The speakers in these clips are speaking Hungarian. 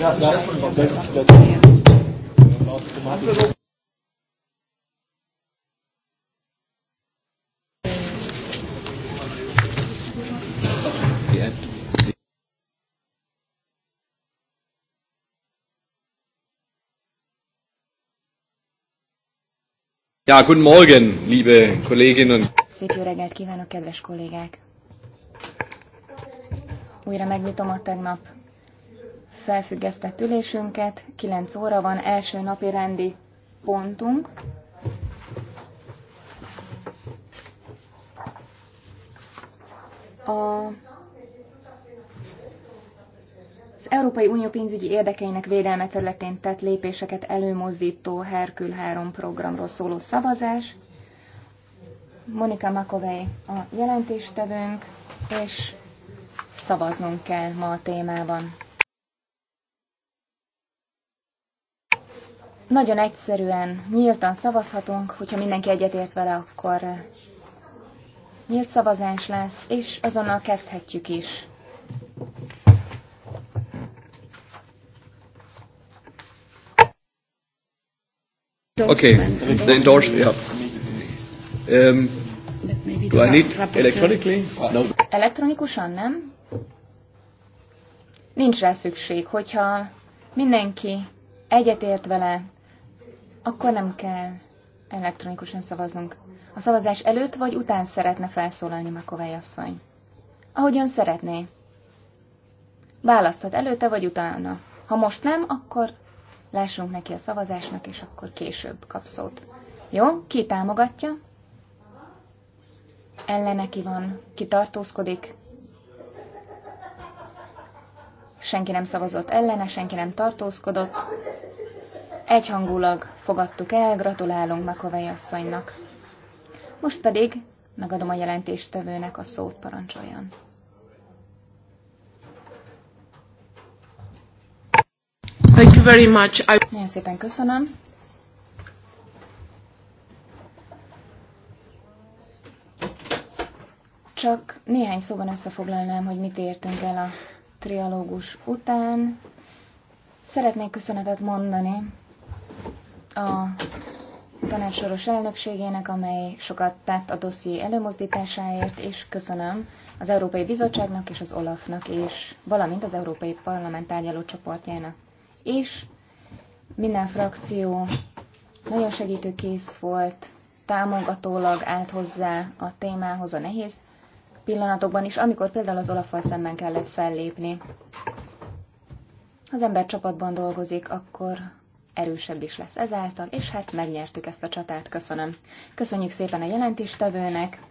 Ja, guten Morgen, liebe Kolleginnen und Szép jó reggelt kívánok, kedves kollégák! Újra megnyitom a tegnap felfüggesztett ülésünket. 9 óra van, első napi rendi pontunk. A az Európai Unió pénzügyi érdekeinek védelme területén tett lépéseket előmozdító Herkül 3 programról szóló szavazás. Monika Makovej a jelentéstevőnk, és szavaznunk kell ma a témában. Nagyon egyszerűen, nyíltan szavazhatunk, hogyha mindenki egyetért vele, akkor eh, nyílt szavazás lesz, és azonnal kezdhetjük is. Okay, the endorsement. Yeah. Um, do I need electronically? No. Elektronikusan nem? Nincs rá szükség, hogyha mindenki egyetért vele, akkor nem kell elektronikusan szavaznunk. A szavazás előtt vagy után szeretne felszólalni Makovály asszony? Ahogy ön szeretné. Választhat előtte vagy utána. Ha most nem, akkor lássunk neki a szavazásnak, és akkor később kap szót. Jó? Ki támogatja? Ellene ki van? Ki tartózkodik? Senki nem szavazott ellene, senki nem tartózkodott. Egyhangulag fogadtuk el, gratulálunk Makovei asszonynak. Most pedig megadom a jelentéstevőnek a szót, parancsoljon. Thank you very much. I... Nagyon szépen köszönöm. Csak néhány szóban összefoglalnám, hogy mit értünk el a trialógus után. Szeretnék köszönetet mondani a tanácsoros elnökségének, amely sokat tett a dosszié előmozdításáért, és köszönöm az Európai Bizottságnak és az Olafnak és valamint az Európai Parlament tárgyaló csoportjának. És minden frakció nagyon segítőkész volt, támogatólag állt hozzá a témához a nehéz pillanatokban is, amikor például az olafal szemben kellett fellépni. Ha az ember csapatban dolgozik, akkor erősebb is lesz ezáltal, és hát megnyertük ezt a csatát, köszönöm. Köszönjük szépen a jelentéstevőnek.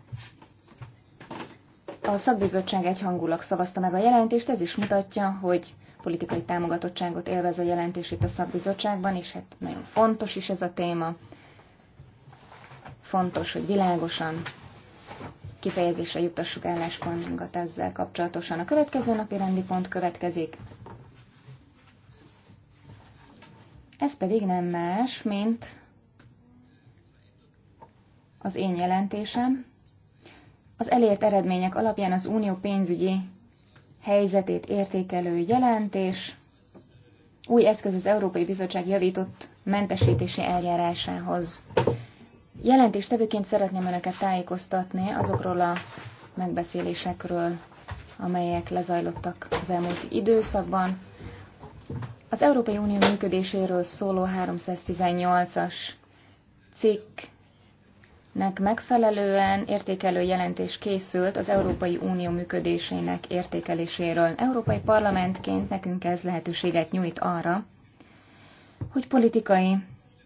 A szakbizottság egyhangulag szavazta meg a jelentést, ez is mutatja, hogy politikai támogatottságot élvez a jelentés itt a szakbizottságban, és hát nagyon fontos is ez a téma. Fontos, hogy világosan kifejezésre juttassuk álláspontunkat ezzel kapcsolatosan. A következő napi rendi pont következik. Ez pedig nem más, mint az én jelentésem. Az elért eredmények alapján az unió pénzügyi helyzetét értékelő jelentés, új eszköz az Európai Bizottság javított mentesítési eljárásához. Jelentéstevőként szeretném Önöket tájékoztatni azokról a megbeszélésekről, amelyek lezajlottak az elmúlt időszakban, az Európai Unió működéséről szóló 318-as cikknek megfelelően értékelő jelentés készült az Európai Unió működésének értékeléséről. Európai Parlamentként nekünk ez lehetőséget nyújt arra, hogy politikai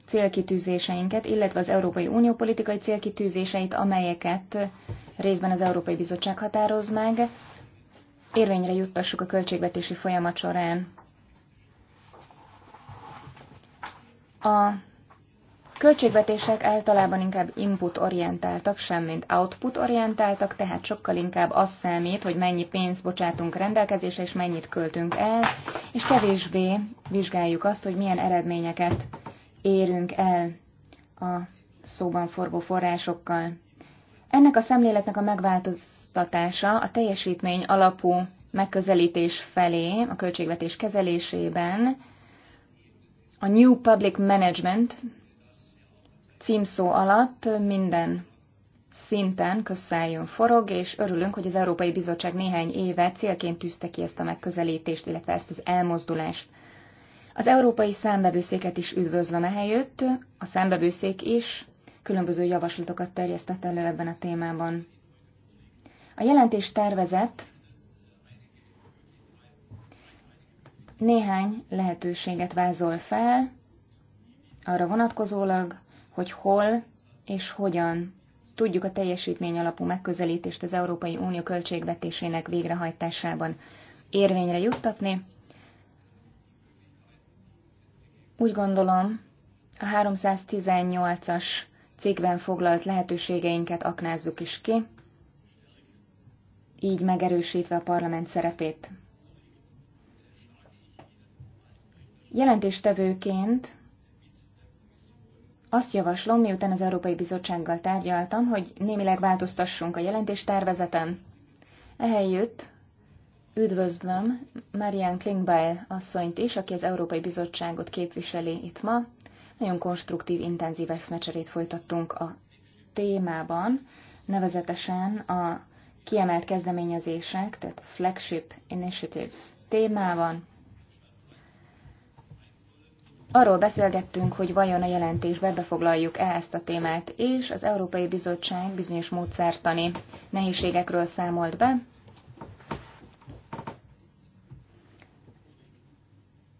célkitűzéseinket, illetve az Európai Unió politikai célkitűzéseit, amelyeket részben az Európai Bizottság határoz meg, érvényre juttassuk a költségvetési folyamat során. A költségvetések általában inkább input-orientáltak, semmint output-orientáltak, tehát sokkal inkább az számít, hogy mennyi pénzt bocsátunk rendelkezésre, és mennyit költünk el, és kevésbé vizsgáljuk azt, hogy milyen eredményeket érünk el a szóban forgó forrásokkal. Ennek a szemléletnek a megváltoztatása a teljesítmény alapú megközelítés felé a költségvetés kezelésében a New Public Management címszó alatt minden szinten közszálljon forog, és örülünk, hogy az Európai Bizottság néhány éve célként tűzte ki ezt a megközelítést, illetve ezt az elmozdulást. Az Európai Számbevőszéket is üdvözlöm ehelyütt, a számbevőszék is különböző javaslatokat terjesztett elő ebben a témában. A jelentés tervezett Néhány lehetőséget vázol fel, arra vonatkozólag, hogy hol és hogyan tudjuk a teljesítmény alapú megközelítést az Európai Unió költségvetésének végrehajtásában érvényre juttatni. Úgy gondolom, a 318-as cikkben foglalt lehetőségeinket aknázzuk is ki, így megerősítve a parlament szerepét Jelentéstevőként azt javaslom, miután az Európai Bizottsággal tárgyaltam, hogy némileg változtassunk a jelentéstervezeten. Ehelyütt üdvözlöm Marian Klingbeil asszonyt is, aki az Európai Bizottságot képviseli itt ma. Nagyon konstruktív, intenzív eszmecserét folytattunk a témában, nevezetesen a kiemelt kezdeményezések, tehát flagship initiatives témában. Arról beszélgettünk, hogy vajon a jelentésbe befoglaljuk-e ezt a témát, és az Európai Bizottság bizonyos módszertani nehézségekről számolt be.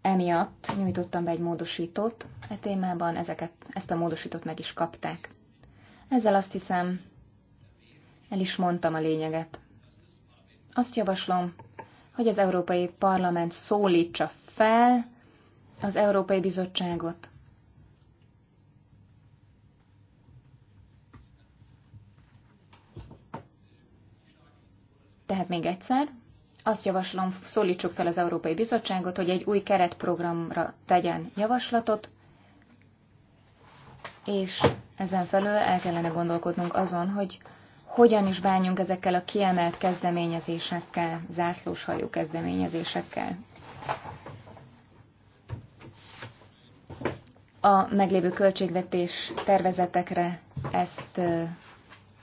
Emiatt nyújtottam be egy módosítót e témában, ezeket, ezt a módosítót meg is kapták. Ezzel azt hiszem, el is mondtam a lényeget. Azt javaslom, hogy az Európai Parlament szólítsa fel, az Európai Bizottságot. Tehát még egyszer, azt javaslom, szólítsuk fel az Európai Bizottságot, hogy egy új keretprogramra tegyen javaslatot, és ezen felül el kellene gondolkodnunk azon, hogy hogyan is bánjunk ezekkel a kiemelt kezdeményezésekkel, zászlóshajó kezdeményezésekkel. a meglévő költségvetés tervezetekre ezt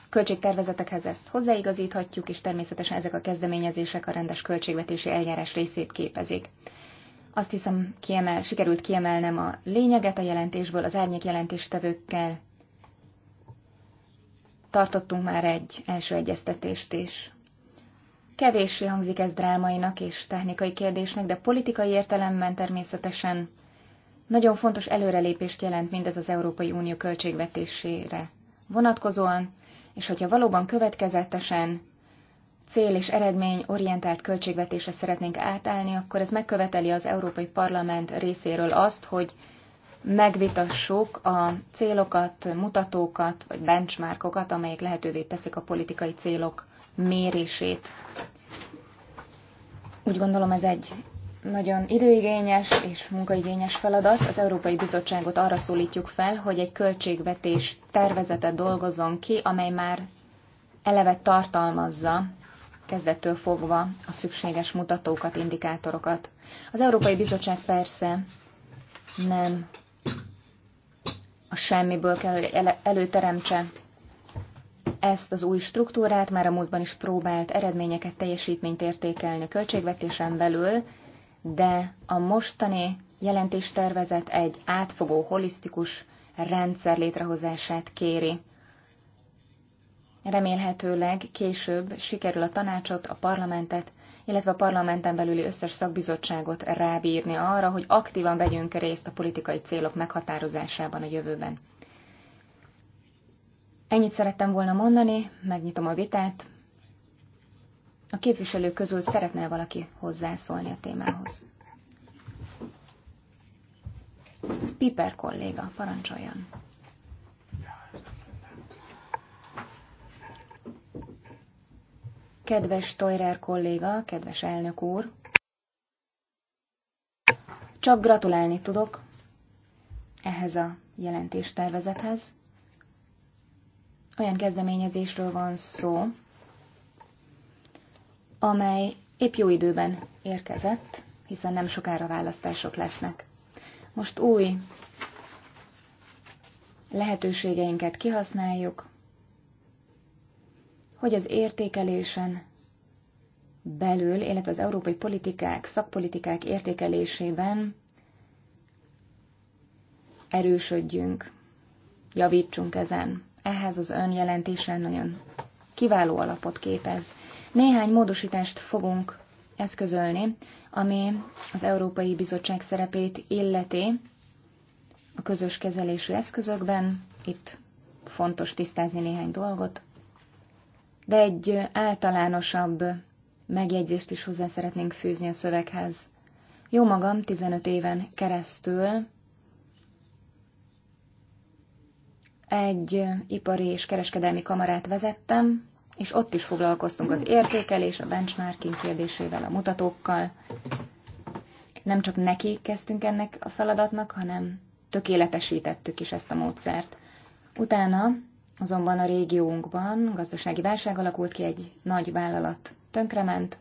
költségtervezetekhez ezt hozzáigazíthatjuk, és természetesen ezek a kezdeményezések a rendes költségvetési eljárás részét képezik. Azt hiszem, kiemel, sikerült kiemelnem a lényeget a jelentésből, az árnyék jelentéstevőkkel. Tartottunk már egy első egyeztetést is. Kevéssé hangzik ez drámainak és technikai kérdésnek, de politikai értelemben természetesen nagyon fontos előrelépést jelent mindez az Európai Unió költségvetésére vonatkozóan, és hogyha valóban következetesen cél és eredmény orientált költségvetésre szeretnénk átállni, akkor ez megköveteli az Európai Parlament részéről azt, hogy megvitassuk a célokat, mutatókat vagy benchmarkokat, amelyek lehetővé teszik a politikai célok mérését. Úgy gondolom ez egy nagyon időigényes és munkaigényes feladat. Az Európai Bizottságot arra szólítjuk fel, hogy egy költségvetés tervezetet dolgozzon ki, amely már eleve tartalmazza kezdettől fogva a szükséges mutatókat, indikátorokat. Az Európai Bizottság persze nem a semmiből kell, hogy előteremtse ezt az új struktúrát, már a múltban is próbált eredményeket, teljesítményt értékelni a költségvetésen belül, de a mostani jelentéstervezet egy átfogó, holisztikus rendszer létrehozását kéri. Remélhetőleg később sikerül a tanácsot, a parlamentet, illetve a parlamenten belüli összes szakbizottságot rábírni arra, hogy aktívan vegyünk részt a politikai célok meghatározásában a jövőben. Ennyit szerettem volna mondani, megnyitom a vitát, a képviselők közül szeretne valaki hozzászólni a témához? Piper kolléga, parancsoljon. Kedves Toirer kolléga, kedves elnök úr, csak gratulálni tudok ehhez a jelentéstervezethez. Olyan kezdeményezésről van szó, amely épp jó időben érkezett, hiszen nem sokára választások lesznek. Most új lehetőségeinket kihasználjuk, hogy az értékelésen belül, illetve az európai politikák, szakpolitikák értékelésében erősödjünk, javítsunk ezen. Ehhez az önjelentésen nagyon kiváló alapot képez. Néhány módosítást fogunk eszközölni, ami az Európai Bizottság szerepét illeti a közös kezelésű eszközökben. Itt fontos tisztázni néhány dolgot, de egy általánosabb megjegyzést is hozzá szeretnénk fűzni a szöveghez. Jó magam 15 éven keresztül egy ipari és kereskedelmi kamarát vezettem, és ott is foglalkoztunk az értékelés, a benchmarking kérdésével, a mutatókkal. Nem csak neki kezdtünk ennek a feladatnak, hanem tökéletesítettük is ezt a módszert. Utána azonban a régiónkban gazdasági válság alakult ki, egy nagy vállalat tönkrement,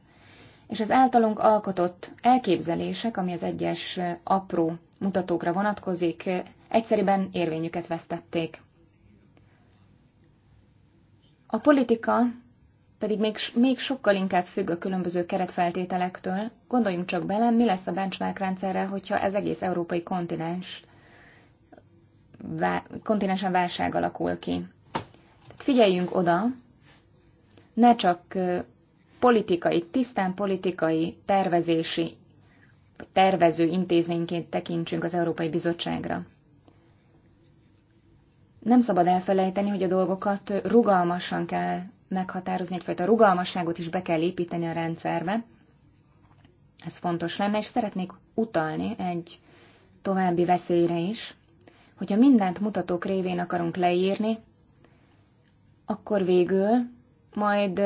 és az általunk alkotott elképzelések, ami az egyes apró mutatókra vonatkozik, egyszerűen érvényüket vesztették. A politika pedig még, még sokkal inkább függ a különböző keretfeltételektől. Gondoljunk csak bele, mi lesz a benchmark rendszerrel, hogyha ez egész európai kontinens, vá, kontinensen válság alakul ki. Tehát figyeljünk oda, ne csak politikai, tisztán politikai tervezési, tervező intézményként tekintsünk az Európai Bizottságra nem szabad elfelejteni, hogy a dolgokat rugalmasan kell meghatározni, egyfajta rugalmasságot is be kell építeni a rendszerbe. Ez fontos lenne, és szeretnék utalni egy további veszélyre is, hogyha mindent mutatók révén akarunk leírni, akkor végül majd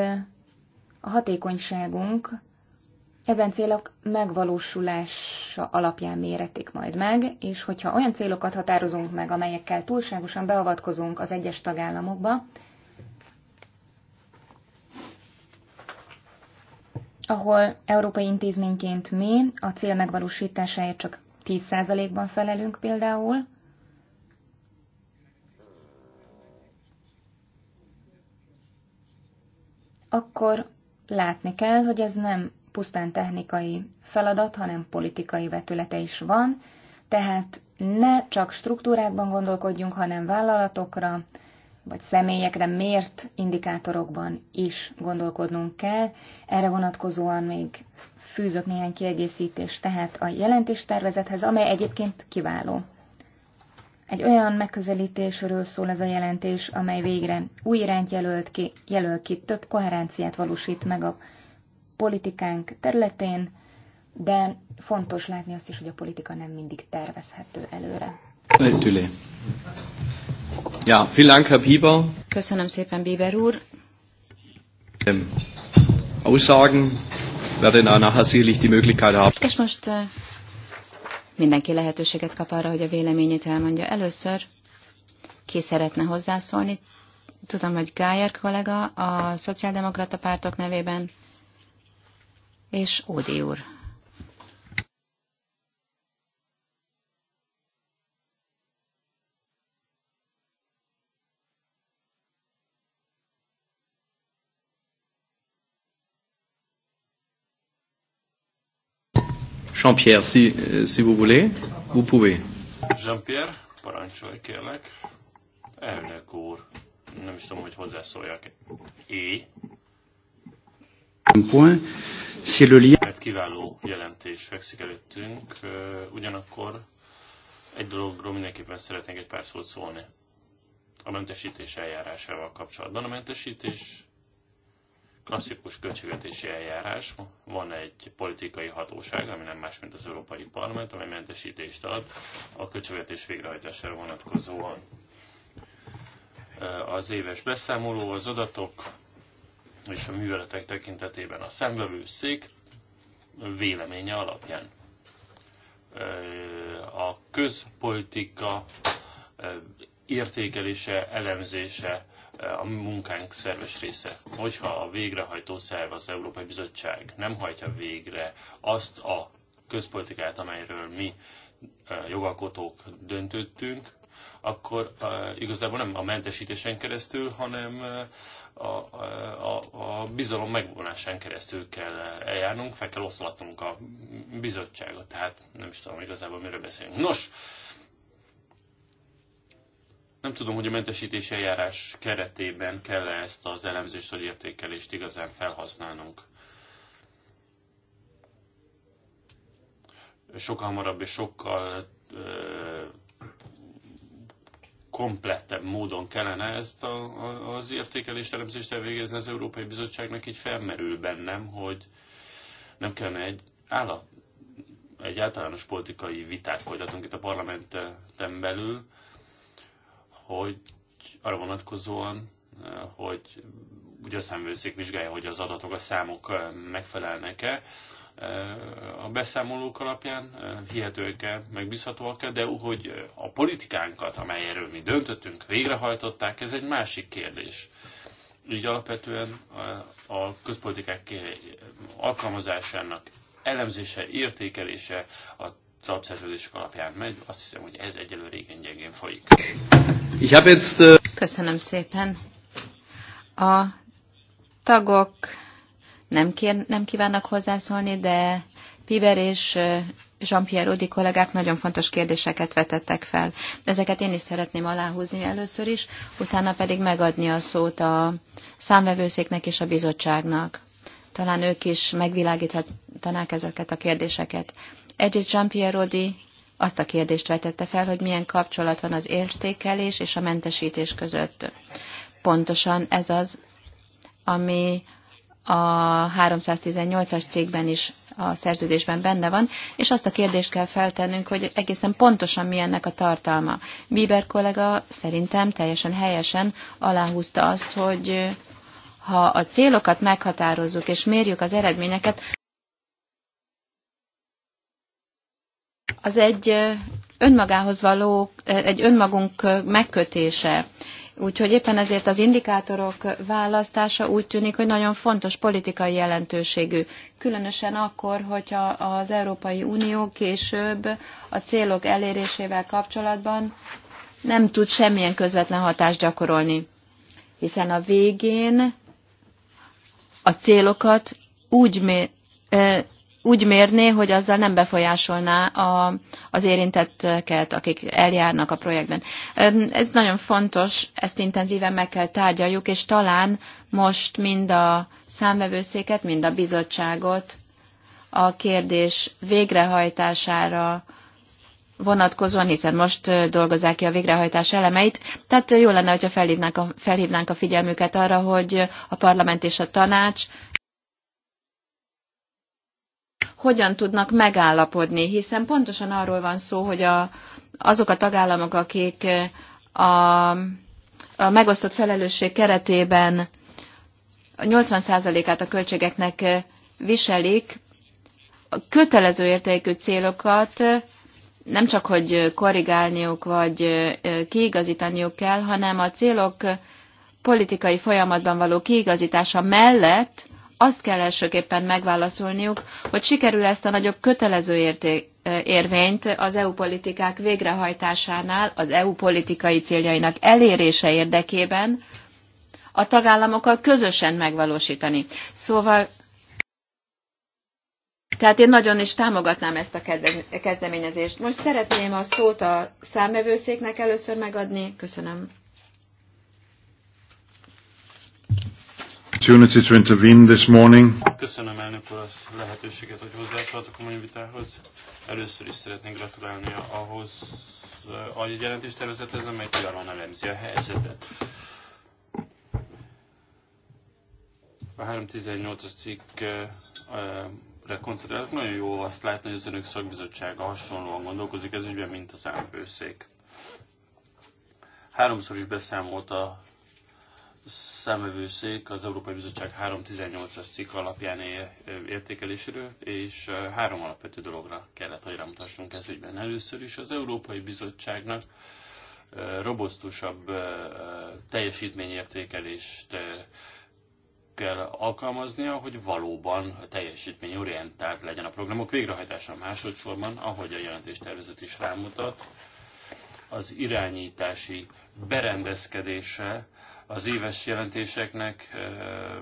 a hatékonyságunk ezen célok megvalósulása alapján méretik majd meg, és hogyha olyan célokat határozunk meg, amelyekkel túlságosan beavatkozunk az egyes tagállamokba, ahol európai intézményként mi a cél megvalósításáért csak 10%-ban felelünk például, akkor látni kell, hogy ez nem pusztán technikai feladat, hanem politikai vetülete is van, tehát ne csak struktúrákban gondolkodjunk, hanem vállalatokra, vagy személyekre mért indikátorokban is gondolkodnunk kell. Erre vonatkozóan még fűzök néhány kiegészítést tehát a jelentéstervezethez, amely egyébként kiváló. Egy olyan megközelítésről szól ez a jelentés, amely végre új irányt jelölt ki, jelöl ki, több koherenciát valósít meg a politikánk területén, de fontos látni azt is, hogy a politika nem mindig tervezhető előre. Ja, vielen Dank, Herr Bieber. Köszönöm szépen, Bieber úr. Ähm, Aussagen werden auch nachher sicherlich die Möglichkeit haben. És most mindenki lehetőséget kap arra, hogy a véleményét elmondja. Először ki szeretne hozzászólni? Tudom, hogy Gájer kollega a szociáldemokrata pártok nevében és Ódi úr. Jean-Pierre, si, euh, si vous voulez, vous pouvez. Jean-Pierre, parancsolj kérlek. Elnök úr, nem is tudom, hogy hozzászóljak. Éj. Mert kiváló jelentés fekszik előttünk, ugyanakkor egy dologról mindenképpen szeretnénk egy pár szót szólni. A mentesítés eljárásával kapcsolatban. A mentesítés klasszikus költségvetési eljárás. Van egy politikai hatóság, ami nem más, mint az Európai Parlament, amely mentesítést ad a költségvetés végrehajtására vonatkozóan. Az éves beszámoló, az adatok, és a műveletek tekintetében a szemvevőszék véleménye alapján. A közpolitika értékelése, elemzése a munkánk szerves része. Hogyha a végrehajtó szerv az Európai Bizottság nem hajtja végre azt a közpolitikát, amelyről mi jogalkotók döntöttünk, akkor igazából nem a mentesítésen keresztül, hanem a, a, a bizalom megvonásán keresztül kell eljárnunk, fel kell oszlatnunk a bizottságot, tehát nem is tudom igazából miről beszélünk. Nos, nem tudom, hogy a mentesítési eljárás keretében kell -e ezt az elemzést vagy értékelést igazán felhasználnunk. Sokkal hamarabb és sokkal komplettebb módon kellene ezt a, a, az értékelést, elemzést elvégezni az Európai Bizottságnak, így felmerül bennem, hogy nem kellene egy állat, egy általános politikai vitát folytatunk itt a parlamenten belül, hogy arra vonatkozóan, eh, hogy ugye a számvőszék vizsgálja, hogy az adatok, a számok eh, megfelelnek-e, a beszámolók alapján hihetőek-e, megbízhatóak-e, de hogy a politikánkat, amely erről mi döntöttünk, végrehajtották, ez egy másik kérdés. Így alapvetően a közpolitikák alkalmazásának elemzése, értékelése a alapszerződések alapján megy. Azt hiszem, hogy ez egyelőre igen gyengén folyik. Köszönöm szépen. A tagok nem, kér, nem kívánnak hozzászólni, de Piber és Jean-Pierre Odi kollégák nagyon fontos kérdéseket vetettek fel. Ezeket én is szeretném aláhúzni először is, utána pedig megadni a szót a számvevőszéknek és a bizottságnak. Talán ők is megvilágíthatnák ezeket a kérdéseket. Egyrészt Jean-Pierre Odi azt a kérdést vetette fel, hogy milyen kapcsolat van az értékelés és a mentesítés között. Pontosan ez az, ami a 318-as cégben is a szerződésben benne van, és azt a kérdést kell feltennünk, hogy egészen pontosan mi ennek a tartalma. Bieber kollega szerintem teljesen helyesen aláhúzta azt, hogy ha a célokat meghatározzuk és mérjük az eredményeket, az egy önmagához való, egy önmagunk megkötése, Úgyhogy éppen ezért az indikátorok választása úgy tűnik, hogy nagyon fontos politikai jelentőségű. Különösen akkor, hogyha az Európai Unió később a célok elérésével kapcsolatban nem tud semmilyen közvetlen hatást gyakorolni. Hiszen a végén a célokat úgy úgy mérné, hogy azzal nem befolyásolná a, az érintetteket, akik eljárnak a projektben. Ez nagyon fontos, ezt intenzíven meg kell tárgyaljuk, és talán most mind a számvevőszéket, mind a bizottságot a kérdés végrehajtására vonatkozóan, hiszen most dolgozzák ki a végrehajtás elemeit. Tehát jó lenne, hogyha felhívnánk a, felhívnánk a figyelmüket arra, hogy a parlament és a tanács hogyan tudnak megállapodni, hiszen pontosan arról van szó, hogy a, azok a tagállamok, akik a, a megosztott felelősség keretében 80%-át a költségeknek viselik, a kötelező értékű célokat nem csak, hogy korrigálniuk vagy kiigazítaniuk kell, hanem a célok politikai folyamatban való kiigazítása mellett azt kell elsőképpen megválaszolniuk, hogy sikerül ezt a nagyobb kötelező érték, érvényt az EU politikák végrehajtásánál, az EU politikai céljainak elérése érdekében a tagállamokkal közösen megvalósítani. Szóval tehát én nagyon is támogatnám ezt a kezdeményezést. Most szeretném a szót a számvevőszéknek először megadni. Köszönöm. opportunity to intervene this morning. Köszönöm elnök úr az lehetőséget, hogy hozzászólhatok a mai vitához. Először is szeretnék gratulálni ahhoz a jelentés tervezethez, amely kiválóan elemzi a helyzetet. A 318-as cikkre eh, eh, koncentrálok. Nagyon jó azt látni, hogy az önök szakbizottsága hasonlóan gondolkozik ez ügyben, mint az ámbőszék. Háromszor is beszámolt a számövőszék az Európai Bizottság 3.18-as cikk alapján értékeléséről, és három alapvető dologra kellett, hogy rámutassunk ez ügyben. Először is az Európai Bizottságnak robosztusabb teljesítményértékelést kell alkalmaznia, hogy valóban teljesítményorientált legyen a programok végrehajtása. Másodszorban, ahogy a jelentéstervezet is rámutat, az irányítási berendezkedése az éves jelentéseknek eh,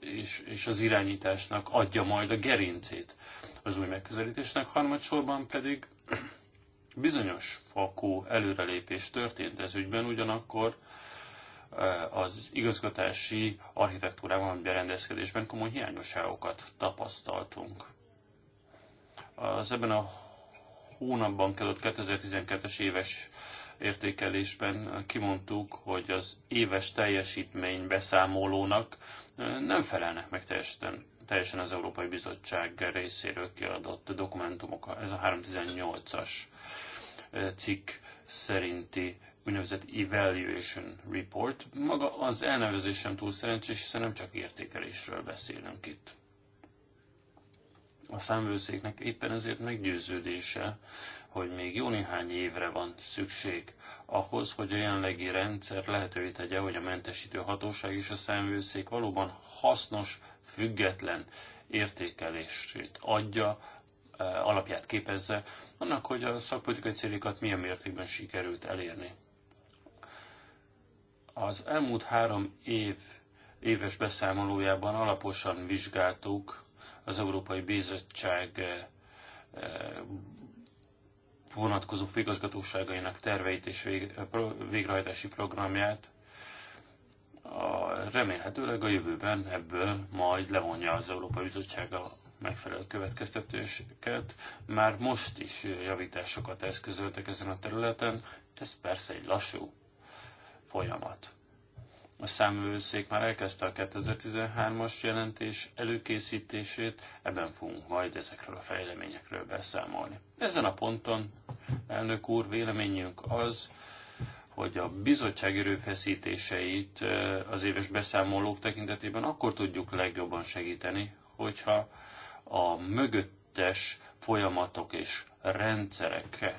és, és az irányításnak adja majd a gerincét az új megközelítésnek, harmadsorban pedig bizonyos fakó előrelépés történt ez ügyben, ugyanakkor eh, az igazgatási architektúrában, berendezkedésben komoly hiányosságokat tapasztaltunk. Az ebben a hónapban kezdett 2012-es éves értékelésben kimondtuk, hogy az éves teljesítmény beszámolónak nem felelnek meg teljesen, teljesen az Európai Bizottság részéről kiadott dokumentumok. Ez a 318-as cikk szerinti úgynevezett evaluation report. Maga az elnevezés sem túl szerencsés, hiszen nem csak értékelésről beszélünk itt. A számvőszéknek éppen ezért meggyőződése, hogy még jó néhány évre van szükség ahhoz, hogy a jelenlegi rendszer lehetővé tegye, hogy a mentesítő hatóság és a szemvőszék valóban hasznos, független értékelését adja, e, alapját képezze annak, hogy a szakpolitikai célokat milyen mértékben sikerült elérni. Az elmúlt három év éves beszámolójában alaposan vizsgáltuk az Európai Bizottság e, vonatkozó főigazgatóságainak terveit és végrehajtási programját. A, remélhetőleg a jövőben ebből majd levonja az Európai Bizottság a megfelelő következtetéseket. Már most is javításokat eszközöltek ezen a területen, ez persze egy lassú folyamat. A számvőszék már elkezdte a 2013-as jelentés előkészítését, ebben fogunk majd ezekről a fejleményekről beszámolni. Ezen a ponton, elnök úr, véleményünk az, hogy a bizottság erőfeszítéseit az éves beszámolók tekintetében akkor tudjuk legjobban segíteni, hogyha a mögöttes folyamatok és rendszerek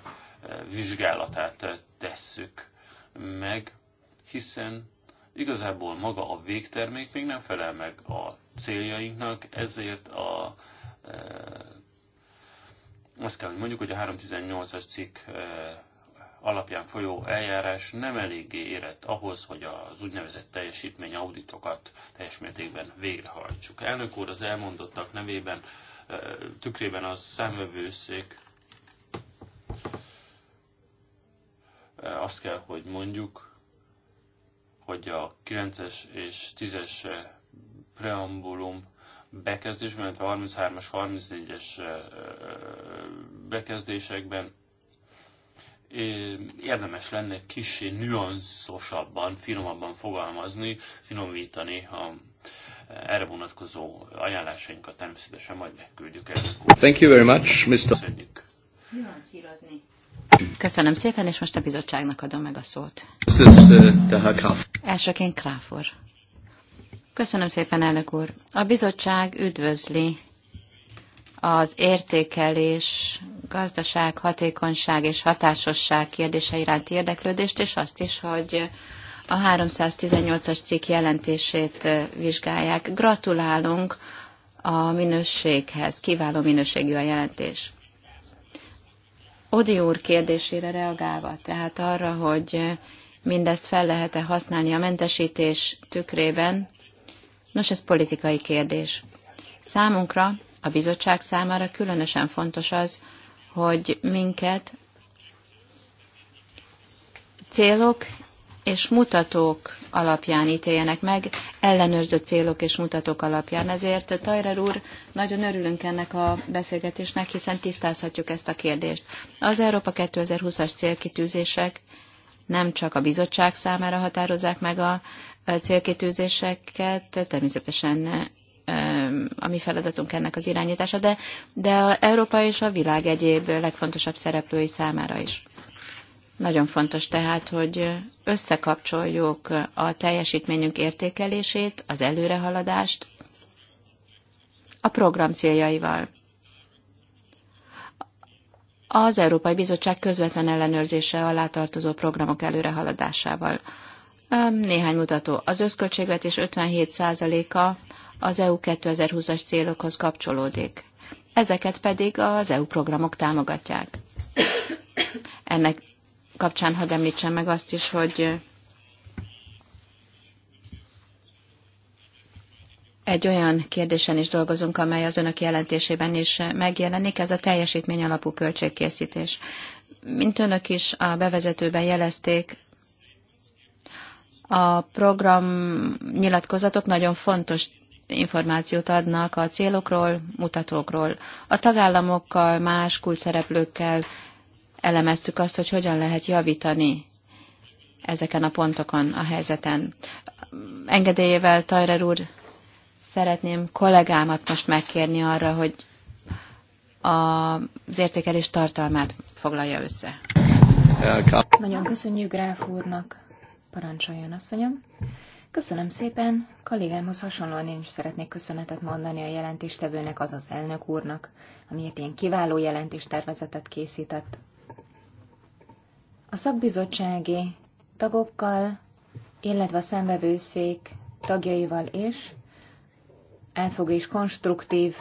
vizsgálatát tesszük meg, hiszen Igazából maga a végtermék még nem felel meg a céljainknak, ezért a, e, azt kell, hogy mondjuk, hogy a 318-as cikk e, alapján folyó eljárás nem eléggé érett ahhoz, hogy az úgynevezett teljesítmény auditokat teljes mértékben végrehajtsuk. Elnök úr az elmondottak nevében, e, tükrében a számvevőszék e, azt kell, hogy mondjuk, hogy a 9-es és 10-es preambulum bekezdésben, illetve a 33-as, 34-es bekezdésekben érdemes lenne kicsi nüanszosabban, finomabban fogalmazni, finomítani a erre vonatkozó ajánlásainkat természetesen majd megküldjük el. Thank you very much, Mr. Köszönjük. Nüanszírozni. Köszönöm szépen, és most a bizottságnak adom meg a szót. Elsőként Kráfor. Köszönöm szépen, elnök úr. A bizottság üdvözli az értékelés, gazdaság, hatékonyság és hatásosság kérdése iránti érdeklődést, és azt is, hogy a 318-as cikk jelentését vizsgálják. Gratulálunk a minőséghez, kiváló minőségű a jelentés. Odi úr kérdésére reagálva, tehát arra, hogy mindezt fel lehet-e használni a mentesítés tükrében, nos, ez politikai kérdés. Számunkra, a bizottság számára különösen fontos az, hogy minket célok és mutatók alapján ítéljenek meg, ellenőrző célok és mutatók alapján. Ezért, Tajrer úr, nagyon örülünk ennek a beszélgetésnek, hiszen tisztázhatjuk ezt a kérdést. Az Európa 2020-as célkitűzések nem csak a bizottság számára határozzák meg a célkitűzéseket, természetesen a mi feladatunk ennek az irányítása, de, de a Európa és a világ egyéb legfontosabb szereplői számára is. Nagyon fontos tehát, hogy összekapcsoljuk a teljesítményünk értékelését, az előrehaladást a program céljaival. Az Európai Bizottság közvetlen ellenőrzése alá tartozó programok előrehaladásával. Néhány mutató. Az összköltségvetés 57%-a az EU 2020-as célokhoz kapcsolódik. Ezeket pedig az EU programok támogatják. Ennek kapcsán hadd említsen meg azt is, hogy egy olyan kérdésen is dolgozunk, amely az önök jelentésében is megjelenik, ez a teljesítmény alapú költségkészítés. Mint önök is a bevezetőben jelezték, a program nyilatkozatok nagyon fontos információt adnak a célokról, mutatókról. A tagállamokkal, más kulcszereplőkkel elemeztük azt, hogy hogyan lehet javítani ezeken a pontokon a helyzeten. Engedélyével, Tajrer úr, szeretném kollégámat most megkérni arra, hogy az értékelés tartalmát foglalja össze. Nagyon köszönjük Gráf úrnak, parancsoljon asszonyom. Köszönöm szépen, kollégámhoz hasonlóan én is szeretnék köszönetet mondani a jelentéstevőnek, azaz elnök úrnak, amiért ilyen kiváló jelentéstervezetet készített. A szakbizottsági tagokkal, illetve a szembevőszék tagjaival is átfogó és konstruktív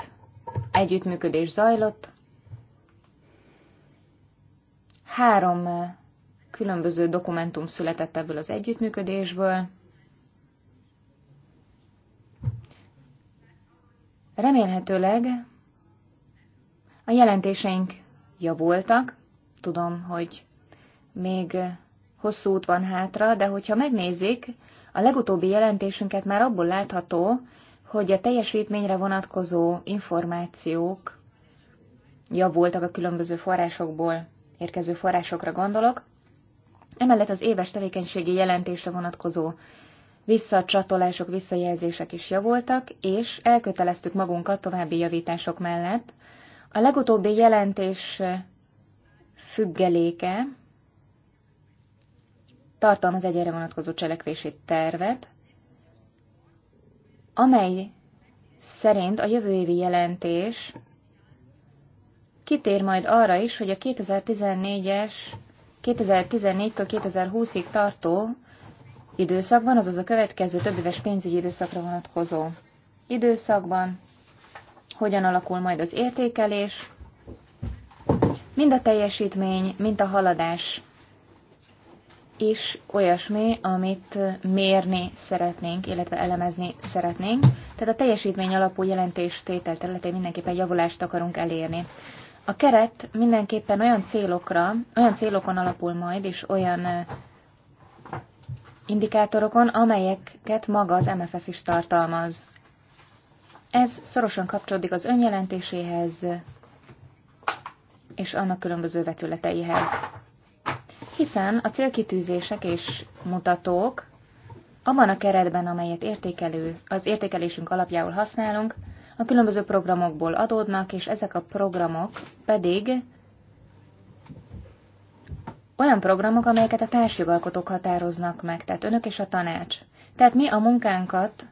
együttműködés zajlott. Három eh, különböző dokumentum született ebből az együttműködésből. Remélhetőleg a jelentéseink javultak. Tudom, hogy még hosszú út van hátra, de hogyha megnézik, a legutóbbi jelentésünket már abból látható, hogy a teljesítményre vonatkozó információk javultak a különböző forrásokból érkező forrásokra gondolok. Emellett az éves tevékenységi jelentésre vonatkozó visszacsatolások, visszajelzések is javultak, és elköteleztük magunkat további javítások mellett. A legutóbbi jelentés függeléke tartalmaz egy erre vonatkozó cselekvési tervet, amely szerint a jövő évi jelentés kitér majd arra is, hogy a 2014-es, 2014-től 2020-ig tartó időszakban, azaz a következő éves pénzügyi időszakra vonatkozó időszakban, hogyan alakul majd az értékelés, mind a teljesítmény, mind a haladás is olyasmi, amit mérni szeretnénk, illetve elemezni szeretnénk. Tehát a teljesítmény alapú jelentéstétel területén mindenképpen javulást akarunk elérni. A keret mindenképpen olyan célokra, olyan célokon alapul majd, és olyan indikátorokon, amelyeket maga az MFF is tartalmaz. Ez szorosan kapcsolódik az önjelentéséhez és annak különböző vetületeihez hiszen a célkitűzések és mutatók abban a keretben, amelyet értékelő, az értékelésünk alapjául használunk, a különböző programokból adódnak, és ezek a programok pedig olyan programok, amelyeket a társjogalkotók határoznak meg, tehát önök és a tanács. Tehát mi a munkánkat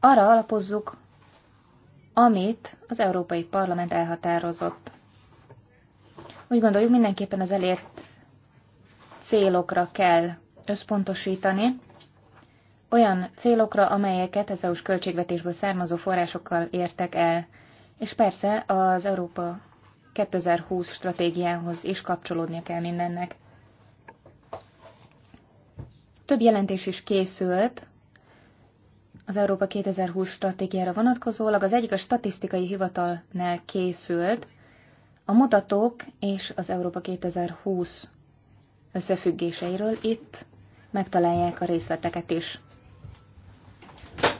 arra alapozzuk, amit az Európai Parlament elhatározott. Úgy gondoljuk, mindenképpen az elért célokra kell összpontosítani, olyan célokra, amelyeket az EU-s költségvetésből származó forrásokkal értek el, és persze az Európa 2020 stratégiához is kapcsolódnia kell mindennek. Több jelentés is készült az Európa 2020 stratégiára vonatkozólag. Az egyik a statisztikai hivatalnál készült, a mutatók és az Európa 2020 összefüggéseiről, itt megtalálják a részleteket is.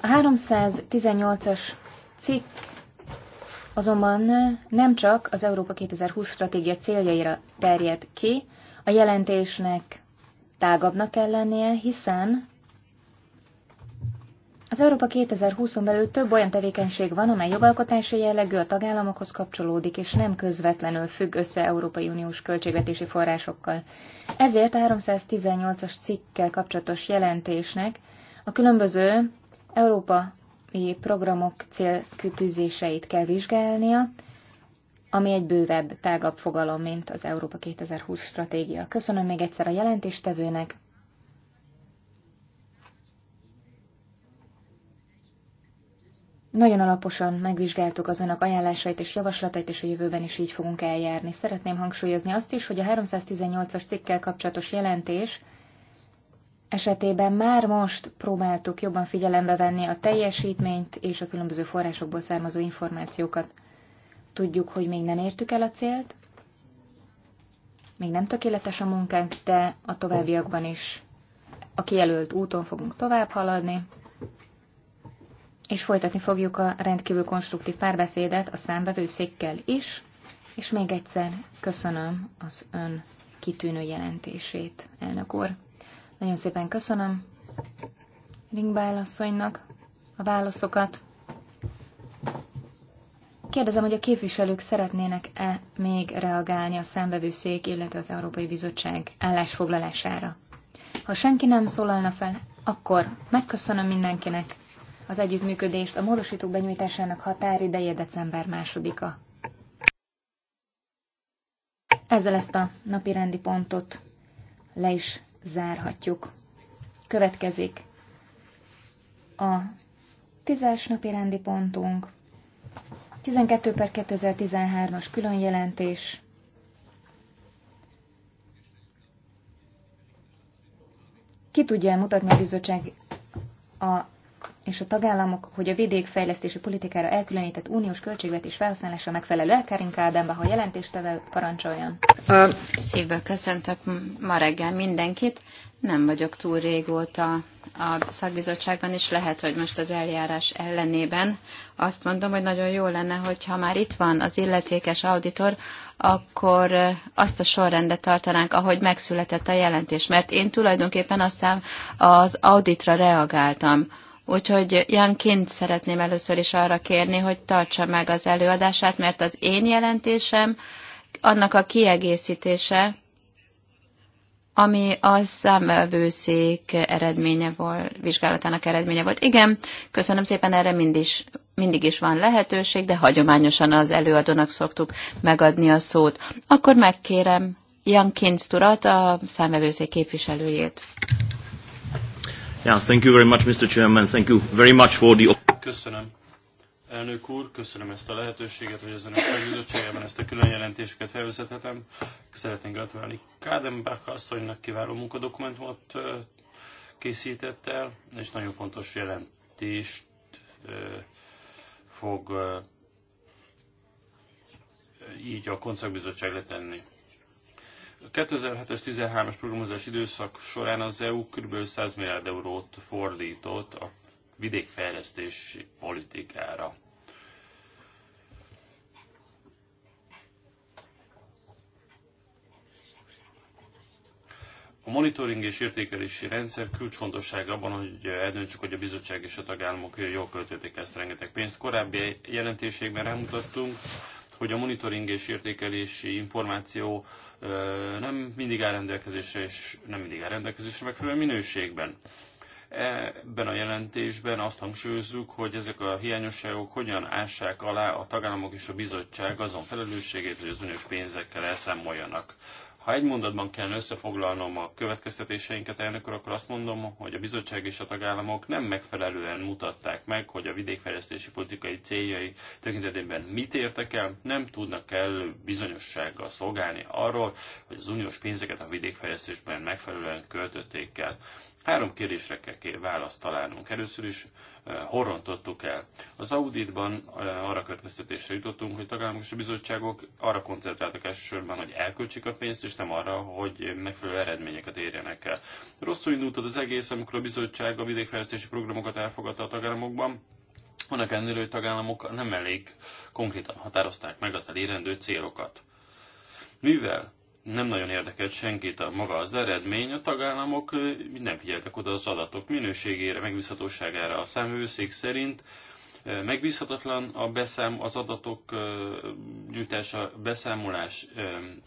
A 318-as cikk azonban nem csak az Európa 2020 stratégia céljaira terjed ki, a jelentésnek tágabbnak kell lennie, hiszen az Európa 2020-on belül több olyan tevékenység van, amely jogalkotási jellegű a tagállamokhoz kapcsolódik, és nem közvetlenül függ össze Európai Uniós költségvetési forrásokkal. Ezért a 318-as cikkkel kapcsolatos jelentésnek a különböző európai programok célkütűzéseit kell vizsgálnia, ami egy bővebb, tágabb fogalom, mint az Európa 2020 stratégia. Köszönöm még egyszer a jelentéstevőnek, Nagyon alaposan megvizsgáltuk az önök ajánlásait és javaslatait, és a jövőben is így fogunk eljárni. Szeretném hangsúlyozni azt is, hogy a 318-as cikkkel kapcsolatos jelentés esetében már most próbáltuk jobban figyelembe venni a teljesítményt és a különböző forrásokból származó információkat. Tudjuk, hogy még nem értük el a célt, még nem tökéletes a munkánk, de a továbbiakban is a kijelölt úton fogunk tovább haladni és folytatni fogjuk a rendkívül konstruktív párbeszédet a számbevőszékkel is, és még egyszer köszönöm az ön kitűnő jelentését, elnök úr. Nagyon szépen köszönöm ringbálasszonynak a válaszokat. Kérdezem, hogy a képviselők szeretnének-e még reagálni a számbevőszék, illetve az Európai Bizottság állásfoglalására. Ha senki nem szólalna fel, akkor megköszönöm mindenkinek, az együttműködést. A módosítók benyújtásának határideje december 2-a. Ezzel ezt a napi rendi pontot le is zárhatjuk. Következik a tízes napi rendi pontunk, 12 per 2013-as különjelentés, ki tudja mutatni a bizottság a és a tagállamok, hogy a vidékfejlesztési politikára elkülönített uniós költségvetés felhasználása megfelelő Elkárin Kádemba, ha jelentéstevel parancsoljon. Szívből köszöntök ma reggel mindenkit. Nem vagyok túl régóta a szakbizottságban, és lehet, hogy most az eljárás ellenében azt mondom, hogy nagyon jó lenne, hogyha már itt van az illetékes auditor, akkor azt a sorrendet tartanánk, ahogy megszületett a jelentés. Mert én tulajdonképpen aztán az auditra reagáltam Úgyhogy Janként szeretném először is arra kérni, hogy tartsa meg az előadását, mert az én jelentésem, annak a kiegészítése, ami a számvőszék eredménye volt, vizsgálatának eredménye volt. Igen, köszönöm szépen, erre mindig, mindig is van lehetőség, de hagyományosan az előadónak szoktuk megadni a szót. Akkor megkérem Jan Kinsturat, a számvevőszék képviselőjét. Yeah, thank you very much, Mr. Chairman. Thank you very much for the... Köszönöm. Elnök úr, köszönöm ezt a lehetőséget, hogy ezen a szakbizottságában ezt a külön jelentéseket felvezethetem. Szeretnénk gratulálni Kádenbach asszonynak kiváló munkadokumentumot készített el, és nagyon fontos jelentést fog így a koncertbizottság letenni. A 2007-es 13-as programozás időszak során az EU kb. 100 milliárd eurót fordított a vidékfejlesztési politikára. A monitoring és értékelési rendszer kulcsfontosság abban, hogy eldöntsük, hogy a bizottság és a tagállamok jól költötték ezt rengeteg pénzt. Korábbi jelentésekben rámutattunk, hogy a monitoring és értékelési információ nem mindig áll rendelkezésre, és nem mindig áll rendelkezésre megfelelő minőségben. Ebben a jelentésben azt hangsúlyozzuk, hogy ezek a hiányosságok hogyan ássák alá a tagállamok és a bizottság azon felelősségét, hogy az uniós pénzekkel elszámoljanak. Ha egy mondatban kellene összefoglalnom a következtetéseinket, elnök úr, akkor azt mondom, hogy a bizottság és a tagállamok nem megfelelően mutatták meg, hogy a vidékfejlesztési politikai céljai tekintetében mit értek el, nem tudnak kellő bizonyossággal szolgálni arról, hogy az uniós pénzeket a vidékfejlesztésben megfelelően költötték el. Három kérdésre kell választ találnunk. Először is eh, horrontottuk el. Az auditban eh, arra következtetésre jutottunk, hogy tagállamok és a bizottságok arra koncentráltak elsősorban, hogy elköltsék a pénzt, és nem arra, hogy megfelelő eredményeket érjenek el. Rosszul indult az egész, amikor a bizottság a vidékfejlesztési programokat elfogadta a tagállamokban, annak ellenére, hogy tagállamok nem elég konkrétan határozták meg az elérendő célokat. Mivel nem nagyon érdekelt senkit a maga az eredmény, a tagállamok nem figyeltek oda az adatok minőségére, megbízhatóságára. A számvőszék szerint megbízhatatlan a beszám, az adatok gyűjtása, beszámolás,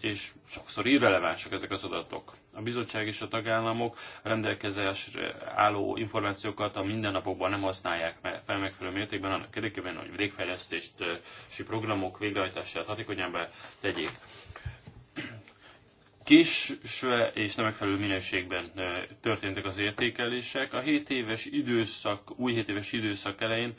és sokszor irrelevánsak ezek az adatok. A bizottság és a tagállamok rendelkezésre álló információkat a mindennapokban nem használják fel megfelelő mértékben, annak érdekében, hogy végfejlesztési programok végrehajtását hatékonyabbá tegyék kis és nem megfelelő minőségben történtek az értékelések. A 7 éves időszak, új 7 éves időszak elején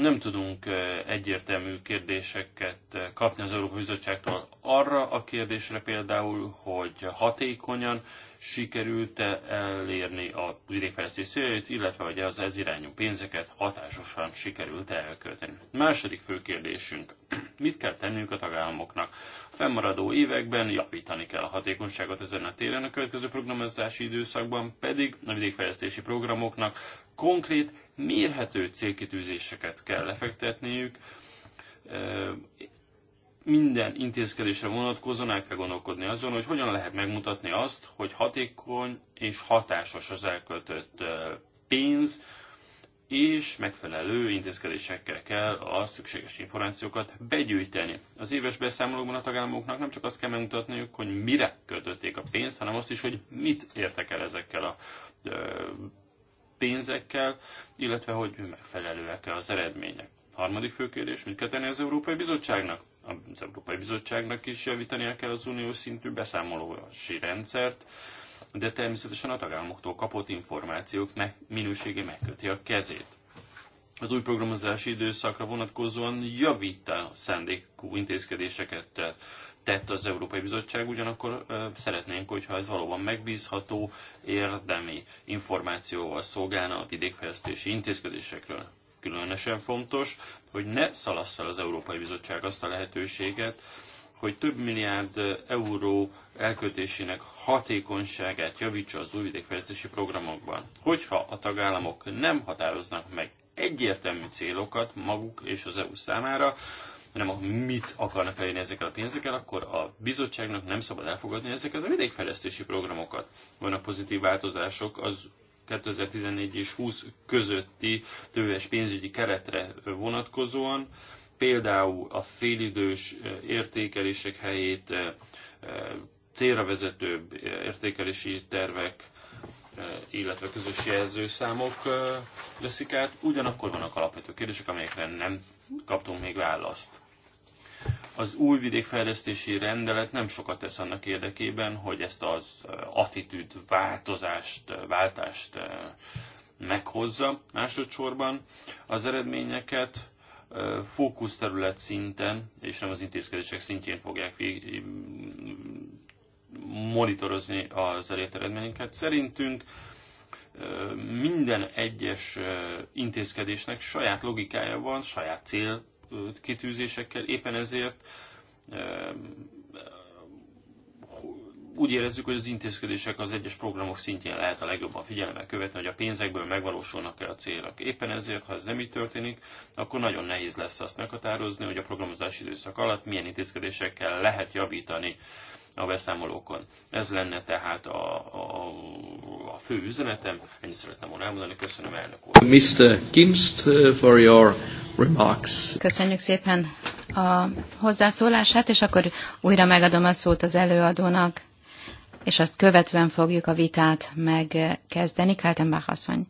nem tudunk egyértelmű kérdéseket kapni az Európai Bizottságtól arra a kérdésre például, hogy hatékonyan, sikerült -e elérni a vidékfejlesztés céljait, illetve hogy az ez irányú pénzeket hatásosan sikerült -e elkölteni. Második fő kérdésünk. Mit kell tennünk a tagállamoknak? A fennmaradó években javítani kell a hatékonyságot ezen a téren, a következő programozási időszakban pedig a vidékfejlesztési programoknak konkrét, mérhető célkitűzéseket kell lefektetniük, minden intézkedésre vonatkozóan el kell gondolkodni azon, hogy hogyan lehet megmutatni azt, hogy hatékony és hatásos az elköltött pénz, és megfelelő intézkedésekkel kell a szükséges információkat begyűjteni. Az éves beszámolókban a tagállamoknak nem csak azt kell megmutatniuk, hogy mire költötték a pénzt, hanem azt is, hogy mit értek el ezekkel a pénzekkel, illetve hogy megfelelőek-e az eredmények. Harmadik fő kérdés, mit kell tenni az Európai Bizottságnak? Az Európai Bizottságnak is javítania kell az uniós szintű beszámolási rendszert, de természetesen a tagállamoktól kapott információk meg, minősége megköti a kezét. Az új programozási időszakra vonatkozóan a szándékú intézkedéseket tett az Európai Bizottság, ugyanakkor szeretnénk, hogyha ez valóban megbízható, érdemi információval szolgálna a vidékfejlesztési intézkedésekről különösen fontos, hogy ne szalassza az Európai Bizottság azt a lehetőséget, hogy több milliárd euró elköltésének hatékonyságát javítsa az új vidékfejlesztési programokban. Hogyha a tagállamok nem határoznak meg egyértelmű célokat maguk és az EU számára, hanem a mit akarnak elérni ezekkel a pénzekkel, akkor a bizottságnak nem szabad elfogadni ezeket a vidékfejlesztési programokat. Vannak pozitív változások az 2014 és 20 közötti tőves pénzügyi keretre vonatkozóan, például a félidős értékelések helyét e, e, célra vezető értékelési tervek, e, illetve közös jelzőszámok veszik át. Ugyanakkor vannak alapvető kérdések, amelyekre nem kaptunk még választ. Az új vidékfejlesztési rendelet nem sokat tesz annak érdekében, hogy ezt az attitűd változást, váltást meghozza. Másodszorban az eredményeket fókuszterület szinten, és nem az intézkedések szintjén fogják monitorozni az elért eredményeket. Szerintünk minden egyes intézkedésnek saját logikája van, saját cél kitűzésekkel, éppen ezért úgy érezzük, hogy az intézkedések az egyes programok szintjén lehet a legjobban figyelemmel követni, hogy a pénzekből megvalósulnak-e a célok. Éppen ezért, ha ez nem így történik, akkor nagyon nehéz lesz azt meghatározni, hogy a programozási időszak alatt milyen intézkedésekkel lehet javítani a beszámolókon. Ez lenne tehát a, a, a fő üzenetem. Ennyit szeretném volna elmondani. Köszönöm elnök úr. Mr. Kimst uh, for your remarks. Köszönjük szépen a hozzászólását, és akkor újra megadom a szót az előadónak, és azt követően fogjuk a vitát megkezdeni. Kaltenbach asszony.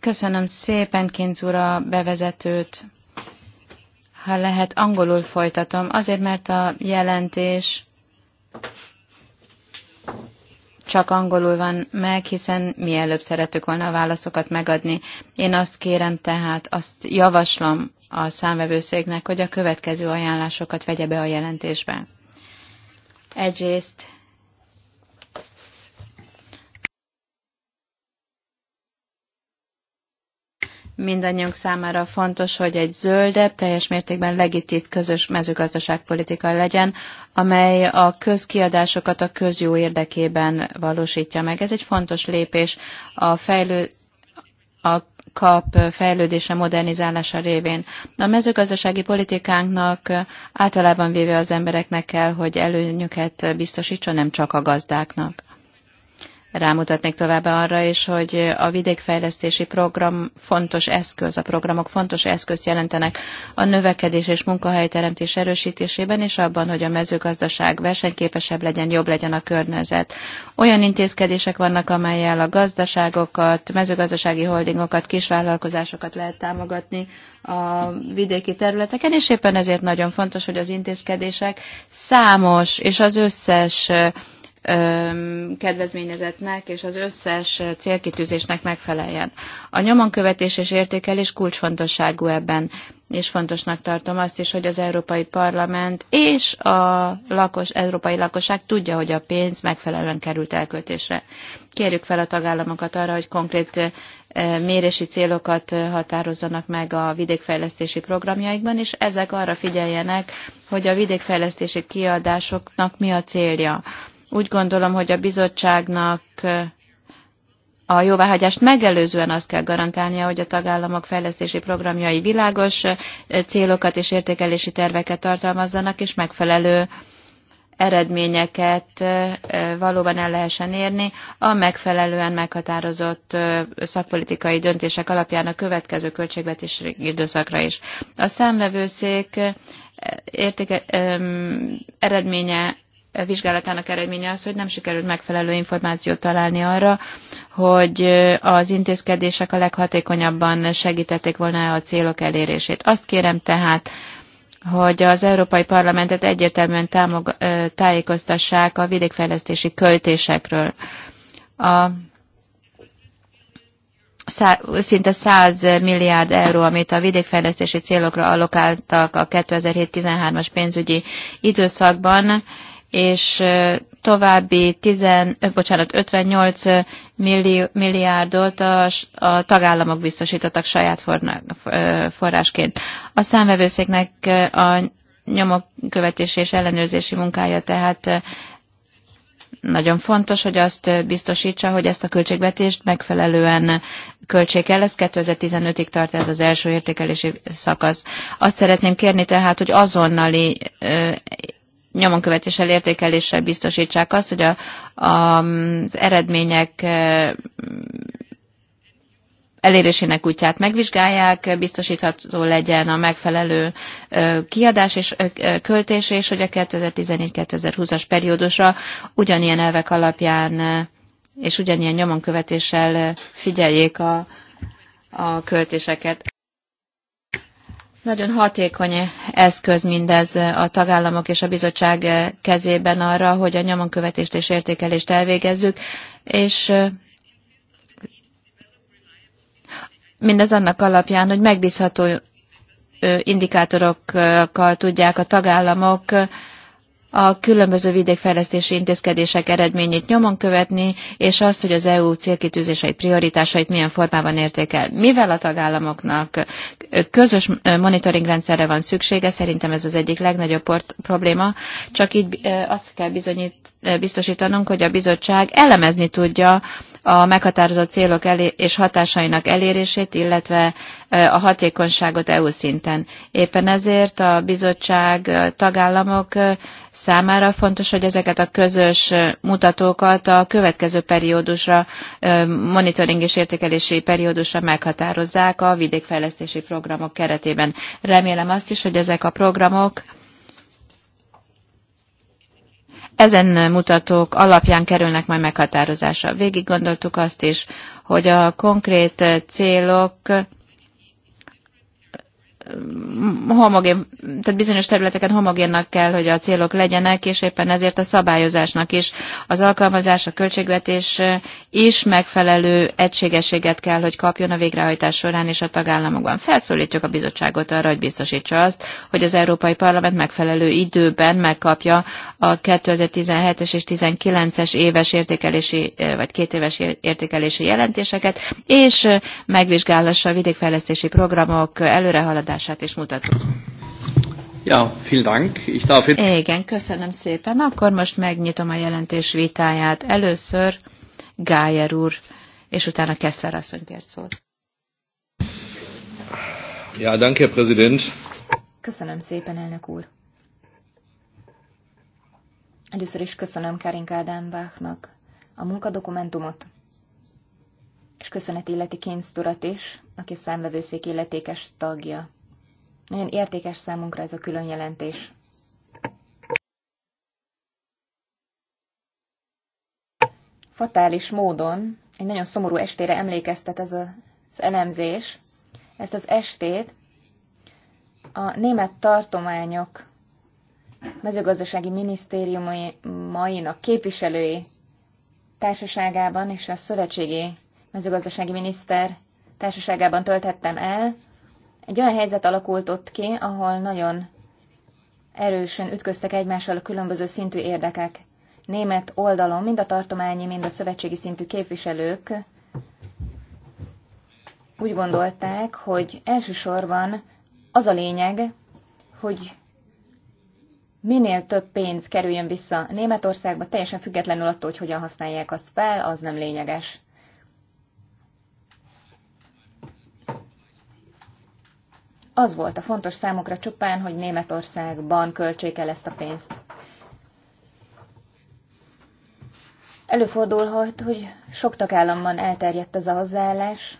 Köszönöm szépen, Kinc úr, a bevezetőt. Ha lehet, angolul folytatom, azért mert a jelentés csak angolul van meg, hiszen mi előbb volna a válaszokat megadni. Én azt kérem tehát, azt javaslom a számvevőszéknek, hogy a következő ajánlásokat vegye be a jelentésbe. Egyrészt mindannyiunk számára fontos, hogy egy zöldebb, teljes mértékben legitív közös mezőgazdaságpolitika legyen, amely a közkiadásokat a közjó érdekében valósítja meg. Ez egy fontos lépés a fejlő a kap fejlődése, modernizálása révén. A mezőgazdasági politikánknak általában véve az embereknek kell, hogy előnyöket biztosítson, nem csak a gazdáknak. Rámutatnék továbbá arra is, hogy a vidékfejlesztési program fontos eszköz, a programok fontos eszközt jelentenek a növekedés és munkahelyteremtés erősítésében, és abban, hogy a mezőgazdaság versenyképesebb legyen, jobb legyen a környezet. Olyan intézkedések vannak, amelyel a gazdaságokat, mezőgazdasági holdingokat, kisvállalkozásokat lehet támogatni a vidéki területeken, és éppen ezért nagyon fontos, hogy az intézkedések számos és az összes kedvezményezetnek és az összes célkitűzésnek megfeleljen. A nyomonkövetés és értékelés kulcsfontosságú ebben, és fontosnak tartom azt is, hogy az Európai Parlament és a lakos, európai lakosság tudja, hogy a pénz megfelelően került elköltésre. Kérjük fel a tagállamokat arra, hogy konkrét mérési célokat határozzanak meg a vidékfejlesztési programjaikban, és ezek arra figyeljenek, hogy a vidékfejlesztési kiadásoknak mi a célja úgy gondolom, hogy a bizottságnak eh, a jóváhagyást megelőzően azt kell garantálnia, hogy a tagállamok fejlesztési programjai világos eh, célokat és értékelési terveket tartalmazzanak, és megfelelő eredményeket eh, valóban el lehessen érni a megfelelően meghatározott szakpolitikai döntések alapján a következő költségvetési időszakra is. A számvevőszék értéke, eredménye vizsgálatának eredménye az, hogy nem sikerült megfelelő információt találni arra, hogy az intézkedések a leghatékonyabban segítették volna a célok elérését. Azt kérem tehát, hogy az Európai Parlamentet egyértelműen támog, tájékoztassák a vidékfejlesztési költésekről. A szá, szinte 100 milliárd euró, amit a vidékfejlesztési célokra allokáltak a 2007-13-as pénzügyi időszakban, és további 10, bocsánat, 58 milliárdot a, a tagállamok biztosítottak saját forrásként. A számvevőszéknek a nyomok követési és ellenőrzési munkája tehát nagyon fontos, hogy azt biztosítsa, hogy ezt a költségvetést megfelelően költség el. Ez 2015-ig tart ez az első értékelési szakasz. Azt szeretném kérni tehát, hogy azonnali nyomonkövetéssel, értékeléssel biztosítsák azt, hogy a, a, az eredmények elérésének útját megvizsgálják, biztosítható legyen a megfelelő kiadás és költés, és hogy a 2014-2020-as periódusra ugyanilyen elvek alapján és ugyanilyen nyomonkövetéssel figyeljék a, a költéseket. Nagyon hatékony eszköz mindez a tagállamok és a bizottság kezében arra, hogy a nyomonkövetést és értékelést elvégezzük, és mindez annak alapján, hogy megbízható indikátorokkal tudják a tagállamok a különböző vidékfejlesztési intézkedések eredményét nyomon követni, és azt, hogy az EU célkitűzéseit, prioritásait milyen formában értékel. Mivel a tagállamoknak közös monitoring rendszerre van szüksége, szerintem ez az egyik legnagyobb probléma, csak így azt kell bizonyít, biztosítanunk, hogy a bizottság elemezni tudja a meghatározott célok elé- és hatásainak elérését, illetve a hatékonyságot EU szinten. Éppen ezért a bizottság tagállamok számára fontos, hogy ezeket a közös mutatókat a következő periódusra, monitoring és értékelési periódusra meghatározzák a vidékfejlesztési programok keretében. Remélem azt is, hogy ezek a programok ezen mutatók alapján kerülnek majd meghatározásra. Végig gondoltuk azt is, hogy a konkrét célok homogén, tehát bizonyos területeken homogénnak kell, hogy a célok legyenek, és éppen ezért a szabályozásnak is az alkalmazás, a költségvetés is megfelelő egységességet kell, hogy kapjon a végrehajtás során és a tagállamokban. Felszólítjuk a bizottságot arra, hogy biztosítsa azt, hogy az Európai Parlament megfelelő időben megkapja a 2017-es és 19-es éves értékelési, vagy két éves értékelési jelentéseket, és megvizsgálassa a vidékfejlesztési programok előrehaladását hatását is mutató. Ja, vielen Dank. Ich darf... Igen, köszönöm szépen. Akkor most megnyitom a jelentés vitáját. Először Gájer úr, és utána Keszler asszony kért szót. Ja, danke, Herr Präsident. Köszönöm szépen, elnök úr. Először is köszönöm Karin Kádámbáknak a munkadokumentumot, és köszönet illeti Kénz is, aki számvevőszék illetékes tagja. Nagyon értékes számunkra ez a külön jelentés. Fatális módon egy nagyon szomorú estére emlékeztet ez az elemzés. Ezt az estét a német tartományok mezőgazdasági minisztériumainak képviselői társaságában és a szövetségi mezőgazdasági miniszter társaságában tölthettem el, egy olyan helyzet alakult ott ki, ahol nagyon erősen ütköztek egymással a különböző szintű érdekek. Német oldalon mind a tartományi, mind a szövetségi szintű képviselők úgy gondolták, hogy elsősorban az a lényeg, hogy minél több pénz kerüljön vissza Németországba, teljesen függetlenül attól, hogy hogyan használják azt fel, az nem lényeges. Az volt a fontos számukra csupán, hogy Németországban költsék el ezt a pénzt. Előfordulhat, hogy sok tagállamban elterjedt ez a hozzáállás,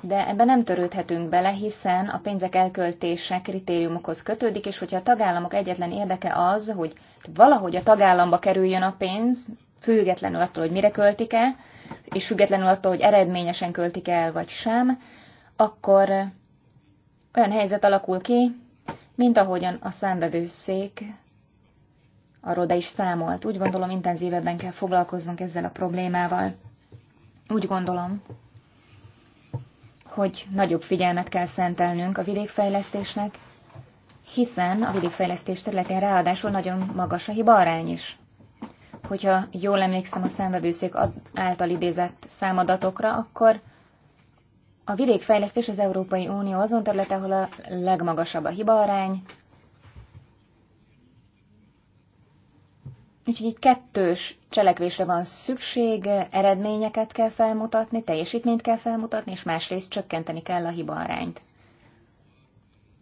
de ebben nem törődhetünk bele, hiszen a pénzek elköltése kritériumokhoz kötődik, és hogyha a tagállamok egyetlen érdeke az, hogy valahogy a tagállamba kerüljön a pénz, függetlenül attól, hogy mire költik el, és függetlenül attól, hogy eredményesen költik el vagy sem, akkor olyan helyzet alakul ki, mint ahogyan a számbevőszék arról be is számolt. Úgy gondolom, intenzívebben kell foglalkoznunk ezzel a problémával. Úgy gondolom, hogy nagyobb figyelmet kell szentelnünk a vidékfejlesztésnek, hiszen a vidékfejlesztés területén ráadásul nagyon magas a hiba arány is. Hogyha jól emlékszem a számvevőszék által idézett számadatokra, akkor a vidékfejlesztés az Európai Unió azon területe, ahol a legmagasabb a hibaarány. Úgyhogy itt kettős cselekvésre van szükség, eredményeket kell felmutatni, teljesítményt kell felmutatni, és másrészt csökkenteni kell a hibaarányt.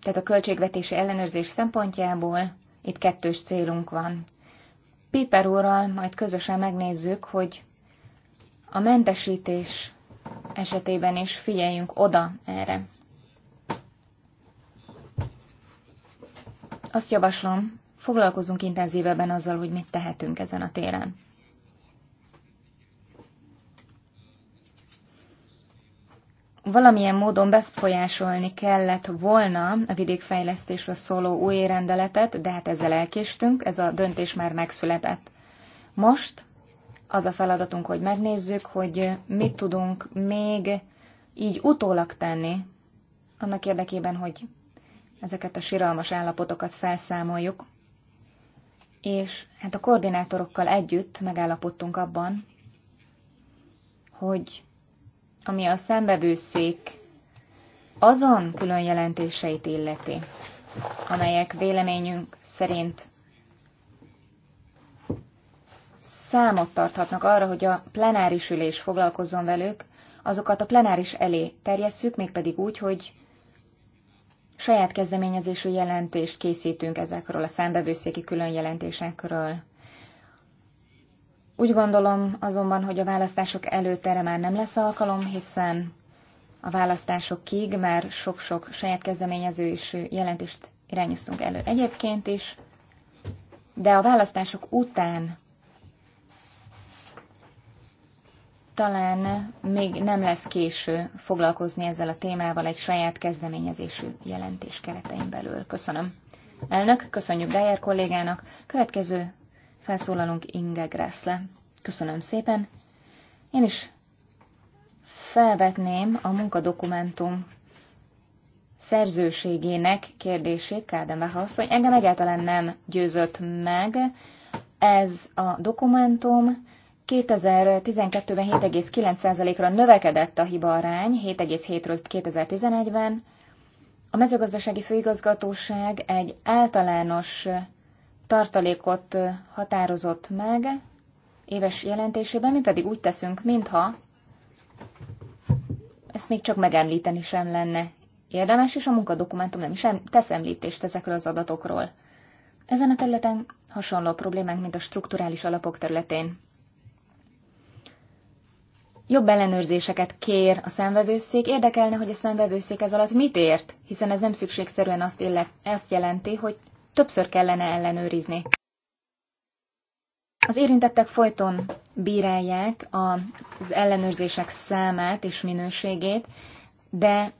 Tehát a költségvetési ellenőrzés szempontjából itt kettős célunk van. Piper úrral majd közösen megnézzük, hogy a mentesítés esetében is figyeljünk oda erre. Azt javaslom, foglalkozunk intenzívebben azzal, hogy mit tehetünk ezen a téren. Valamilyen módon befolyásolni kellett volna a vidékfejlesztésre szóló új rendeletet, de hát ezzel elkéstünk, ez a döntés már megszületett. Most az a feladatunk, hogy megnézzük, hogy mit tudunk még így utólag tenni, annak érdekében, hogy ezeket a siralmas állapotokat felszámoljuk. És hát a koordinátorokkal együtt megállapodtunk abban, hogy ami a szembevőszék azon külön jelentéseit illeti, amelyek véleményünk szerint számot tarthatnak arra, hogy a plenáris ülés foglalkozzon velük, azokat a plenáris elé terjesszük, mégpedig úgy, hogy saját kezdeményezésű jelentést készítünk ezekről a számbevőszéki jelentésekről. Úgy gondolom azonban, hogy a választások előtt erre már nem lesz alkalom, hiszen a választásokig már sok-sok saját kezdeményezésű jelentést irányoztunk elő egyébként is, de a választások után talán még nem lesz késő foglalkozni ezzel a témával egy saját kezdeményezésű jelentés keretein belül. Köszönöm. Elnök, köszönjük Geyer kollégának. Következő felszólalunk Inge Gressle. Köszönöm szépen. Én is felvetném a munkadokumentum szerzőségének kérdését, Kádenbach asszony. Engem egyáltalán nem győzött meg ez a dokumentum, 2012-ben 7,9%-ra növekedett a hibaarány, 7,7-ről 2011-ben. A mezőgazdasági főigazgatóság egy általános tartalékot határozott meg éves jelentésében, mi pedig úgy teszünk, mintha ezt még csak megemlíteni sem lenne érdemes, és a munkadokumentum nem is tesz említést ezekről az adatokról. Ezen a területen hasonló problémánk, mint a strukturális alapok területén jobb ellenőrzéseket kér a szemvevőszék, Érdekelne, hogy a szemvevőszék ez alatt mit ért, hiszen ez nem szükségszerűen azt, illet, azt jelenti, hogy többször kellene ellenőrizni. Az érintettek folyton bírálják az ellenőrzések számát és minőségét, de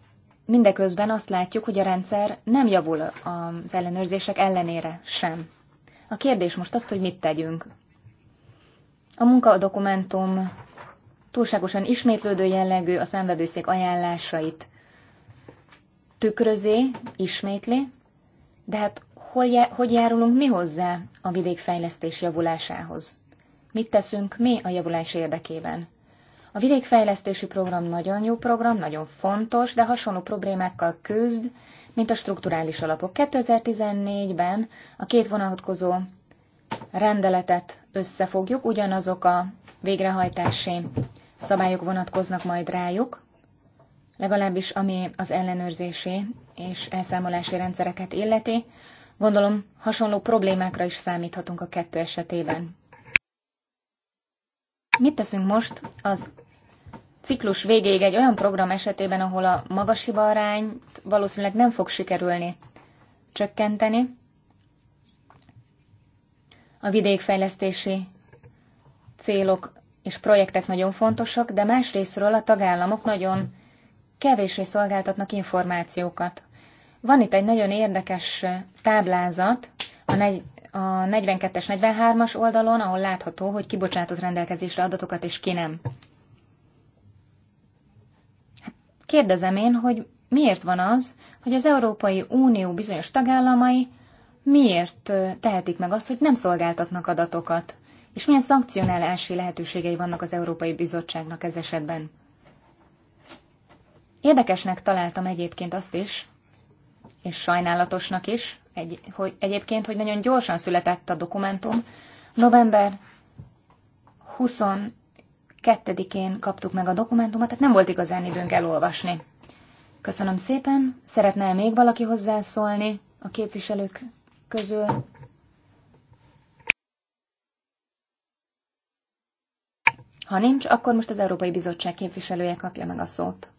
mindeközben azt látjuk, hogy a rendszer nem javul az ellenőrzések ellenére sem. A kérdés most az, hogy mit tegyünk. A munkadokumentum túlságosan ismétlődő jellegű, a számvevőszék ajánlásait tükrözi, ismétli, de hát hol hogy járulunk mi hozzá a vidékfejlesztés javulásához? Mit teszünk mi a javulás érdekében? A vidékfejlesztési program nagyon jó program, nagyon fontos, de hasonló problémákkal küzd, mint a strukturális alapok. 2014-ben a két vonatkozó rendeletet összefogjuk, ugyanazok a végrehajtási szabályok vonatkoznak majd rájuk, legalábbis ami az ellenőrzési és elszámolási rendszereket illeti. Gondolom, hasonló problémákra is számíthatunk a kettő esetében. Mit teszünk most az ciklus végéig egy olyan program esetében, ahol a magas hibaarányt valószínűleg nem fog sikerülni csökkenteni? A vidékfejlesztési célok és projektek nagyon fontosak, de másrésztről a tagállamok nagyon kevéssé szolgáltatnak információkat. Van itt egy nagyon érdekes táblázat a, negy, a 42-es, 43-as oldalon, ahol látható, hogy kibocsátott rendelkezésre adatokat, és ki nem. Kérdezem én, hogy miért van az, hogy az Európai Unió bizonyos tagállamai miért tehetik meg azt, hogy nem szolgáltatnak adatokat? És milyen szankcionálási lehetőségei vannak az Európai Bizottságnak ez esetben? Érdekesnek találtam egyébként azt is, és sajnálatosnak is, egy, hogy egyébként, hogy nagyon gyorsan született a dokumentum. November 22-én kaptuk meg a dokumentumot, tehát nem volt igazán időnk elolvasni. Köszönöm szépen. Szeretne -e még valaki hozzászólni a képviselők közül? Ha nincs, akkor most az Európai Bizottság képviselője kapja meg a szót.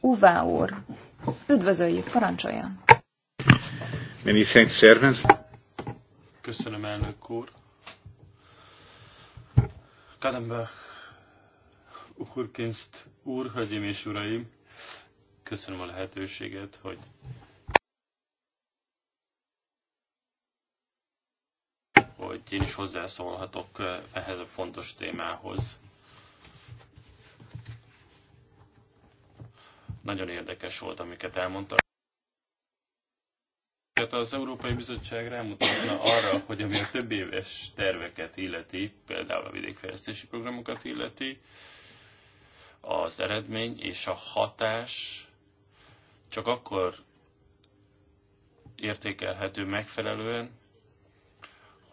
Uvá úr, üdvözöljük, parancsoljon! Köszönöm, elnök úr. Kadembe, Ukurkinst úr, hölgyeim és uraim, köszönöm a lehetőséget, hogy hogy én is hozzászólhatok ehhez a fontos témához. Nagyon érdekes volt, amiket elmondtak. Az Európai Bizottság rámutatna arra, hogy ami a több éves terveket illeti, például a vidékfejlesztési programokat illeti, az eredmény és a hatás csak akkor értékelhető megfelelően,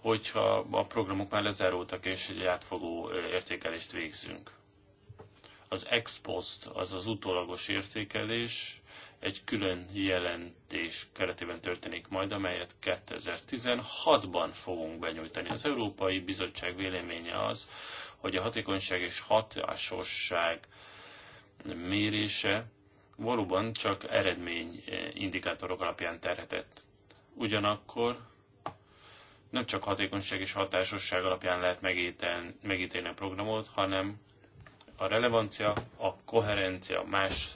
hogyha a programok már lezárultak és egy átfogó értékelést végzünk. Az ex post, az az utólagos értékelés egy külön jelentés keretében történik majd, amelyet 2016-ban fogunk benyújtani. Az Európai Bizottság véleménye az, hogy a hatékonyság és hatásosság mérése valóban csak eredmény indikátorok alapján terhetett. Ugyanakkor nem csak hatékonyság és hatásosság alapján lehet megítélni a programot, hanem a relevancia, a koherencia más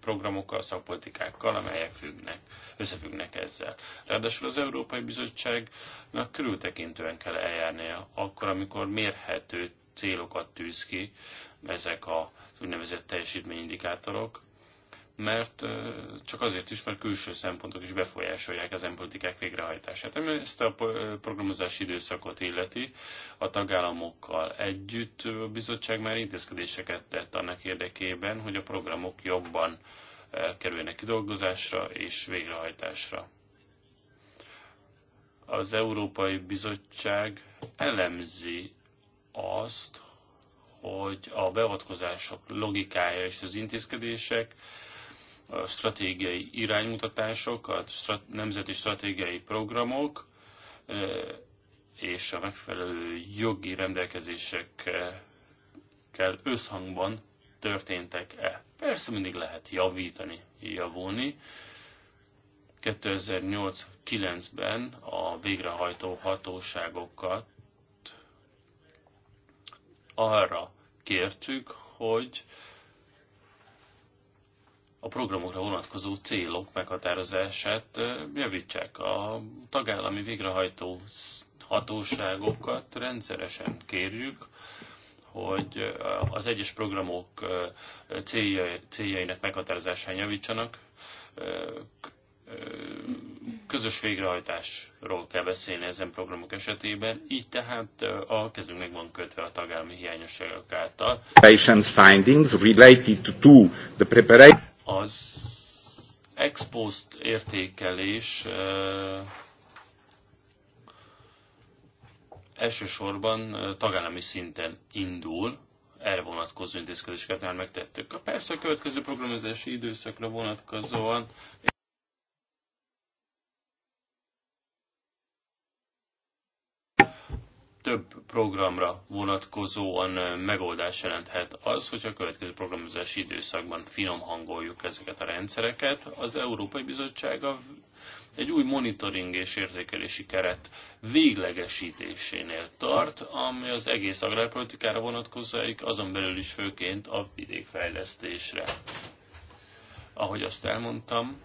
programokkal, szakpolitikákkal, amelyek függnek, összefüggnek ezzel. Ráadásul az Európai Bizottságnak körültekintően kell eljárnia, akkor, amikor mérhető célokat tűz ki ezek a úgynevezett teljesítményindikátorok, mert csak azért is, mert külső szempontok is befolyásolják ezen politikák végrehajtását. Ami ezt a programozási időszakot illeti, a tagállamokkal együtt a bizottság már intézkedéseket tett annak érdekében, hogy a programok jobban kerüljenek kidolgozásra és végrehajtásra. Az Európai Bizottság elemzi azt, hogy a beavatkozások logikája és az intézkedések a stratégiai iránymutatások, a strat nemzeti stratégiai programok és a megfelelő jogi rendelkezésekkel összhangban történtek-e. Persze mindig lehet javítani, javulni. 2008-9-ben a végrehajtó hatóságokat arra kértük, hogy a programokra vonatkozó célok meghatározását javítsák. A tagállami végrehajtó hatóságokat rendszeresen kérjük, hogy az egyes programok céljainak meghatározásán javítsanak. Közös végrehajtásról kell beszélni ezen programok esetében, így tehát a kezünk meg van kötve a tagállami hiányosságok által. Findings related to the preparation az expost értékelés elsősorban tagállami szinten indul, erre vonatkozó intézkedéseket már megtettük. Persze a következő programozási időszakra vonatkozóan több programra vonatkozóan megoldás jelenthet az, hogy a következő programozási időszakban finom hangoljuk ezeket a rendszereket. Az Európai Bizottság egy új monitoring és értékelési keret véglegesítésénél tart, ami az egész agrárpolitikára vonatkozóik azon belül is főként a vidékfejlesztésre. Ahogy azt elmondtam,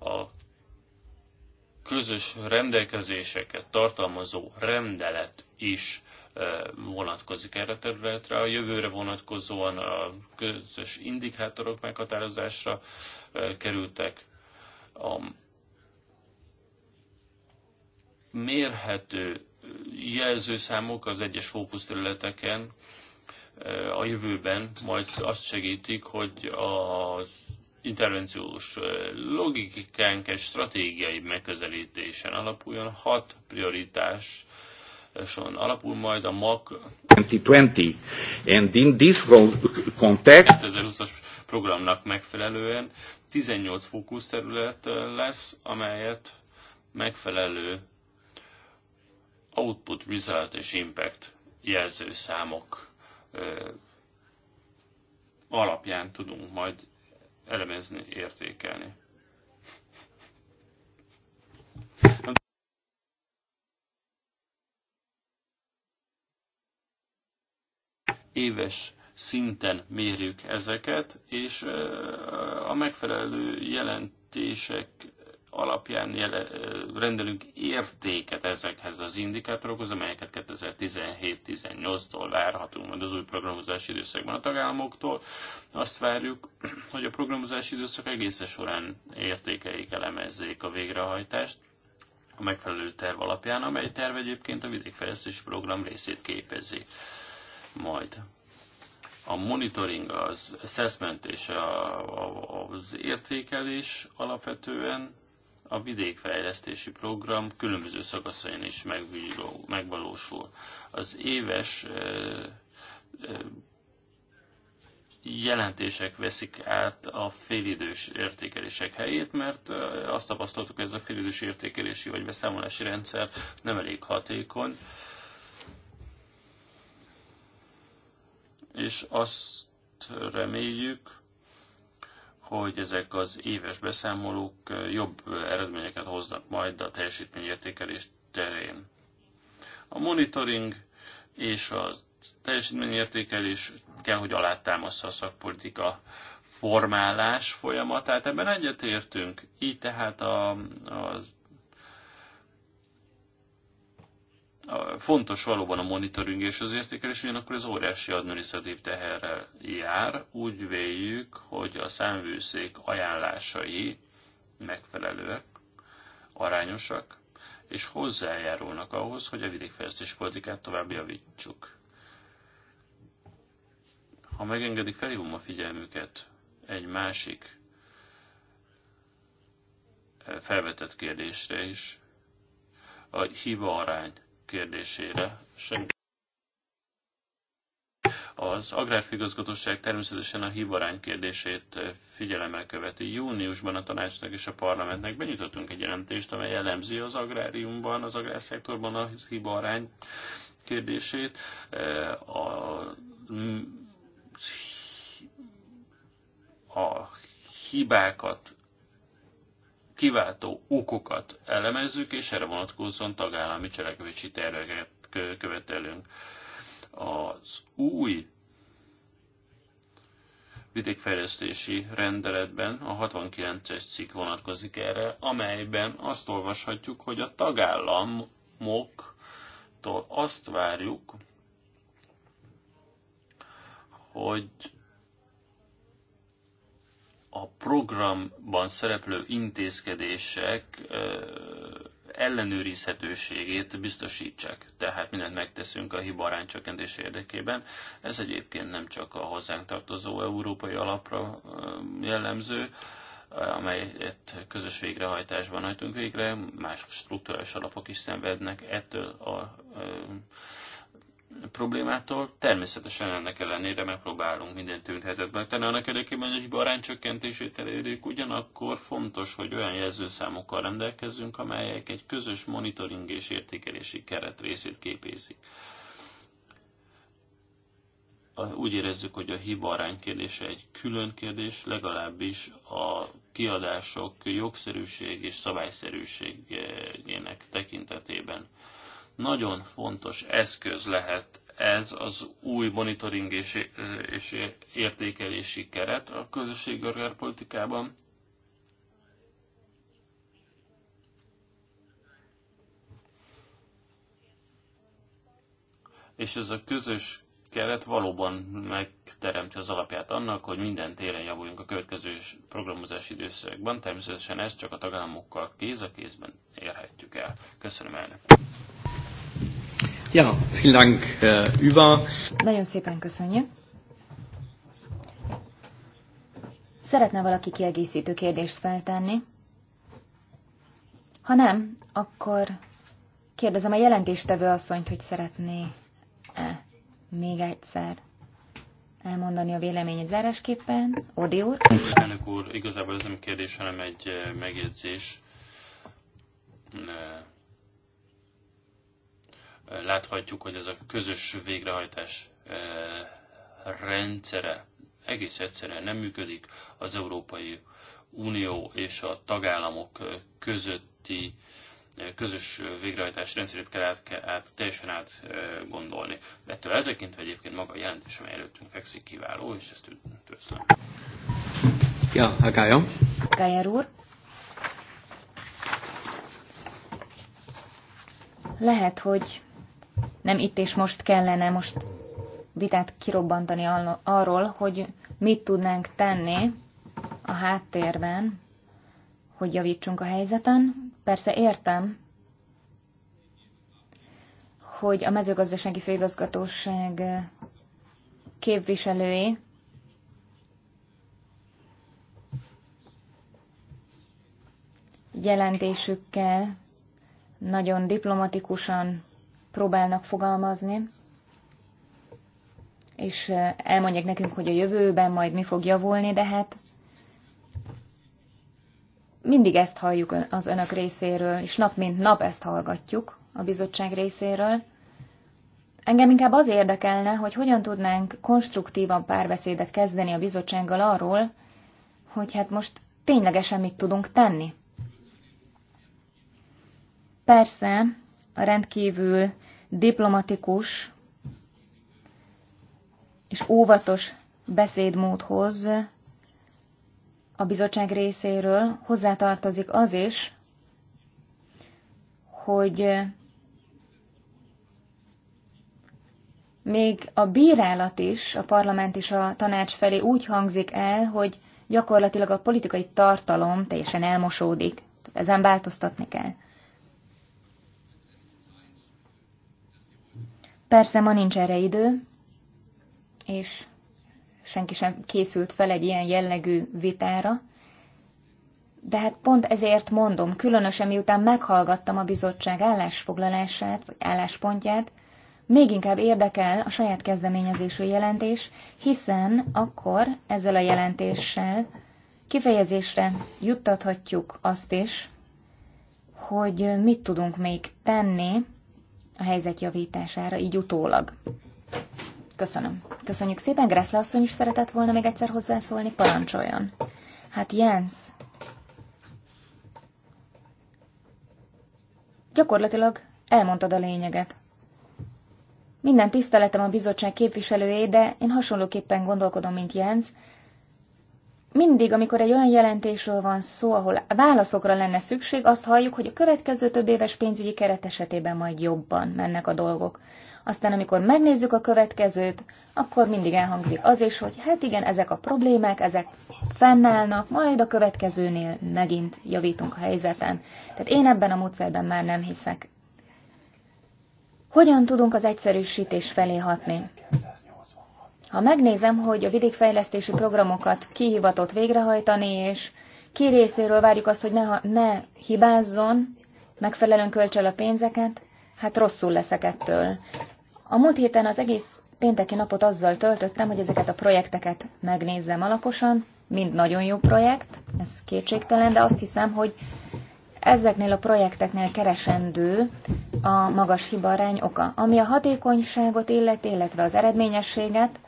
a közös rendelkezéseket tartalmazó rendelet is vonatkozik erre a területre. A jövőre vonatkozóan a közös indikátorok meghatározásra kerültek. A mérhető jelzőszámok az egyes fókuszterületeken a jövőben majd azt segítik, hogy az intervenciós logikánk és stratégiai megközelítésen alapuljon, hat prioritás alapul majd a MAC 2020. And in this context 2020-as programnak megfelelően 18 fókuszterület lesz, amelyet megfelelő output, result és impact jelzőszámok alapján tudunk majd elemezni, értékelni. Éves szinten mérjük ezeket, és a megfelelő jelentések alapján rendelünk értéket ezekhez az indikátorokhoz, amelyeket 2017-18-tól várhatunk majd az új programozási időszakban a tagállamoktól. Azt várjuk, hogy a programozási időszak egészen során értékeik elemezzék a végrehajtást, a megfelelő terv alapján, amely terv egyébként a vidékfejlesztési program részét képezi. Majd a monitoring, az assessment és a, az értékelés alapvetően a vidékfejlesztési program különböző szakaszain is megvalósul. Az éves jelentések veszik át a félidős értékelések helyét, mert azt tapasztaltuk, hogy ez a félidős értékelési vagy beszámolási rendszer nem elég hatékony. És azt reméljük, hogy ezek az éves beszámolók jobb eredményeket hoznak majd a teljesítményértékelés terén. A monitoring és a teljesítményértékelés kell, hogy alátámaszza a szakpolitika formálás folyamatát. Ebben egyetértünk. Így tehát a, a fontos valóban a monitoring és az értékelés, ugyanakkor ez óriási adminisztratív teherrel jár. Úgy véljük, hogy a számvőszék ajánlásai megfelelőek, arányosak, és hozzájárulnak ahhoz, hogy a vidékfejlesztési politikát tovább javítsuk. Ha megengedik, felhívom a figyelmüket egy másik eh, felvetett kérdésre is. A hiba arány kérdésére. Senki. Az agrárfigazgatóság természetesen a hívarány kérdését eh, figyelemmel követi. Júniusban a tanácsnak és a parlamentnek benyújtottunk egy jelentést, amely elemzi az agráriumban, az agrárszektorban a hívarány kérdését. Eh, a, a hibákat kiváltó okokat elemezzük, és erre vonatkozóan tagállami cselekvési terveket követelünk. Az új vidékfejlesztési rendeletben a 69-es cikk vonatkozik erre, amelyben azt olvashatjuk, hogy a tagállamoktól azt várjuk, hogy a programban szereplő intézkedések ellenőrizhetőségét biztosítsák. Tehát mindent megteszünk a hiba aránycsökkentés érdekében. Ez egyébként nem csak a hozzánk tartozó európai alapra jellemző, amelyet közös végrehajtásban hajtunk végre, más struktúrális alapok is szenvednek ettől a problémától. Természetesen ennek ellenére megpróbálunk minden tűnhetet megtenni annak érdekében, hogy a hiba aránycsökkentését elérjük, ugyanakkor fontos, hogy olyan jelzőszámokkal rendelkezzünk, amelyek egy közös monitoring és értékelési keret részét képezik. Úgy érezzük, hogy a hiba arány kérdése egy külön kérdés, legalábbis a kiadások jogszerűség és szabályszerűségének tekintetében nagyon fontos eszköz lehet ez az új monitoring és, és értékelési keret a közösségi politikában. És ez a közös keret valóban megteremti az alapját annak, hogy minden téren javuljunk a következő programozási időszakban. Természetesen ezt csak a tagállamokkal kéz a kézben érhetjük el. Köszönöm elnök! Ja, vielen Dank, äh, Über. Nagyon szépen köszönjük. Szeretne valaki kiegészítő kérdést feltenni? Ha nem, akkor kérdezem a jelentéstevő asszonyt, hogy szeretné-e még egyszer elmondani a véleményét zárásképpen. Odi úr? Elnök úr, igazából ez nem kérdés, hanem egy eh, megjegyzés eh, láthatjuk, hogy ez a közös végrehajtás eh, rendszere egész egyszerűen nem működik. Az Európai Unió és a tagállamok eh, közötti eh, közös végrehajtás rendszerét kell át, kell át teljesen át gondolni. Ettől eltekintve egyébként maga a jelentés, amely előttünk fekszik, kiváló, és ezt üdvözlöm. Ja, Gája. Gájár úr. Lehet, hogy nem itt és most kellene most vitát kirobbantani arról, hogy mit tudnánk tenni a háttérben, hogy javítsunk a helyzeten. Persze értem, hogy a mezőgazdasági főigazgatóság képviselői jelentésükkel nagyon diplomatikusan próbálnak fogalmazni, és eh, elmondják nekünk, hogy a jövőben majd mi fog javulni, de hát mindig ezt halljuk az önök részéről, és nap mint nap ezt hallgatjuk a bizottság részéről. Engem inkább az érdekelne, hogy hogyan tudnánk konstruktívan párbeszédet kezdeni a bizottsággal arról, hogy hát most ténylegesen mit tudunk tenni. Persze, rendkívül diplomatikus és óvatos beszédmódhoz a bizottság részéről hozzátartozik az is, hogy még a bírálat is, a parlament is a tanács felé úgy hangzik el, hogy gyakorlatilag a politikai tartalom teljesen elmosódik. Ezen változtatni kell. Persze ma nincs erre idő, és senki sem készült fel egy ilyen jellegű vitára, de hát pont ezért mondom, különösen miután meghallgattam a bizottság állásfoglalását, vagy álláspontját, még inkább érdekel a saját kezdeményezésű jelentés, hiszen akkor ezzel a jelentéssel kifejezésre juttathatjuk azt is, hogy mit tudunk még tenni a helyzet javítására, így utólag. Köszönöm. Köszönjük szépen. Gressle asszony is szeretett volna még egyszer hozzászólni. Parancsoljon. Hát Jens, gyakorlatilag elmondtad a lényeget. Minden tiszteletem a bizottság képviselőjé, de én hasonlóképpen gondolkodom, mint Jens, mindig, amikor egy olyan jelentésről van szó, ahol válaszokra lenne szükség, azt halljuk, hogy a következő több éves pénzügyi keret esetében majd jobban mennek a dolgok. Aztán, amikor megnézzük a következőt, akkor mindig elhangzik az is, hogy hát igen, ezek a problémák, ezek fennállnak, majd a következőnél megint javítunk a helyzeten. Tehát én ebben a módszerben már nem hiszek. Hogyan tudunk az egyszerűsítés felé hatni? Ha megnézem, hogy a vidékfejlesztési programokat kihivatott végrehajtani, és ki részéről várjuk azt, hogy ne, ne hibázzon, megfelelően költsel a pénzeket, hát rosszul leszek ettől. A múlt héten az egész pénteki napot azzal töltöttem, hogy ezeket a projekteket megnézzem alaposan, mind nagyon jó projekt, ez kétségtelen, de azt hiszem, hogy ezeknél a projekteknél keresendő a magas hibarány oka. Ami a hatékonyságot illet, illetve az eredményességet,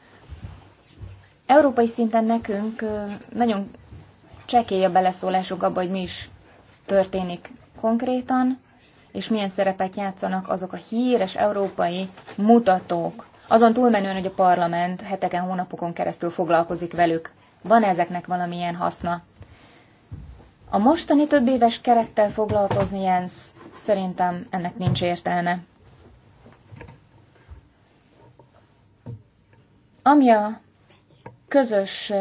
Európai szinten nekünk nagyon csekély a beleszólásuk abba, hogy mi is történik konkrétan, és milyen szerepet játszanak azok a híres európai mutatók, azon túlmenően, hogy a parlament heteken, hónapokon keresztül foglalkozik velük. Van -e ezeknek valamilyen haszna? A mostani több éves kerettel foglalkozni, Jens, szerintem ennek nincs értelme. Ami a közös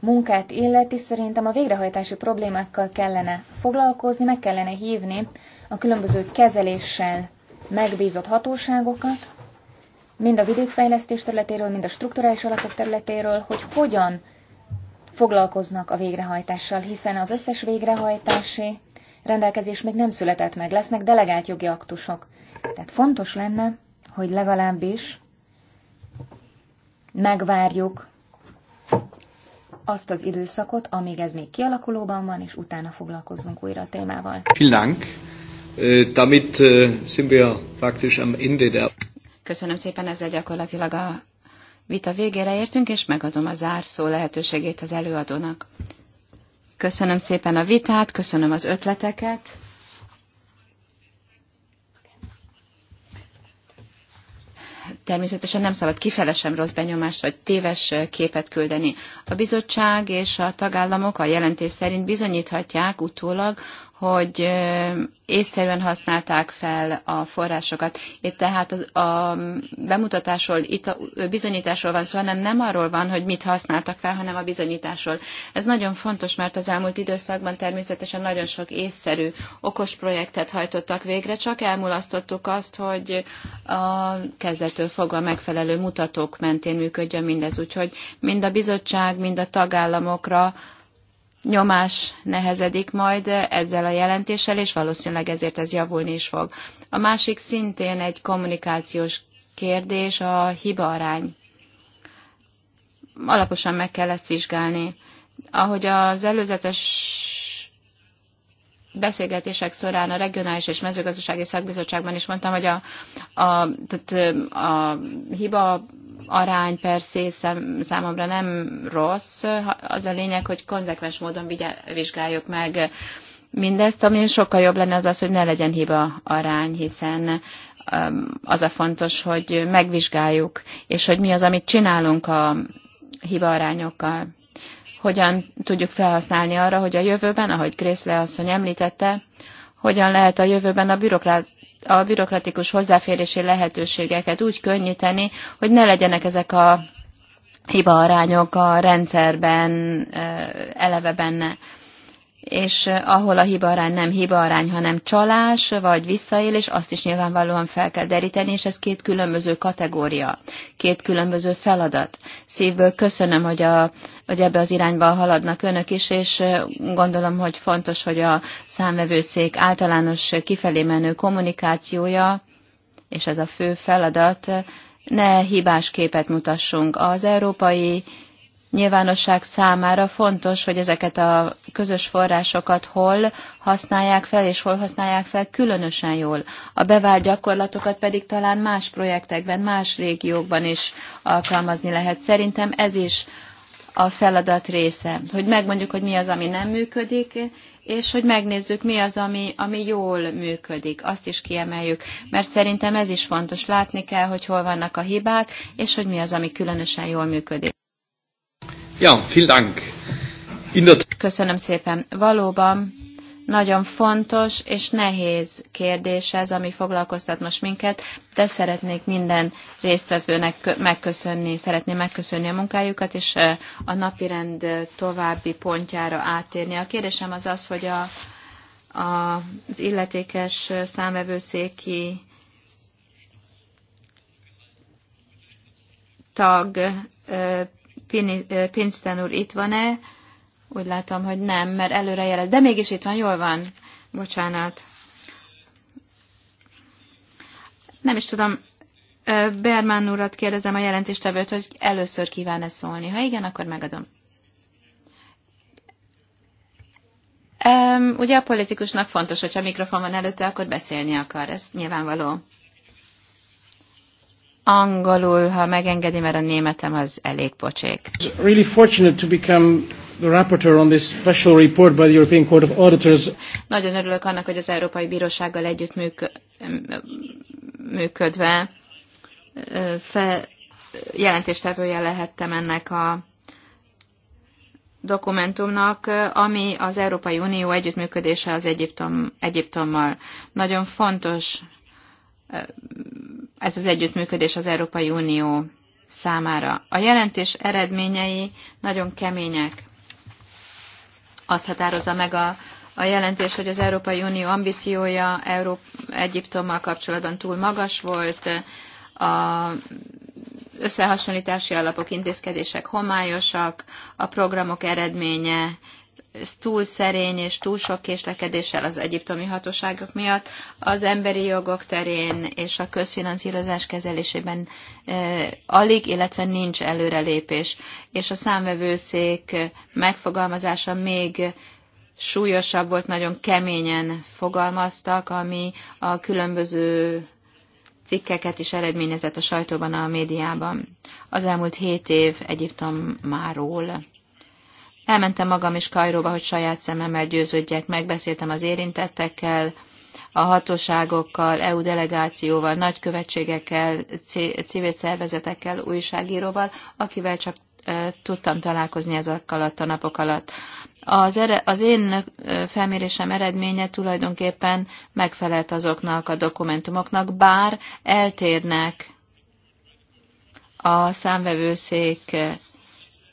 munkát illeti, szerintem a végrehajtási problémákkal kellene foglalkozni, meg kellene hívni a különböző kezeléssel megbízott hatóságokat, mind a vidékfejlesztés területéről, mind a strukturális alapok területéről, hogy hogyan foglalkoznak a végrehajtással, hiszen az összes végrehajtási rendelkezés még nem született meg, lesznek delegált jogi aktusok. Tehát fontos lenne, hogy legalábbis megvárjuk azt az időszakot, amíg ez még kialakulóban van, és utána foglalkozunk újra a témával. Köszönöm szépen, ezzel gyakorlatilag a vita végére értünk, és megadom a zárszó lehetőségét az előadónak. Köszönöm szépen a vitát, köszönöm az ötleteket. természetesen nem szabad kifelesem rossz benyomást vagy téves képet küldeni. A bizottság és a tagállamok a jelentés szerint bizonyíthatják utólag, hogy észszerűen használták fel a forrásokat. Itt tehát a bemutatásról, itt a bizonyításról van szó, hanem nem arról van, hogy mit használtak fel, hanem a bizonyításról. Ez nagyon fontos, mert az elmúlt időszakban természetesen nagyon sok észszerű, okos projektet hajtottak végre, csak elmulasztottuk azt, hogy a kezdetől fogva megfelelő mutatók mentén működjön mindez. Úgyhogy mind a bizottság, mind a tagállamokra nyomás nehezedik majd ezzel a jelentéssel, és valószínűleg ezért ez javulni is fog. A másik szintén egy kommunikációs kérdés, a hiba arány. Alaposan meg kell ezt vizsgálni. Ahogy az előzetes beszélgetések során a regionális és mezőgazdasági szakbizottságban is mondtam, hogy a, a, tehát a hiba arány persze szám, számomra nem rossz, az a lényeg, hogy konzekvens módon vizsgáljuk meg mindezt, ami sokkal jobb lenne az az, hogy ne legyen hiba arány, hiszen az a fontos, hogy megvizsgáljuk, és hogy mi az, amit csinálunk a hiba arányokkal hogyan tudjuk felhasználni arra, hogy a jövőben, ahogy Grészle asszony említette, hogyan lehet a jövőben a bürokrácia a bürokratikus hozzáférési lehetőségeket úgy könnyíteni, hogy ne legyenek ezek a hibaarányok a rendszerben eleve benne és eh, ahol a arány nem arány, hanem csalás vagy visszaélés, azt is nyilvánvalóan fel kell deríteni, és ez két különböző kategória, két különböző feladat. Szívből köszönöm, hogy, a, hogy ebbe az irányba haladnak önök is, és eh, gondolom, hogy fontos, hogy a számvevőszék általános kifelé menő kommunikációja, és ez a fő feladat, eh, ne hibás képet mutassunk. Az európai nyilvánosság számára fontos, hogy ezeket a közös forrásokat hol használják fel, és hol használják fel különösen jól. A bevált gyakorlatokat pedig talán más projektekben, más régiókban is alkalmazni lehet. Szerintem ez is a feladat része, hogy megmondjuk, hogy mi az, ami nem működik, és hogy megnézzük, mi az, ami, ami jól működik. Azt is kiemeljük, mert szerintem ez is fontos. Látni kell, hogy hol vannak a hibák, és hogy mi az, ami különösen jól működik. Ja, vielen Dank. Köszönöm szépen. Valóban nagyon fontos és nehéz kérdés ez, ami foglalkoztat most minket, de szeretnék minden résztvevőnek megköszönni, szeretném megköszönni a munkájukat, és a napirend további pontjára átérni. A kérdésem az az, hogy a, a, az illetékes számvevőszéki tag Pinsten úr itt van-e? Úgy látom, hogy nem, mert előre jelez. De mégis itt van, jól van. Bocsánat. Nem is tudom, Bermán urat kérdezem a jelentéstevőt, hogy először kíván-e szólni. Ha igen, akkor megadom. Um, ugye a politikusnak fontos, hogyha mikrofon van előtte, akkor beszélni akar, ez nyilvánvaló. Angolul, ha megengedi, mert a németem az elég pocsék. Really fortunate to become the rapporteur on this special report by the European Court of Auditors. Nagyon örülök annak, hogy az Európai Bírósággal együtt működve fe, jelentéstevője lehettem ennek a dokumentumnak, ami az Európai Unió együttműködése az Egyiptom, Egyiptommal. Nagyon fontos ez az együttműködés az Európai Unió számára. A jelentés eredményei nagyon kemények. Azt határozza meg a, a jelentés, hogy az Európai Unió ambíciója Európ Egyiptommal kapcsolatban túl magas volt, a összehasonlítási alapok intézkedések homályosak, a programok eredménye túl szerény és túl sok késlekedéssel az egyiptomi hatóságok miatt az emberi jogok terén és a közfinanszírozás kezelésében e, alig, illetve nincs előrelépés. És a számvevőszék megfogalmazása még súlyosabb volt, nagyon keményen fogalmaztak, ami a különböző cikkeket is eredményezett a sajtóban, a médiában. Az elmúlt hét év egyiptom máról. Elmentem magam is Kajróba, hogy saját szememmel győződjek, megbeszéltem az érintettekkel, a hatóságokkal, EU delegációval, nagykövetségekkel, civil szervezetekkel, újságíróval, akivel csak e, tudtam találkozni ezek alatt a napok alatt. Az, ere, az én e, felmérésem eredménye tulajdonképpen megfelelt azoknak a dokumentumoknak, bár eltérnek a számvevőszék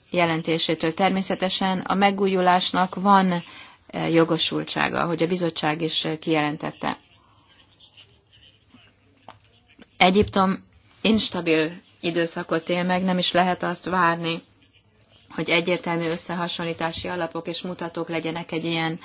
jelentésétől. Természetesen a megújulásnak van eh, jogosultsága, hogy a bizottság is eh, kijelentette. Egyiptom instabil időszakot él meg, nem is lehet azt várni, hogy egyértelmű összehasonlítási alapok és mutatók legyenek egy ilyen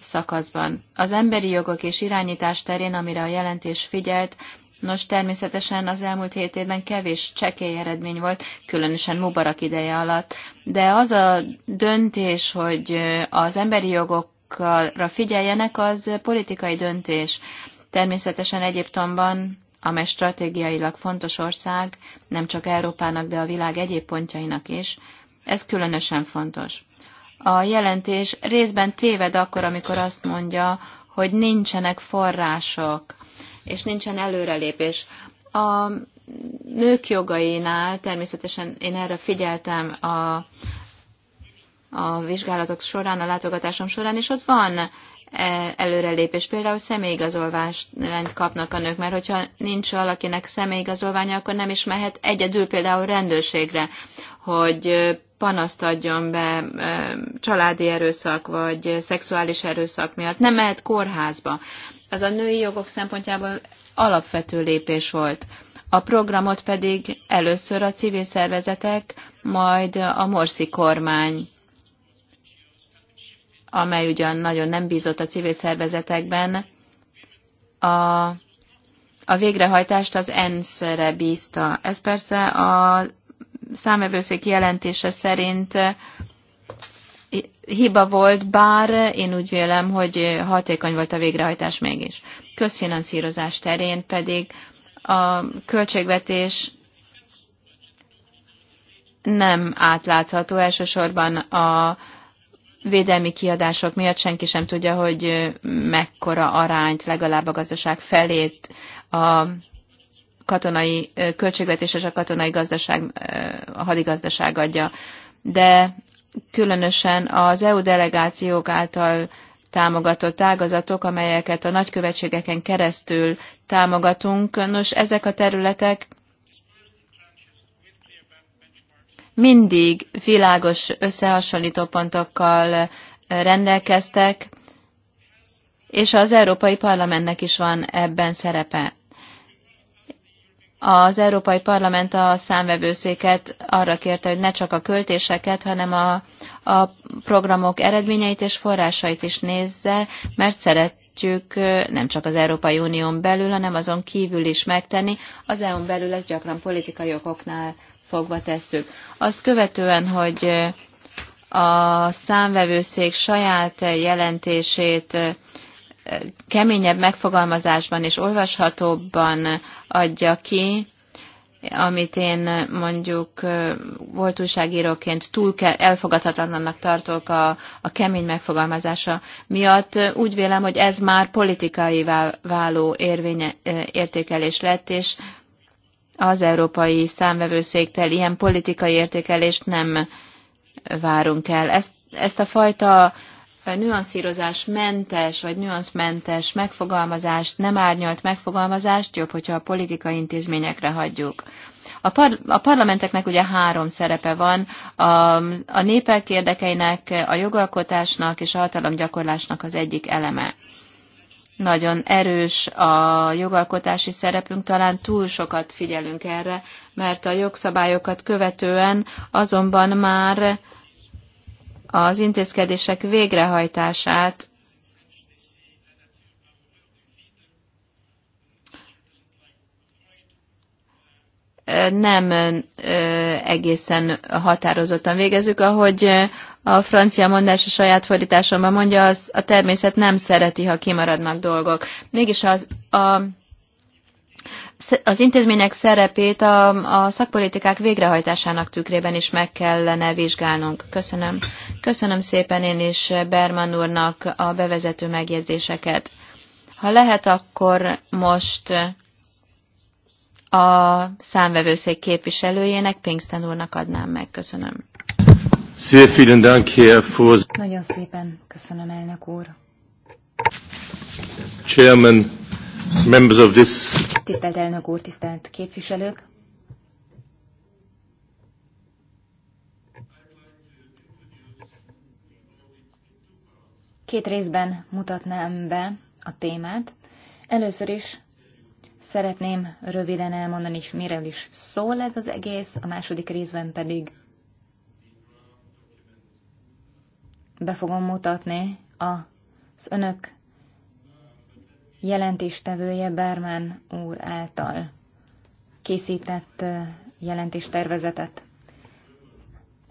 szakaszban. Az emberi jogok és irányítás terén, amire a jelentés figyelt, Nos, természetesen az elmúlt hét évben kevés csekély eredmény volt, különösen Mubarak ideje alatt. De az a döntés, hogy az emberi jogokra figyeljenek, az politikai döntés. Természetesen Egyiptomban, amely stratégiailag fontos ország, nem csak Európának, de a világ egyéb pontjainak is, ez különösen fontos. A jelentés részben téved akkor, amikor azt mondja, hogy nincsenek források és nincsen előrelépés. A nők jogainál természetesen én erre figyeltem a, a vizsgálatok során, a látogatásom során, és ott van e, előrelépés. Például személyigazolványt kapnak a nők, mert hogyha nincs valakinek személyigazolványa, akkor nem is mehet egyedül például rendőrségre, hogy panaszt adjon be családi erőszak vagy szexuális erőszak miatt. Nem mehet kórházba. Ez a női jogok szempontjából alapvető lépés volt. A programot pedig először a civil szervezetek, majd a Morsi kormány, amely ugyan nagyon nem bízott a civil szervezetekben, a, a végrehajtást az ENSZ-re bízta. Ez persze a számvevőszék jelentése szerint hiba volt, bár én úgy vélem, hogy hatékony volt a végrehajtás mégis. Közfinanszírozás terén pedig a költségvetés nem átlátható, elsősorban a védelmi kiadások miatt senki sem tudja, hogy mekkora arányt legalább a gazdaság felét a katonai költségvetés és a katonai gazdaság, a hadigazdaság adja. De különösen az EU delegációk által támogatott ágazatok, amelyeket a nagykövetségeken keresztül támogatunk. Nos, ezek a területek mindig világos összehasonlító pontokkal rendelkeztek, és az Európai Parlamentnek is van ebben szerepe az Európai Parlament a számvevőszéket arra kérte, hogy ne csak a költéseket, hanem a, a programok eredményeit és forrásait is nézze, mert szeretjük nem csak az Európai Unión belül, hanem azon kívül is megtenni. Az EU-n belül ezt gyakran politikai okoknál fogva tesszük. Azt követően, hogy a számvevőszék saját jelentését keményebb megfogalmazásban és olvashatóbban adja ki, amit én mondjuk volt újságíróként túl elfogadhatatlannak tartok a, a kemény megfogalmazása miatt, úgy vélem, hogy ez már politikai váló érvény, értékelés lett, és az európai számvevőszéktel ilyen politikai értékelést nem várunk el. Ezt, ezt a fajta mentes, vagy nüanszmentes megfogalmazást, nem árnyalt megfogalmazást jobb, hogyha a politikai intézményekre hagyjuk. A, par, a parlamenteknek ugye három szerepe van, a, a népek érdekeinek, a jogalkotásnak és a hatalomgyakorlásnak az egyik eleme. Nagyon erős a jogalkotási szerepünk, talán túl sokat figyelünk erre, mert a jogszabályokat követően azonban már az intézkedések végrehajtását nem egészen határozottan végezzük. Ahogy a francia mondás a saját fordításomban mondja, az a természet nem szereti, ha kimaradnak dolgok. Mégis az, a, az intézmények szerepét a, a szakpolitikák végrehajtásának tükrében is meg kellene vizsgálnunk. Köszönöm. Köszönöm szépen én is Berman úrnak a bevezető megjegyzéseket. Ha lehet, akkor most a számvevőszék képviselőjének, Pinkston úrnak adnám meg. Köszönöm. Nagyon szépen köszönöm, elnök úr. Chairman, Members of this... Tisztelt elnök úr, tisztelt képviselők! Két részben mutatnám be a témát. Először is szeretném röviden elmondani, hogy miről is szól ez az egész, a második részben pedig be fogom mutatni az önök jelentéstevője Berman úr által készített jelentéstervezetet.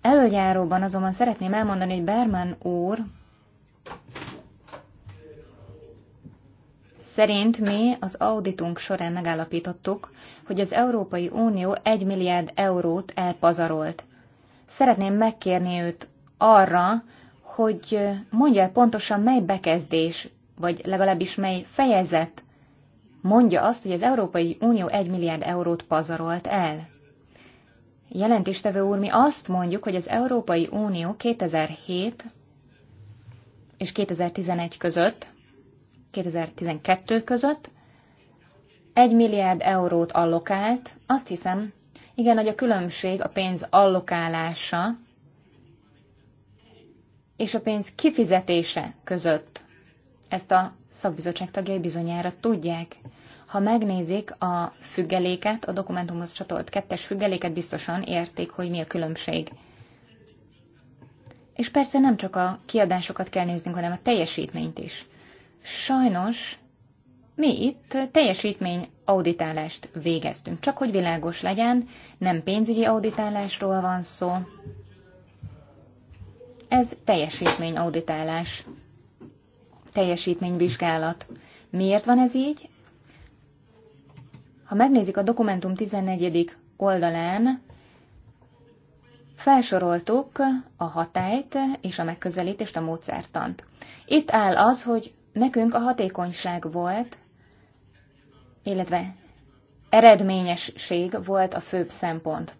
Előjáróban azonban szeretném elmondani, hogy Berman úr szerint mi az auditunk során megállapítottuk, hogy az Európai Unió 1 milliárd eurót elpazarolt. Szeretném megkérni őt arra, hogy mondja pontosan, mely bekezdés vagy legalábbis mely fejezet mondja azt, hogy az Európai Unió 1 milliárd eurót pazarolt el. Jelentéstevő úr, mi azt mondjuk, hogy az Európai Unió 2007 és 2011 között, 2012 között 1 milliárd eurót allokált. Azt hiszem, igen nagy a különbség a pénz allokálása és a pénz kifizetése között. Ezt a szakbizottság tagjai bizonyára tudják. Ha megnézik a függeléket, a dokumentumhoz csatolt kettes függeléket, biztosan érték, hogy mi a különbség. És persze nem csak a kiadásokat kell néznünk, hanem a teljesítményt is. Sajnos mi itt teljesítmény auditálást végeztünk. Csak hogy világos legyen, nem pénzügyi auditálásról van szó. Ez teljesítmény auditálás teljesítményvizsgálat. Miért van ez így? Ha megnézik a dokumentum 14. oldalán, felsoroltuk a hatályt és a megközelítést, a módszertant. Itt áll az, hogy nekünk a hatékonyság volt, illetve eredményesség volt a főbb szempont.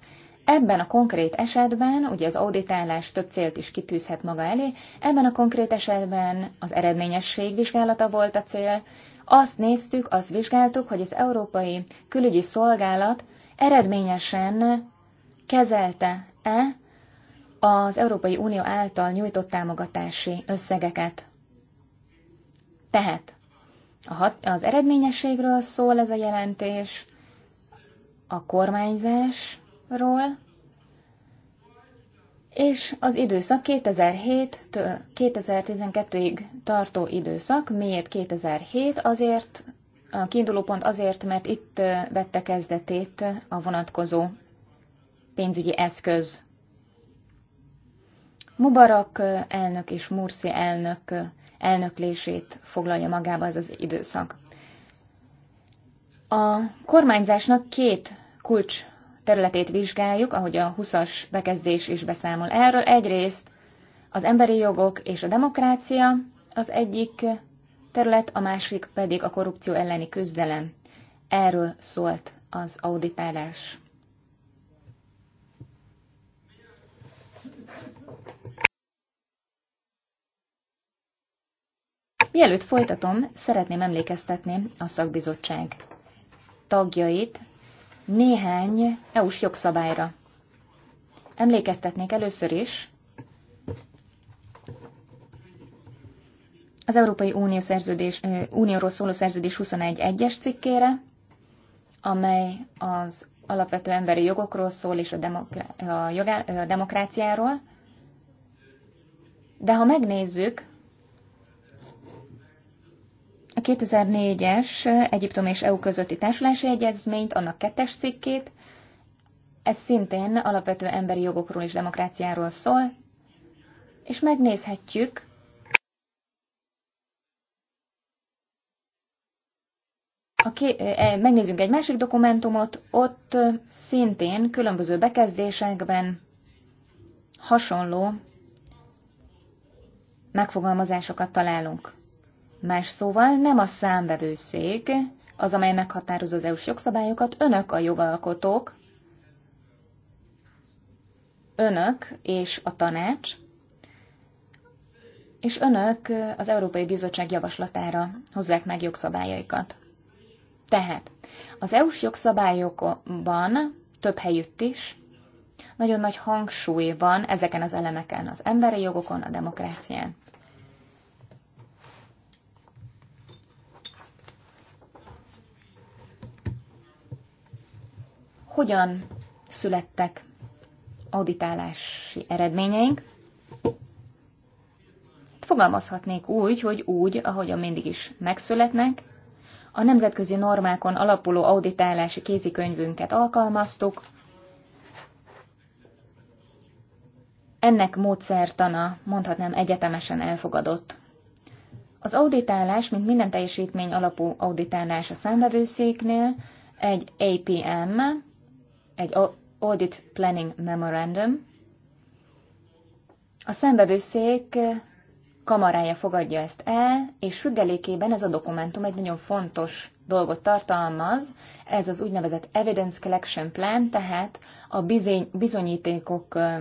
Ebben a konkrét esetben, ugye az auditálás több célt is kitűzhet maga elé, ebben a konkrét esetben az eredményesség vizsgálata volt a cél. Azt néztük, azt vizsgáltuk, hogy az Európai Külügyi Szolgálat eredményesen kezelte-e az Európai Unió által nyújtott támogatási összegeket. Tehát a hat, az eredményességről szól ez a jelentés, a kormányzás, ról és az időszak 2007 2012-ig tartó időszak. Miért 2007? Azért a kiinduló pont azért, mert itt vette kezdetét a vonatkozó pénzügyi eszköz. Mubarak elnök és Mursi elnök elnöklését foglalja magába ez az időszak. A kormányzásnak két kulcs területét vizsgáljuk, ahogy a 20-as bekezdés is beszámol erről. Egyrészt az emberi jogok és a demokrácia az egyik terület, a másik pedig a korrupció elleni küzdelem. Erről szólt az auditálás. Mielőtt folytatom, szeretném emlékeztetni a szakbizottság tagjait néhány EU-s jogszabályra. Emlékeztetnék először is az Európai Unió szerződés, Unióról szóló szerződés 21.1-es cikkére, amely az alapvető emberi jogokról szól és a, demokra- a, jogá- a demokráciáról. De ha megnézzük a 2004-es Egyiptom és EU közötti társulási egyezményt, annak kettes cikkét, ez szintén alapvető emberi jogokról és demokráciáról szól, és megnézhetjük, A ké, e, megnézzünk egy másik dokumentumot, ott szintén különböző bekezdésekben hasonló megfogalmazásokat találunk. Más szóval nem a számbevőszék az, amely meghatározza az EU-s jogszabályokat, önök a jogalkotók, önök és a tanács, és önök az Európai Bizottság javaslatára hozzák meg jogszabályaikat. Tehát az EU-s jogszabályokban több helyütt is nagyon nagy hangsúly van ezeken az elemeken, az emberi jogokon, a demokrácián. hogyan születtek auditálási eredményeink. Fogalmazhatnék úgy, hogy úgy, ahogyan mindig is megszületnek, a nemzetközi normákon alapuló auditálási kézikönyvünket alkalmaztuk, ennek módszertana mondhatnám egyetemesen elfogadott. Az auditálás, mint minden teljesítmény alapú auditálás a számvevőszéknél, egy APM, egy Audit Planning Memorandum. A szembevőszék eh, kamarája fogadja ezt el, és függelékében ez a dokumentum egy nagyon fontos dolgot tartalmaz, ez az úgynevezett Evidence Collection Plan, tehát a bizonyítékok eh,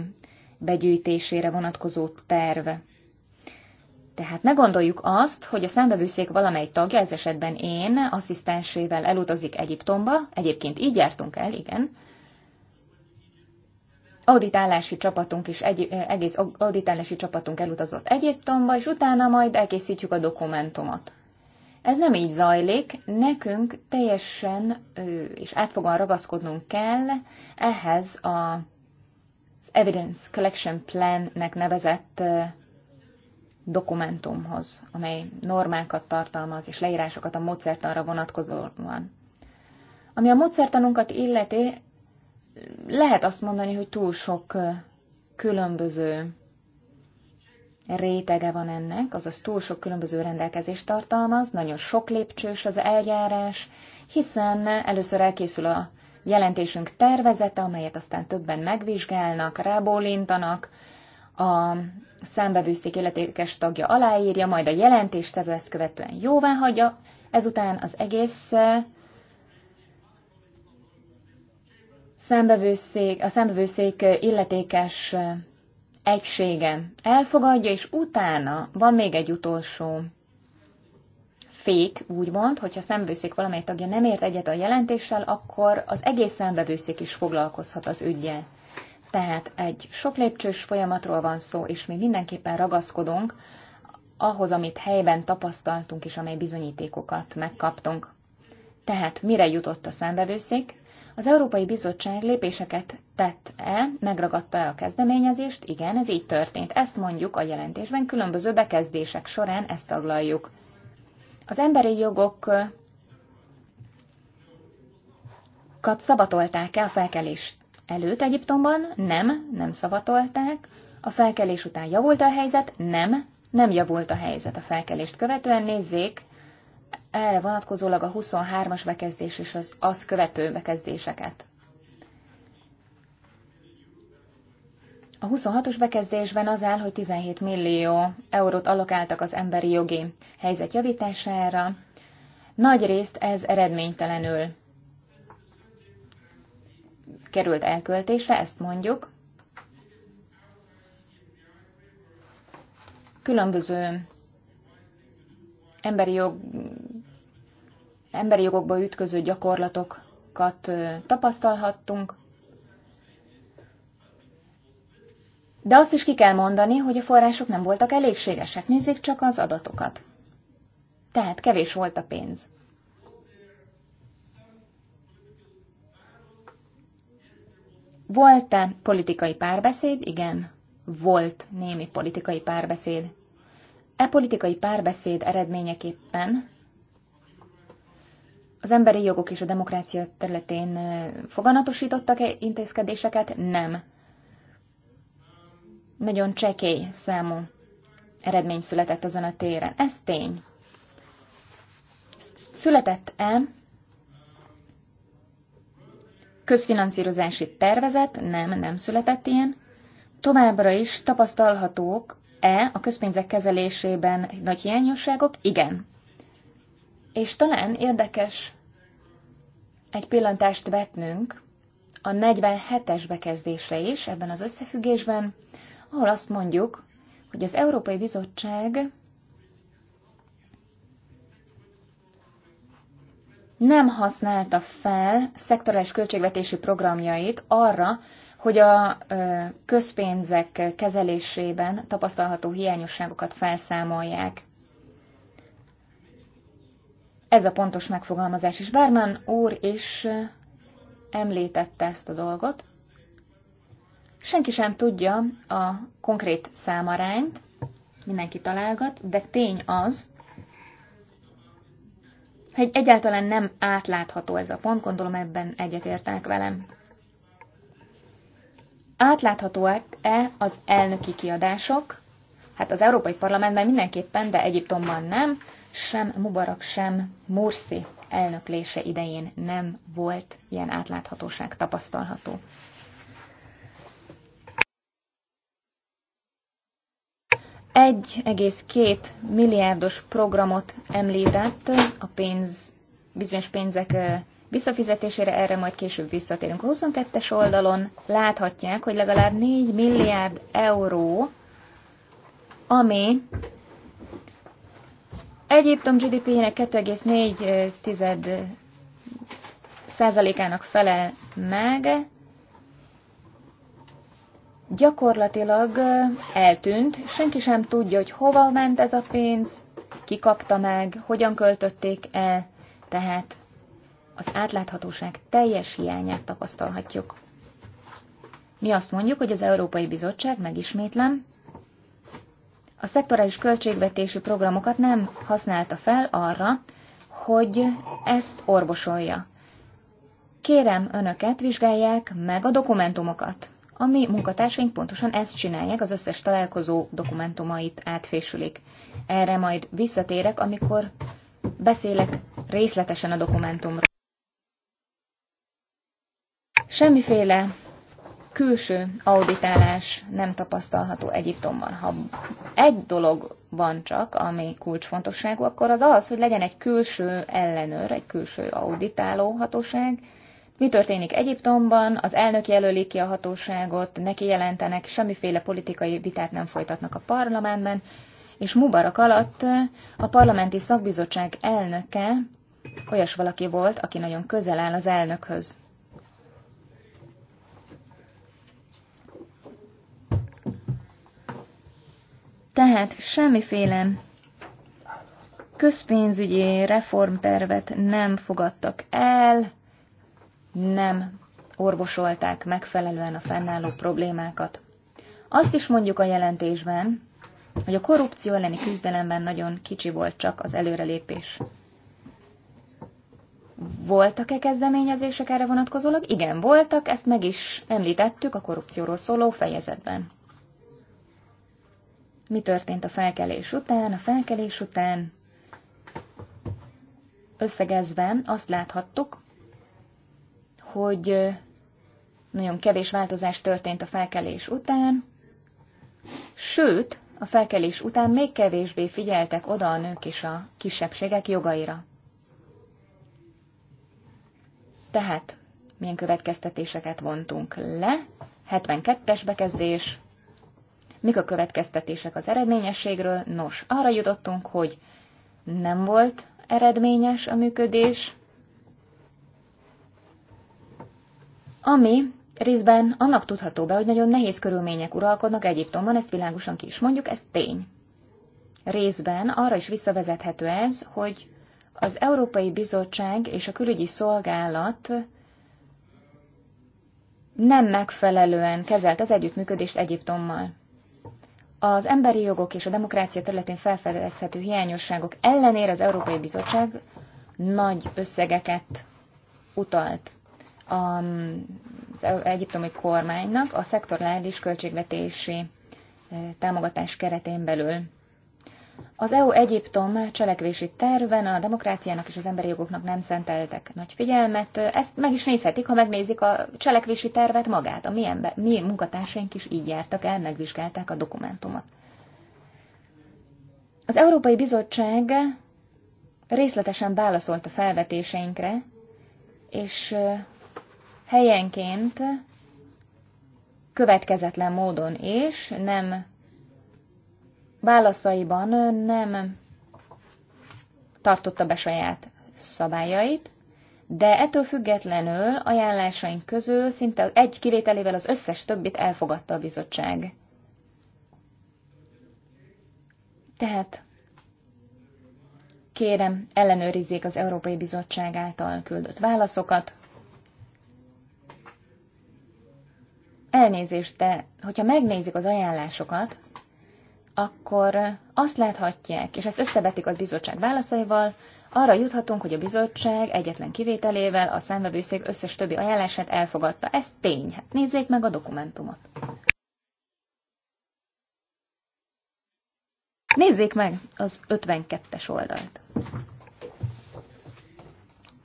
begyűjtésére vonatkozó terv. Tehát ne gondoljuk azt, hogy a szembevőszék valamely tagja, ez esetben én, asszisztensével elutazik Egyiptomba, egyébként így jártunk el, igen, auditálási csapatunk is, egy, egész auditálási csapatunk elutazott Egyiptomba, és utána majd elkészítjük a dokumentumot. Ez nem így zajlik, nekünk teljesen és átfogóan ragaszkodnunk kell ehhez a az Evidence Collection Plan-nek nevezett dokumentumhoz, amely normákat tartalmaz és leírásokat a módszertanra vonatkozóan. Ami a módszertanunkat illeti, lehet azt mondani, hogy túl sok különböző rétege van ennek, azaz túl sok különböző rendelkezést tartalmaz, nagyon sok lépcsős az eljárás, hiszen először elkészül a jelentésünk tervezete, amelyet aztán többen megvizsgálnak, rábólintanak, a számbevőszék életékes tagja aláírja, majd a jelentéstevő ezt követően jóvá hagyja, ezután az egész szembevőszék, a szembevőszék illetékes egysége elfogadja, és utána van még egy utolsó fék, úgymond, hogyha szembevőszék valamely tagja nem ért egyet a jelentéssel, akkor az egész szembevőszék is foglalkozhat az ügyjel. Tehát egy sok lépcsős folyamatról van szó, és mi mindenképpen ragaszkodunk ahhoz, amit helyben tapasztaltunk, és amely bizonyítékokat megkaptunk. Tehát mire jutott a szembevőszék? Az Európai Bizottság lépéseket tett-e, megragadta-e a kezdeményezést? Igen, ez így történt. Ezt mondjuk a jelentésben, különböző bekezdések során ezt taglaljuk. Az emberi jogokat szabatolták-e a felkelés előtt Egyiptomban? Nem, nem szabatolták. A felkelés után javult a helyzet? Nem, nem javult a helyzet a felkelést követően. Nézzék erre vonatkozólag a 23-as bekezdés és az azt követő bekezdéseket. A 26-os bekezdésben az áll, hogy 17 millió eurót alokáltak az emberi jogi helyzet javítására. Nagy részt ez eredménytelenül került elköltésre, ezt mondjuk. Különböző emberi, jog, emberi jogokba ütköző gyakorlatokat tapasztalhattunk, De azt is ki kell mondani, hogy a források nem voltak elégségesek, nézzék csak az adatokat. Tehát kevés volt a pénz. Volt-e politikai párbeszéd? Igen, volt némi politikai párbeszéd. E politikai párbeszéd eredményeképpen az emberi jogok és a demokrácia területén foganatosítottak-e intézkedéseket? Nem. Nagyon csekély számú eredmény született ezen a téren. Ez tény. Született-e közfinanszírozási tervezet? Nem, nem született ilyen. Továbbra is tapasztalhatók E a közpénzek kezelésében nagy hiányosságok? Igen. És talán érdekes egy pillantást vetnünk a 47-es bekezdésre is ebben az összefüggésben, ahol azt mondjuk, hogy az Európai Bizottság nem használta fel szektorális költségvetési programjait arra, hogy a közpénzek kezelésében tapasztalható hiányosságokat felszámolják. Ez a pontos megfogalmazás, is Bármán úr is említette ezt a dolgot. Senki sem tudja a konkrét számarányt, mindenki találgat, de tény az, hogy egyáltalán nem átlátható ez a pont, gondolom ebben egyetértenek velem. Átláthatóak-e az elnöki kiadások? Hát az Európai Parlamentben mindenképpen, de Egyiptomban nem, sem Mubarak, sem Morsi elnöklése idején nem volt ilyen átláthatóság tapasztalható. Egy egész két milliárdos programot említett a pénz, bizonyos pénzek visszafizetésére, erre majd később visszatérünk. A 22-es oldalon láthatják, hogy legalább 4 milliárd euró, ami Egyiptom GDP-jének 2,4 százalékának felel meg, gyakorlatilag eltűnt, senki sem tudja, hogy hova ment ez a pénz, ki kapta meg, hogyan költötték el, tehát az átláthatóság teljes hiányát tapasztalhatjuk. Mi azt mondjuk, hogy az Európai Bizottság, megismétlem, a szektorális költségvetésű programokat nem használta fel arra, hogy ezt orvosolja. Kérem önöket, vizsgálják meg a dokumentumokat. A mi munkatársaink pontosan ezt csinálják, az összes találkozó dokumentumait átfésülik. Erre majd visszatérek, amikor beszélek részletesen a dokumentumról. Semmiféle külső auditálás nem tapasztalható Egyiptomban. Ha egy dolog van csak, ami kulcsfontosságú, akkor az az, hogy legyen egy külső ellenőr, egy külső auditáló hatóság. Mi történik Egyiptomban? Az elnök jelöli ki a hatóságot, neki jelentenek, semmiféle politikai vitát nem folytatnak a parlamentben, és Mubarak alatt a parlamenti szakbizottság elnöke olyas valaki volt, aki nagyon közel áll az elnökhöz. Tehát semmiféle közpénzügyi reformtervet nem fogadtak el, nem orvosolták megfelelően a fennálló problémákat. Azt is mondjuk a jelentésben, hogy a korrupció elleni küzdelemben nagyon kicsi volt csak az előrelépés. Voltak-e kezdeményezések erre vonatkozólag? Igen, voltak, ezt meg is említettük a korrupcióról szóló fejezetben mi történt a felkelés után. A felkelés után összegezve azt láthattuk, hogy nagyon kevés változás történt a felkelés után, sőt, a felkelés után még kevésbé figyeltek oda a nők és a kisebbségek jogaira. Tehát, milyen következtetéseket vontunk le? 72-es bekezdés, Mik a következtetések az eredményességről? Nos, arra jutottunk, hogy nem volt eredményes a működés, ami részben annak tudható be, hogy nagyon nehéz körülmények uralkodnak Egyiptomban, ezt világosan ki is mondjuk, ez tény. Részben arra is visszavezethető ez, hogy az Európai Bizottság és a külügyi szolgálat nem megfelelően kezelt az együttműködést Egyiptommal. Az emberi jogok és a demokrácia területén felfedezhető hiányosságok ellenére az Európai Bizottság nagy összegeket utalt az egyiptomi kormánynak a szektorális költségvetési eh, támogatás keretén belül. Az EU-Egyiptom cselekvési terven a demokráciának és az emberi jogoknak nem szenteltek nagy figyelmet. Ezt meg is nézhetik, ha megnézik a cselekvési tervet magát. A mi, ember, mi munkatársaink is így jártak el, megvizsgálták a dokumentumot. Az Európai Bizottság részletesen válaszolt a felvetéseinkre, és helyenként következetlen módon és nem válaszaiban nem tartotta be saját szabályait, de ettől függetlenül ajánlásaink közül szinte egy kivételével az összes többit elfogadta a bizottság. Tehát kérem, ellenőrizzék az Európai Bizottság által küldött válaszokat. Elnézést, de hogyha megnézik az ajánlásokat, akkor azt láthatják, és ezt összevetik a bizottság válaszaival, arra juthatunk, hogy a bizottság egyetlen kivételével a számvevőszék összes többi ajánlását elfogadta. Ez tény. Hát nézzék meg a dokumentumot. Nézzék meg az 52-es oldalt.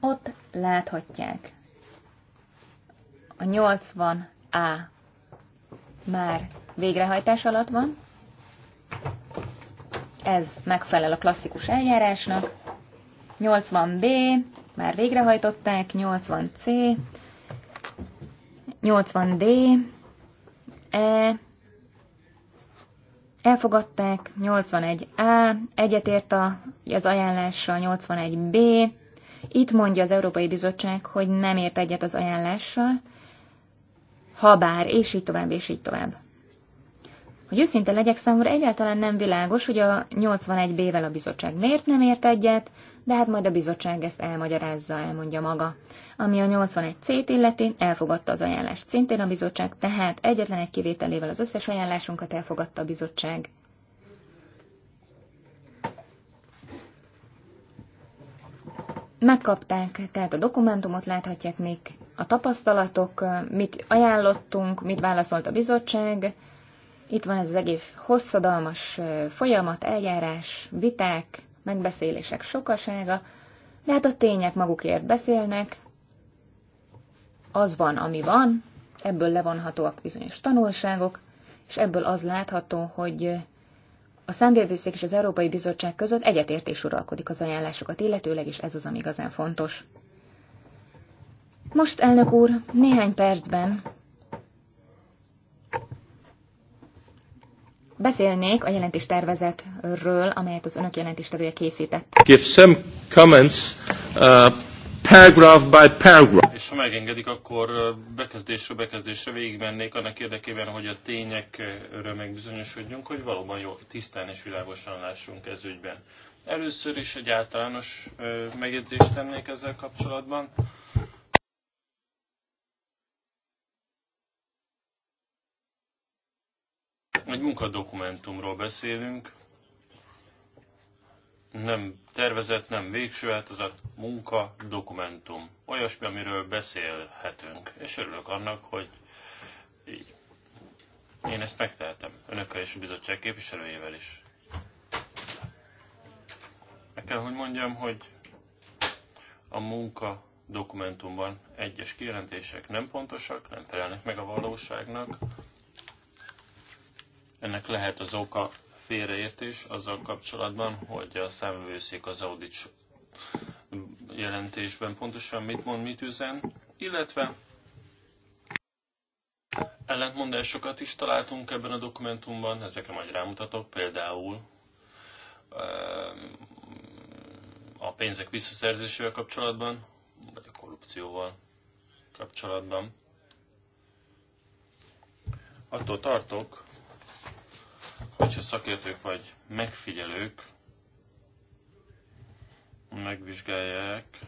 Ott láthatják a 80A már végrehajtás alatt van, ez megfelel a klasszikus eljárásnak. 80B, már végrehajtották, 80C, 80D, E, elfogadták, 81A, egyetért a, az ajánlással 81B, itt mondja az Európai Bizottság, hogy nem ért egyet az ajánlással, ha bár, és így tovább, és így tovább. Hogy őszinte legyek, számomra egyáltalán nem világos, hogy a 81B-vel a bizottság miért nem ért egyet, de hát majd a bizottság ezt elmagyarázza, elmondja maga. Ami a 81C-t illeti, elfogadta az ajánlást szintén a bizottság, tehát egyetlen egy kivételével az összes ajánlásunkat elfogadta a bizottság. Megkapták tehát a dokumentumot, láthatják még a tapasztalatok, mit ajánlottunk, mit válaszolt a bizottság, itt van ez az egész hosszadalmas folyamat, eljárás, viták, megbeszélések sokasága, de hát a tények magukért beszélnek, az van, ami van, ebből levonhatóak bizonyos tanulságok, és ebből az látható, hogy a számvevőszék és az Európai Bizottság között egyetértés uralkodik az ajánlásokat illetőleg, és ez az, ami igazán fontos. Most, elnök úr, néhány percben beszélnék a jelentés tervezetről, amelyet az önök jelentéstevője készített. Give some comments, uh, paragraph by paragraph. És ha megengedik, akkor uh, bekezdésről bekezdésre végigmennék annak érdekében, hogy a tényekről megbizonyosodjunk, hogy valóban jó, tisztán és világosan lássunk ez ügyben. Először is egy általános uh, megjegyzést tennék ezzel kapcsolatban. egy munkadokumentumról beszélünk, nem tervezett, nem végső változat, munka, dokumentum. Olyasmi, amiről beszélhetünk. És örülök annak, hogy így. Én ezt megtehetem. Önökkel és a bizottság képviselőjével is. Meg kell, hogy mondjam, hogy a munka dokumentumban egyes kijelentések nem pontosak, nem felelnek meg a valóságnak. Ennek lehet az oka félreértés azzal kapcsolatban, hogy a számvőszék az audit jelentésben pontosan mit mond, mit üzen, illetve ellentmondásokat is találtunk ebben a dokumentumban, ezekre majd rámutatok, például ehm, a pénzek visszaszerzésével kapcsolatban, vagy a korrupcióval kapcsolatban. Attól tartok, hogyha szakértők vagy megfigyelők megvizsgálják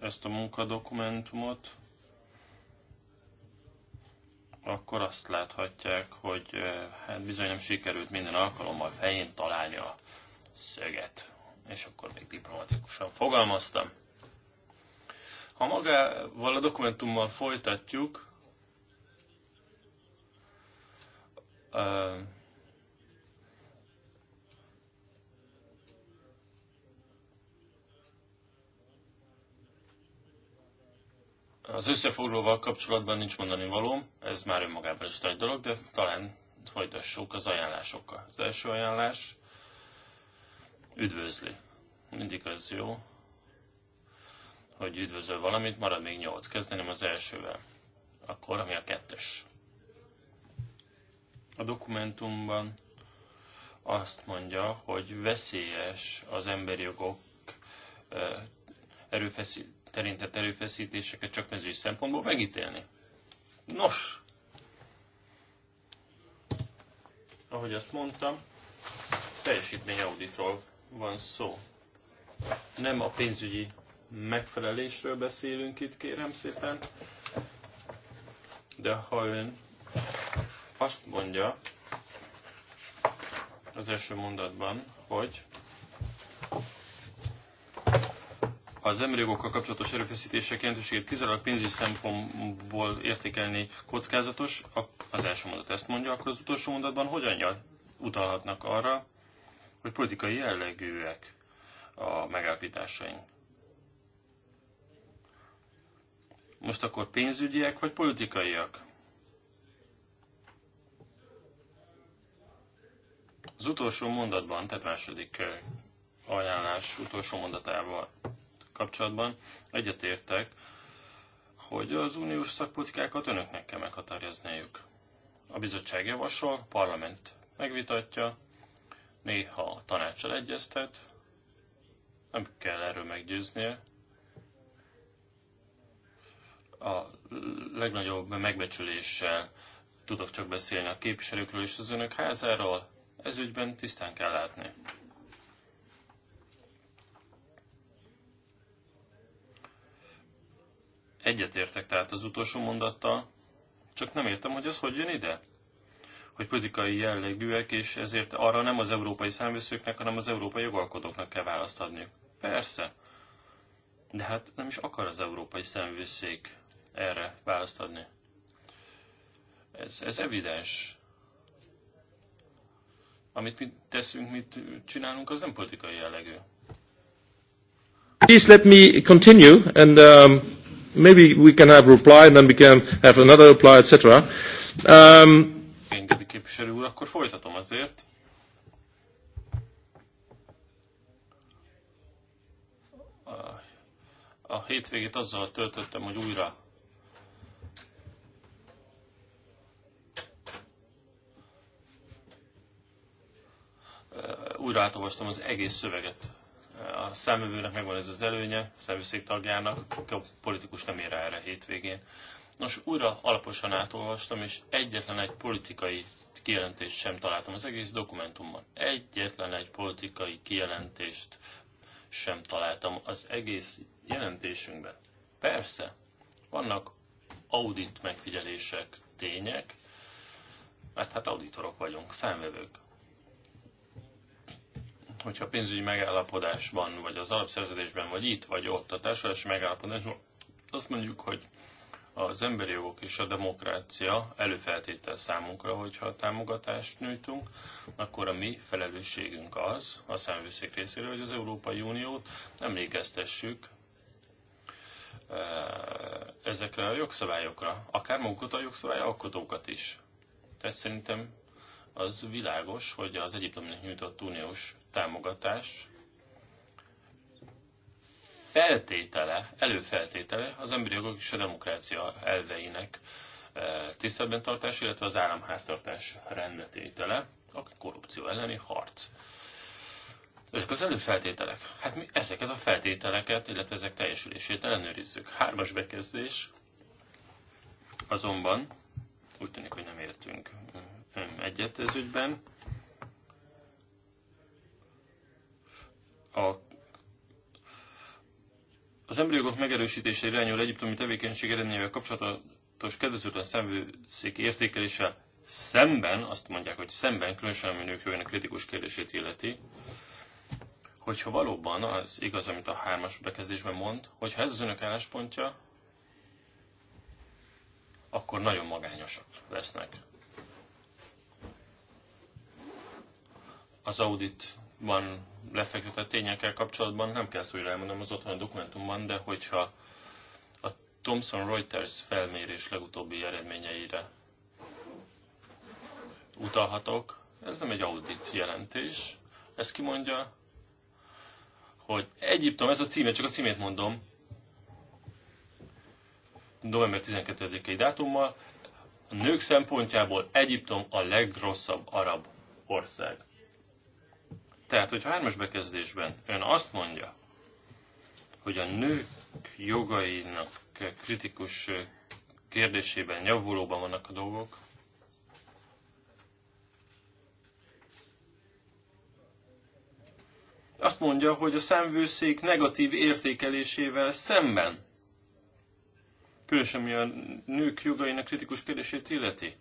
ezt a munkadokumentumot, akkor azt láthatják, hogy eh, hát bizony nem sikerült minden alkalommal fején találni a szöget. És akkor még diplomatikusan fogalmaztam. Ha magával a dokumentummal folytatjuk, eh, Az összefoglalóval kapcsolatban nincs mondani való, ez már önmagában is nagy dolog, de talán folytassuk az ajánlásokkal. Az első ajánlás üdvözli. Mindig az jó, hogy üdvözöl valamit, marad még nyolc. Kezdeném az elsővel. Akkor, ami a kettes. A dokumentumban azt mondja, hogy veszélyes az emberi jogok erőfeszítés érintett erőfeszítéseket csak mezői szempontból megítélni. Nos, ahogy azt mondtam, teljesítményauditról van szó. Nem a pénzügyi megfelelésről beszélünk itt, kérem szépen, de ha ön azt mondja az első mondatban, hogy az emberi jogokkal kapcsolatos erőfeszítések jelentőségét kizárólag pénzügyi szempontból értékelni kockázatos, az első mondat ezt mondja, akkor az utolsó mondatban hogyan utalhatnak arra, hogy politikai jellegűek a megállapításaink. Most akkor pénzügyiek vagy politikaiak? Az utolsó mondatban, tehát második eh, ajánlás utolsó mondatával kapcsolatban egyetértek, hogy az uniós szakpolitikákat önöknek kell meghatározniuk. A bizottság javasol, a parlament megvitatja, néha a tanácsal egyeztet, nem kell erről meggyőznie. A legnagyobb megbecsüléssel tudok csak beszélni a képviselőkről és az önök házáról, ez ügyben tisztán kell látni. Egyetértek tehát az utolsó mondattal, csak nem értem, hogy ez hogy jön ide? Hogy politikai jellegűek, és ezért arra nem az európai számvészőknek, hanem az európai jogalkotóknak kell választ adni. Persze. De hát nem is akar az európai számvészék erre választ adni. Ez, ez evidens. Amit mi teszünk, mit csinálunk, az nem politikai jellegű. Please let me continue and um, maybe we can have reply and then we can have another reply, etc. Um, Engedi képviselő úr, akkor folytatom azért. a hétvégét azzal töltöttem, hogy újra uh, újra átolvastam az egész szöveget a számövőnek megvan ez az előnye, a szervőszék tagjának, a politikus nem ér erre hétvégén. Nos, újra alaposan átolvastam, és egyetlen egy politikai kijelentést sem találtam az egész dokumentumban. Egyetlen egy politikai kijelentést sem találtam az egész jelentésünkben. Persze, vannak audit megfigyelések, tények, mert hát auditorok vagyunk, számvevők hogyha pénzügyi van, vagy az alapszerződésben, vagy itt, vagy ott a társadalmi megállapodásban azt mondjuk, hogy az emberi jogok és a demokrácia előfeltétel számunkra, hogyha támogatást nyújtunk, akkor a mi felelősségünk az, a számvőszék részéről, hogy az Európai Uniót emlékeztessük e, ezekre a jogszabályokra, akár magukat a jogszabályalkotókat is. Tehát szerintem az világos, hogy az Egyiptomnak nyújtott uniós támogatás feltétele, előfeltétele az emberi jogok és a demokrácia elveinek e, tiszteletben tartás, illetve az államháztartás rendetétele, a korrupció elleni harc. Ezek az előfeltételek. Hát mi ezeket a feltételeket, illetve ezek teljesülését ellenőrizzük. Hármas bekezdés azonban úgy tűnik, hogy nem értünk mm, mm, egyet ez ügyben. a az emberi jogok megerősítése irányul egyiptomi tevékenység eredményével kapcsolatos kedvezőtlen szemvőszék értékelése szemben, azt mondják, hogy szemben, különösen ami nők jogának kritikus kérdését illeti, hogyha valóban az igaz, amit a hármas bekezdésben mond, hogyha ez az önök álláspontja, akkor nagyon magányosak lesznek. Az audit van lefektetett tényekkel kapcsolatban nem kell ezt újra elmondom, az van a dokumentumban, de hogyha a Thomson Reuters felmérés legutóbbi eredményeire utalhatok, ez nem egy audit jelentés, ez kimondja, hogy Egyiptom, ez a címe, csak a címét mondom, november 12-i dátummal, a nők szempontjából Egyiptom a legrosszabb arab ország. Tehát, hogyha hármas bekezdésben ön azt mondja, hogy a nők jogainak kritikus kérdésében javulóban vannak a dolgok, azt mondja, hogy a szemvőszék negatív értékelésével szemben, különösen mi a nők jogainak kritikus kérdését illeti,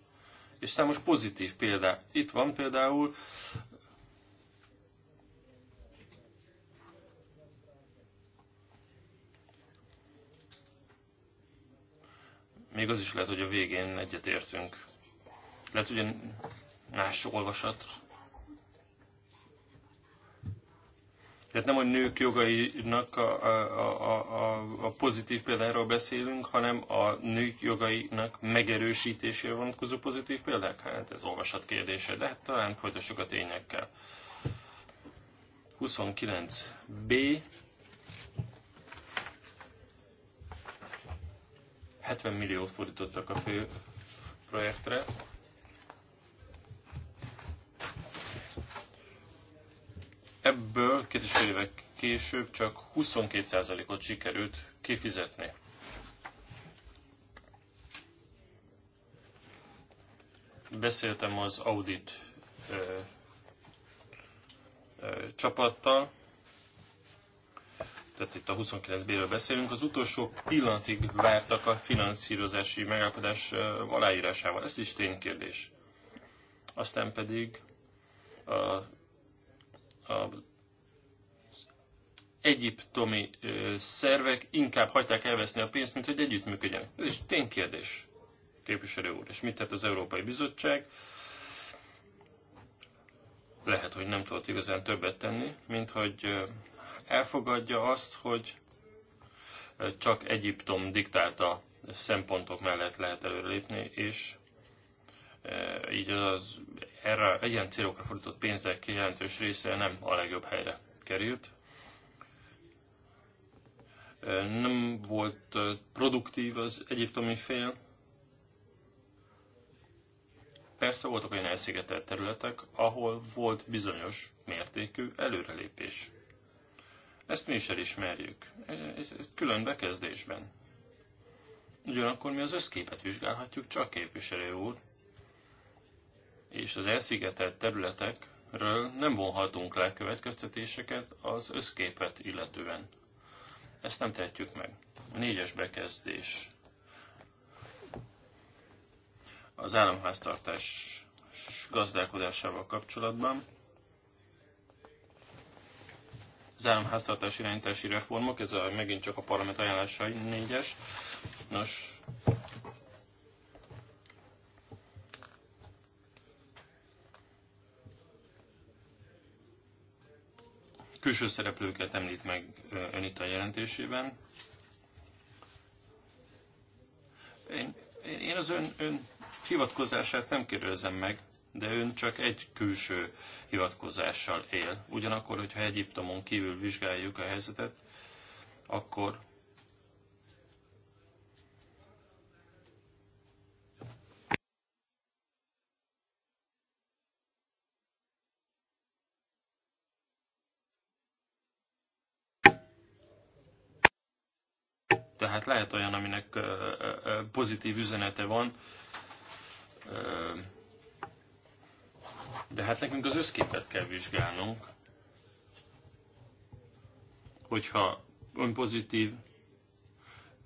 és számos pozitív példa. Itt van például Még az is lehet, hogy a végén egyetértünk. Lehet, hogy más olvasat. Tehát nem a nők jogainak a, a, a, a pozitív példáról beszélünk, hanem a nők jogainak megerősítésére vonatkozó pozitív példák? Hát ez olvasat kérdése, de hát talán folytassuk a tényekkel. 29b 70 milliót fordítottak a fő projektre. Ebből két és fél évek később csak 22%-ot sikerült kifizetni. Beszéltem az audit ö, ö, csapattal, tehát itt a 29B-ről beszélünk, az utolsó pillanatig vártak a finanszírozási megállapodás aláírásával. Ez is ténykérdés. Aztán pedig a, a, az egyiptomi szervek inkább hagyták elveszni a pénzt, mint hogy együttműködjenek. Ez is ténykérdés, képviselő úr. És mit tett az Európai Bizottság? Lehet, hogy nem tudott igazán többet tenni, mint hogy elfogadja azt, hogy csak Egyiptom diktálta szempontok mellett lehet előrelépni, és így az erre, ilyen célokra fordított pénzek jelentős része nem a legjobb helyre került. Nem volt produktív az egyiptomi fél. Persze voltak olyan elszigetelt területek, ahol volt bizonyos mértékű előrelépés. Ezt mi is elismerjük, külön bekezdésben. Ugyanakkor mi az összképet vizsgálhatjuk, csak képviselő úr, és az elszigetelt területekről nem vonhatunk le következtetéseket az összképet illetően. Ezt nem tehetjük meg. A négyes bekezdés. Az államháztartás gazdálkodásával kapcsolatban az államháztartási irányítási reformok, ez a, megint csak a parlament ajánlásai négyes. Nos, külső szereplőket említ meg ön itt a jelentésében. Én, én az ön, ön hivatkozását nem kérdezem meg, de ön csak egy külső hivatkozással él. Ugyanakkor, hogyha Egyiptomon kívül vizsgáljuk a helyzetet, akkor Tehát lehet olyan, aminek pozitív üzenete van, de hát nekünk az összképet kell vizsgálnunk, hogyha önpozitív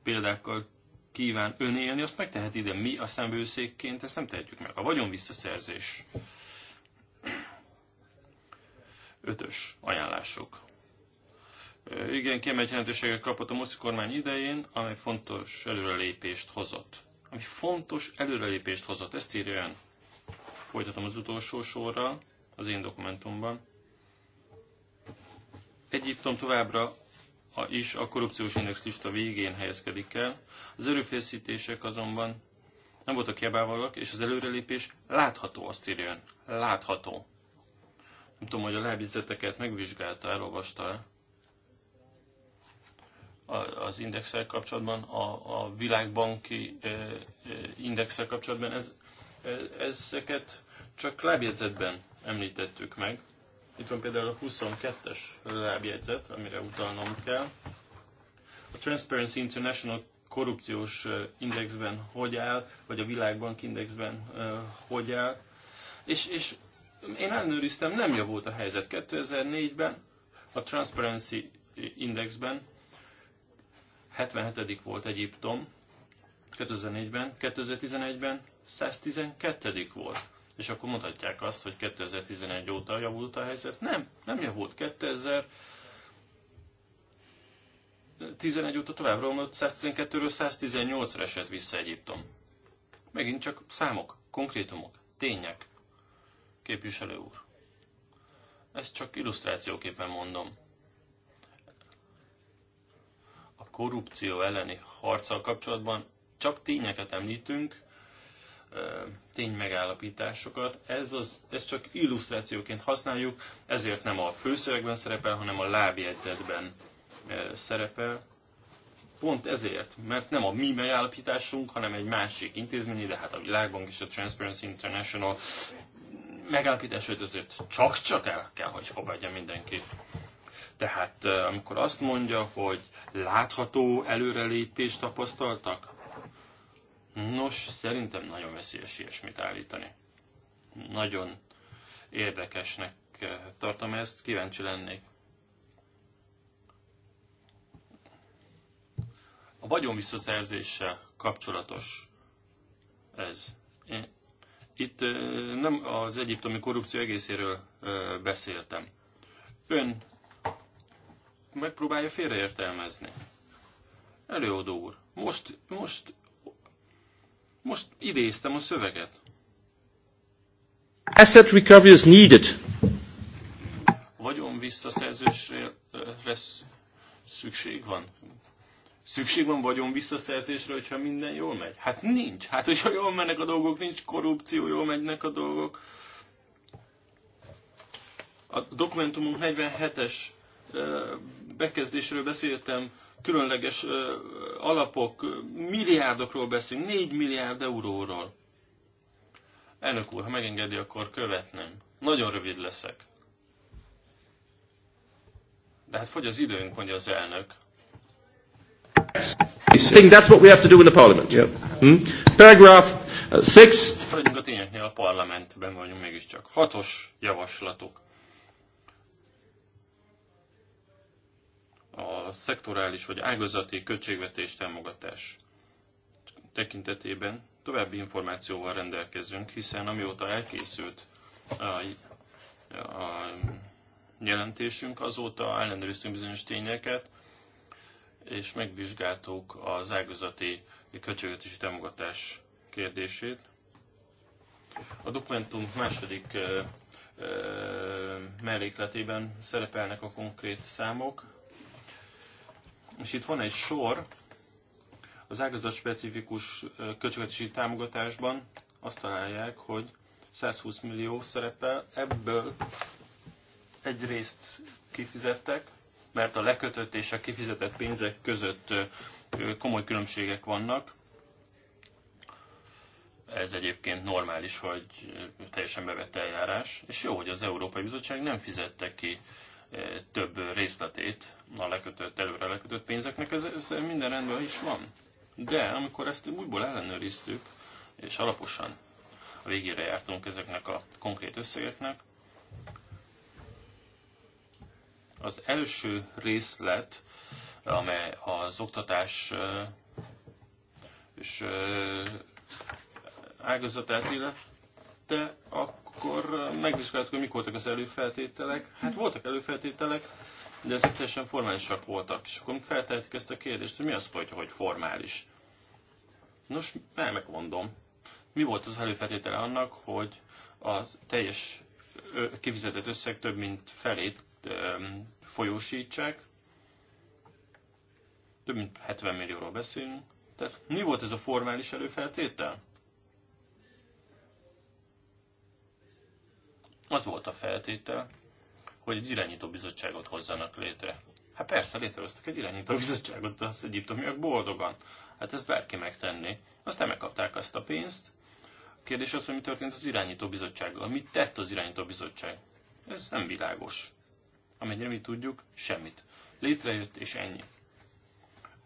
példákkal kíván ön élni, azt megtehet ide mi a szemvőszékként ezt nem tehetjük meg. A vagyon visszaszerzés. Ötös ajánlások. Igen, kiemelt jelentőséget kapott a Moszi kormány idején, amely fontos előrelépést hozott. Ami fontos előrelépést hozott, ezt írja ön. Folytatom az utolsó sorral az én dokumentumban. Egyiptom továbbra a, is a korrupciós index lista végén helyezkedik el, az erőfeszítések azonban nem voltak hiábávalóak, és az előrelépés látható, azt írja ön. Látható. Nem tudom, hogy a lábizeteket megvizsgálta, elolvasta -e az indexel kapcsolatban, a, a világbanki indexel kapcsolatban. Ez E- ezeket csak lábjegyzetben említettük meg. Itt van például a 22-es lábjegyzet, amire utalnom kell. A Transparency International korrupciós e, indexben hogy áll, vagy a világbank indexben e, hogy áll. És, és én ellenőriztem, nem javult a helyzet. 2004-ben a Transparency Indexben 77. volt Egyiptom, 2004-ben, 2011-ben 112. volt. És akkor mondhatják azt, hogy 2011 óta javult a helyzet. Nem, nem javult. 2011 óta tovább romlott, 112-ről 118-ra esett vissza Egyiptom. Megint csak számok, konkrétumok, tények. Képviselő úr. Ezt csak illusztrációképpen mondom. A korrupció elleni harccal kapcsolatban csak tényeket említünk, ténymegállapításokat. Ez, az, ez csak illusztrációként használjuk, ezért nem a főszövegben szerepel, hanem a lábjegyzetben szerepel. Pont ezért, mert nem a mi megállapításunk, hanem egy másik intézmény, de hát a Világbank és a Transparency International megállapításait azért csak-csak el kell, hogy fogadja mindenki. Tehát amikor azt mondja, hogy látható előrelépést tapasztaltak, Nos, szerintem nagyon veszélyes ilyesmit állítani. Nagyon érdekesnek eh, tartom ezt, kíváncsi lennék. A vagyon visszaszerzéssel kapcsolatos ez. itt eh, nem az egyiptomi korrupció egészéről eh, beszéltem. Ön megpróbálja félreértelmezni. Előadó úr, most, most most idéztem a szöveget. Asset recovery is needed. Vagyon visszaszerzésre eh, szükség van. Szükség van vagyon visszaszerzésre, hogyha minden jól megy? Hát nincs. Hát, hogyha jól mennek a dolgok, nincs korrupció, jól megynek a dolgok. A dokumentumunk 47-es eh, bekezdésről beszéltem, különleges alapok, milliárdokról beszélünk, 4 milliárd euróról. Elnök úr, ha megengedi, akkor követném. Nagyon rövid leszek. De hát fogy az időnk, mondja az elnök. I think that's what we have to do in the parliament. Yep. Hmm? Paragraph 6. Uh, Maradjunk a tényeknél, a parlamentben vagyunk mégiscsak. Hatos javaslatok. a szektorális vagy ágazati költségvetés támogatás tekintetében további információval rendelkezünk, hiszen amióta elkészült a, a jelentésünk, azóta ellenőriztünk bizonyos tényeket, és megvizsgáltuk az ágazati költségvetési támogatás kérdését. A dokumentum második mellékletében szerepelnek a konkrét számok, és itt van egy sor az ágazat specifikus költségvetési támogatásban, azt találják, hogy 120 millió szerepel, ebből egy részt kifizettek, mert a lekötött és a kifizetett pénzek között komoly különbségek vannak. Ez egyébként normális, hogy teljesen bevett eljárás, és jó, hogy az Európai Bizottság nem fizette ki több részletét a lekötött, előre lekötött pénzeknek, ez, ez minden rendben is van. De amikor ezt újból ellenőriztük, és alaposan a végére jártunk ezeknek a konkrét összegeknek, az első részlet, amely az oktatás és ágazatát illette, a akkor megvizsgáltuk, hogy mik voltak az előfeltételek. Hát voltak előfeltételek, de ezek teljesen formálisak voltak. És akkor feltehetik ezt a kérdést, hogy mi az, hogy, hogy formális. Nos, megmondom. Mi volt az előfeltétele annak, hogy a teljes kifizetett összeg több mint felét folyósítsák. Több mint 70 millióról beszélünk. Tehát mi volt ez a formális előfeltétel? Az volt a feltétel, hogy egy irányító bizottságot hozzanak létre. Hát persze, létrehoztak egy irányító bizottságot de az egyiptomiak boldogan. Hát ezt bárki megtenni. Aztán megkapták azt a pénzt. A kérdés az, hogy mi történt az irányító bizottsággal. Mit tett az irányító bizottság? Ez nem világos. Amennyire mi tudjuk, semmit. Létrejött és ennyi.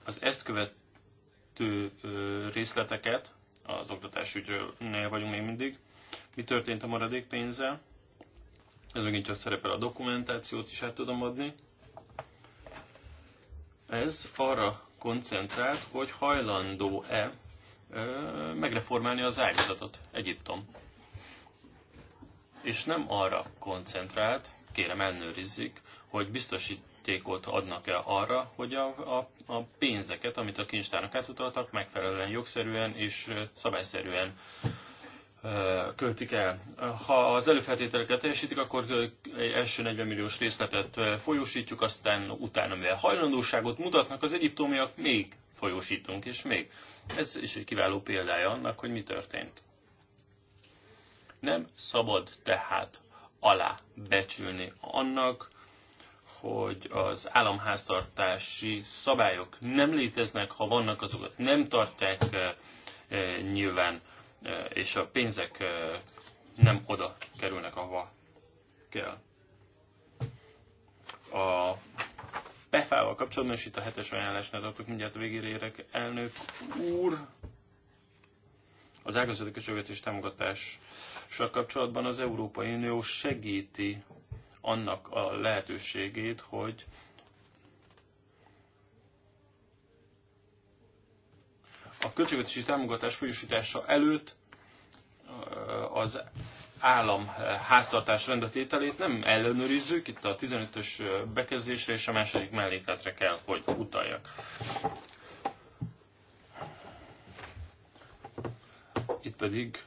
Az ezt követő részleteket, az oktatásügyről vagyunk még mindig, mi történt a maradék pénzzel, ez megint csak szerepel a dokumentációt is át tudom adni. Ez arra koncentrált, hogy hajlandó-e megreformálni az ágazatot Egyiptom. És nem arra koncentrált, kérem ellenőrizzük, hogy biztosítékot adnak-e arra, hogy a, a, a pénzeket, amit a kincstárnak átutaltak, megfelelően jogszerűen és szabályszerűen költik el. Ha az előfeltételeket teljesítik, akkor egy első 40 milliós részletet folyósítjuk, aztán utána, mivel hajlandóságot mutatnak az egyiptomiak, még folyósítunk, és még. Ez is egy kiváló példája annak, hogy mi történt. Nem szabad tehát alábecsülni annak, hogy az államháztartási szabályok nem léteznek, ha vannak azokat nem tartják nyilván és a pénzek nem oda kerülnek, ahova kell. A PEFA-val kapcsolatban, és itt a hetes ajánlásnál tartok, mindjárt végére érek, elnök úr, az ágazati költségvetés támogatással kapcsolatban az Európai Unió segíti annak a lehetőségét, hogy a költségvetési támogatás folyosítása előtt az állam háztartás rendetételét nem ellenőrizzük, itt a 15-ös bekezdésre és a második mellékletre kell, hogy utaljak. Itt pedig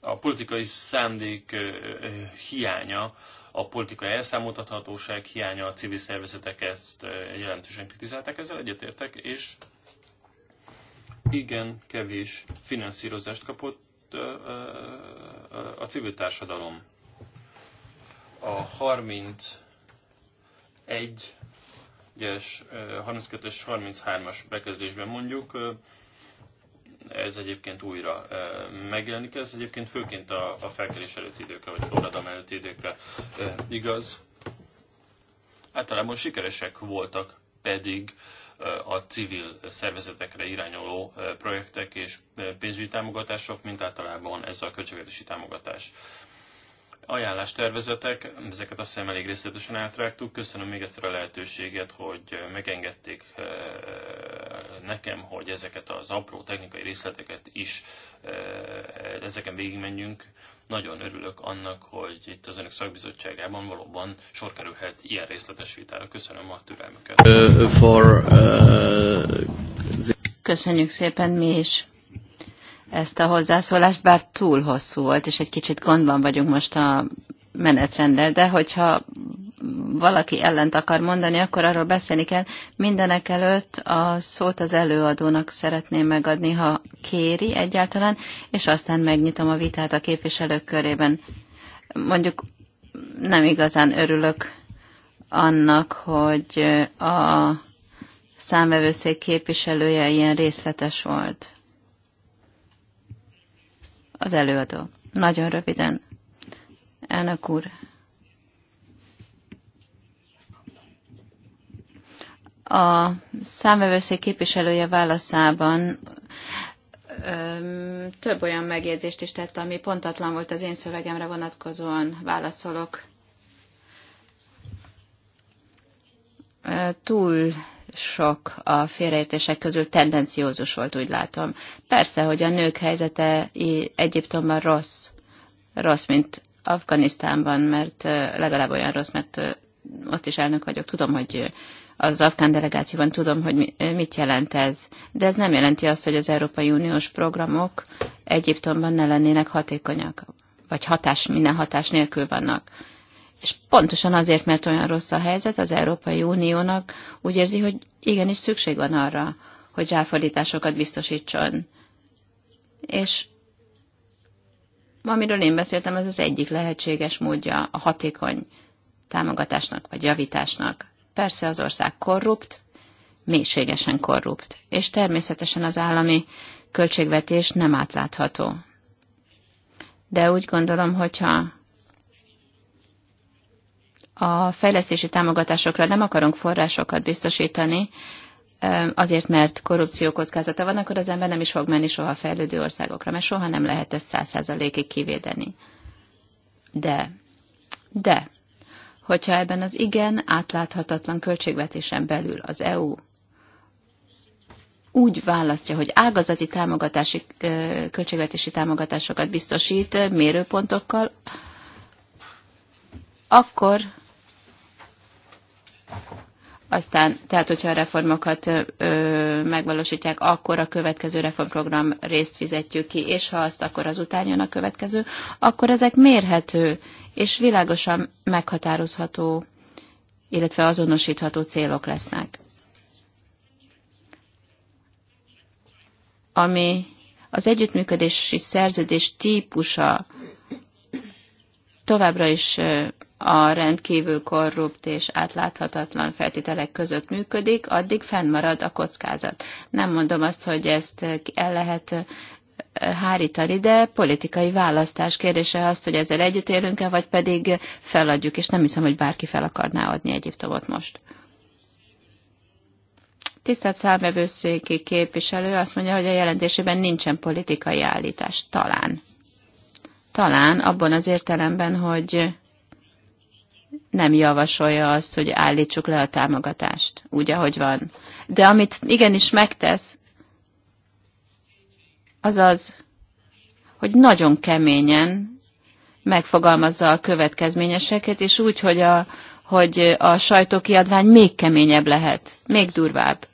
a politikai szándék hiánya, a politikai elszámoltathatóság hiánya, a civil szervezetek ezt jelentősen kritizálták, ezzel egyetértek, és igen kevés finanszírozást kapott a civil társadalom. A 31-es, 32-es, 33-as bekezdésben mondjuk ez egyébként újra megjelenik. Ez egyébként főként a, a felkelés előtti időkre, vagy forradalom előtti időkre igaz. Általában sikeresek voltak pedig a civil szervezetekre irányoló projektek és pénzügyi támogatások, mint általában ez a költségvetési támogatás ajánlástervezetek, ezeket azt hiszem elég részletesen átrágtuk. Köszönöm még egyszer a lehetőséget, hogy eh, megengedték eh, nekem, hogy ezeket az apró technikai részleteket is eh, ezeken végigmenjünk. Nagyon örülök annak, hogy itt az önök szakbizottságában valóban sor kerülhet ilyen részletes vitára. Köszönöm a türelmüket. Uh, uh, Köszönjük szépen mi is ezt a hozzászólást, bár túl hosszú volt, és egy kicsit gondban vagyunk most a menetrendel, de hogyha valaki ellent akar mondani, akkor arról beszélni kell. Mindenek előtt a szót az előadónak szeretném megadni, ha kéri egyáltalán, és aztán megnyitom a vitát a képviselők körében. Mondjuk nem igazán örülök annak, hogy a számvevőszék képviselője ilyen részletes volt. Az előadó. Nagyon röviden. Elnök úr. A számvevőszék képviselője válaszában több olyan megjegyzést is tett, ami pontatlan volt az én szövegemre vonatkozóan válaszolok. Túl sok a félreértések közül tendenciózus volt, úgy látom. Persze, hogy a nők helyzete Egyiptomban rossz. Rossz, mint Afganisztánban, mert legalább olyan rossz, mert ott is elnök vagyok. Tudom, hogy az afgán delegációban tudom, hogy mit jelent ez. De ez nem jelenti azt, hogy az Európai Uniós programok Egyiptomban ne lennének hatékonyak, vagy hatás, minden hatás nélkül vannak. És pontosan azért, mert olyan rossz a helyzet, az Európai Uniónak úgy érzi, hogy igenis szükség van arra, hogy ráfordításokat biztosítson. És amiről én beszéltem, ez az egyik lehetséges módja a hatékony támogatásnak vagy javításnak. Persze az ország korrupt, mélységesen korrupt, és természetesen az állami költségvetés nem átlátható. De úgy gondolom, hogyha a fejlesztési támogatásokra nem akarunk forrásokat biztosítani, azért, mert korrupció kockázata van, akkor az ember nem is fog menni soha fejlődő országokra, mert soha nem lehet ezt száz százalékig kivédeni. De, de, hogyha ebben az igen átláthatatlan költségvetésen belül az EU úgy választja, hogy ágazati támogatási, költségvetési támogatásokat biztosít mérőpontokkal, akkor aztán, tehát hogyha a reformokat ö, megvalósítják, akkor a következő reformprogram részt fizetjük ki, és ha azt, akkor azután jön a következő, akkor ezek mérhető és világosan meghatározható, illetve azonosítható célok lesznek. Ami az együttműködési szerződés típusa továbbra is a rendkívül korrupt és átláthatatlan feltételek között működik, addig fennmarad a kockázat. Nem mondom azt, hogy ezt el lehet eh, hárítani, de politikai választás kérdése az, hogy ezzel együtt élünk-e, vagy pedig feladjuk, és nem hiszem, hogy bárki fel akarná adni Egyiptomot most. Tisztelt számvevőszéki képviselő azt mondja, hogy a jelentésében nincsen politikai állítás. Talán. Talán abban az értelemben, hogy nem javasolja azt, hogy állítsuk le a támogatást, úgy, ahogy van. De amit igenis megtesz, az az, hogy nagyon keményen megfogalmazza a következményeseket, és úgy, hogy a, hogy a sajtókiadvány még keményebb lehet, még durvább.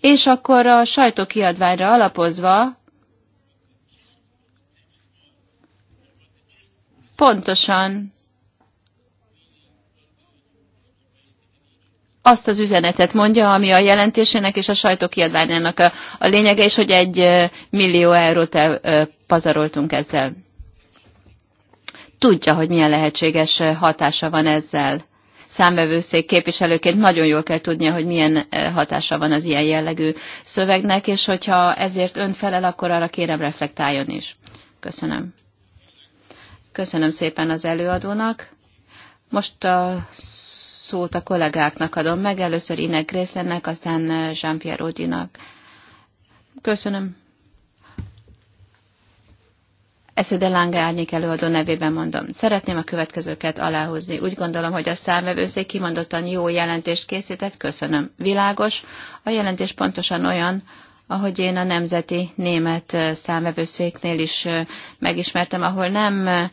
És akkor a sajtókiadványra alapozva pontosan azt az üzenetet mondja, ami a jelentésének és a sajtókiadványának a, a lényege, és hogy egy millió eurót el, pazaroltunk ezzel. Tudja, hogy milyen lehetséges hatása van ezzel. Számvevőszék képviselőként nagyon jól kell tudnia, hogy milyen hatása van az ilyen jellegű szövegnek, és hogyha ezért ön felel, akkor arra kérem reflektáljon is. Köszönöm. Köszönöm szépen az előadónak. Most a szót a kollégáknak adom meg, először Inek Grészlennek, aztán Jean-Pierre Odinak. Köszönöm. Eszede Lange árnyék előadó nevében mondom. Szeretném a következőket aláhozni. Úgy gondolom, hogy a számvevőszék kimondottan jó jelentést készített, köszönöm. Világos, a jelentés pontosan olyan, ahogy én a Nemzeti Német számvevőszéknél is megismertem, ahol nem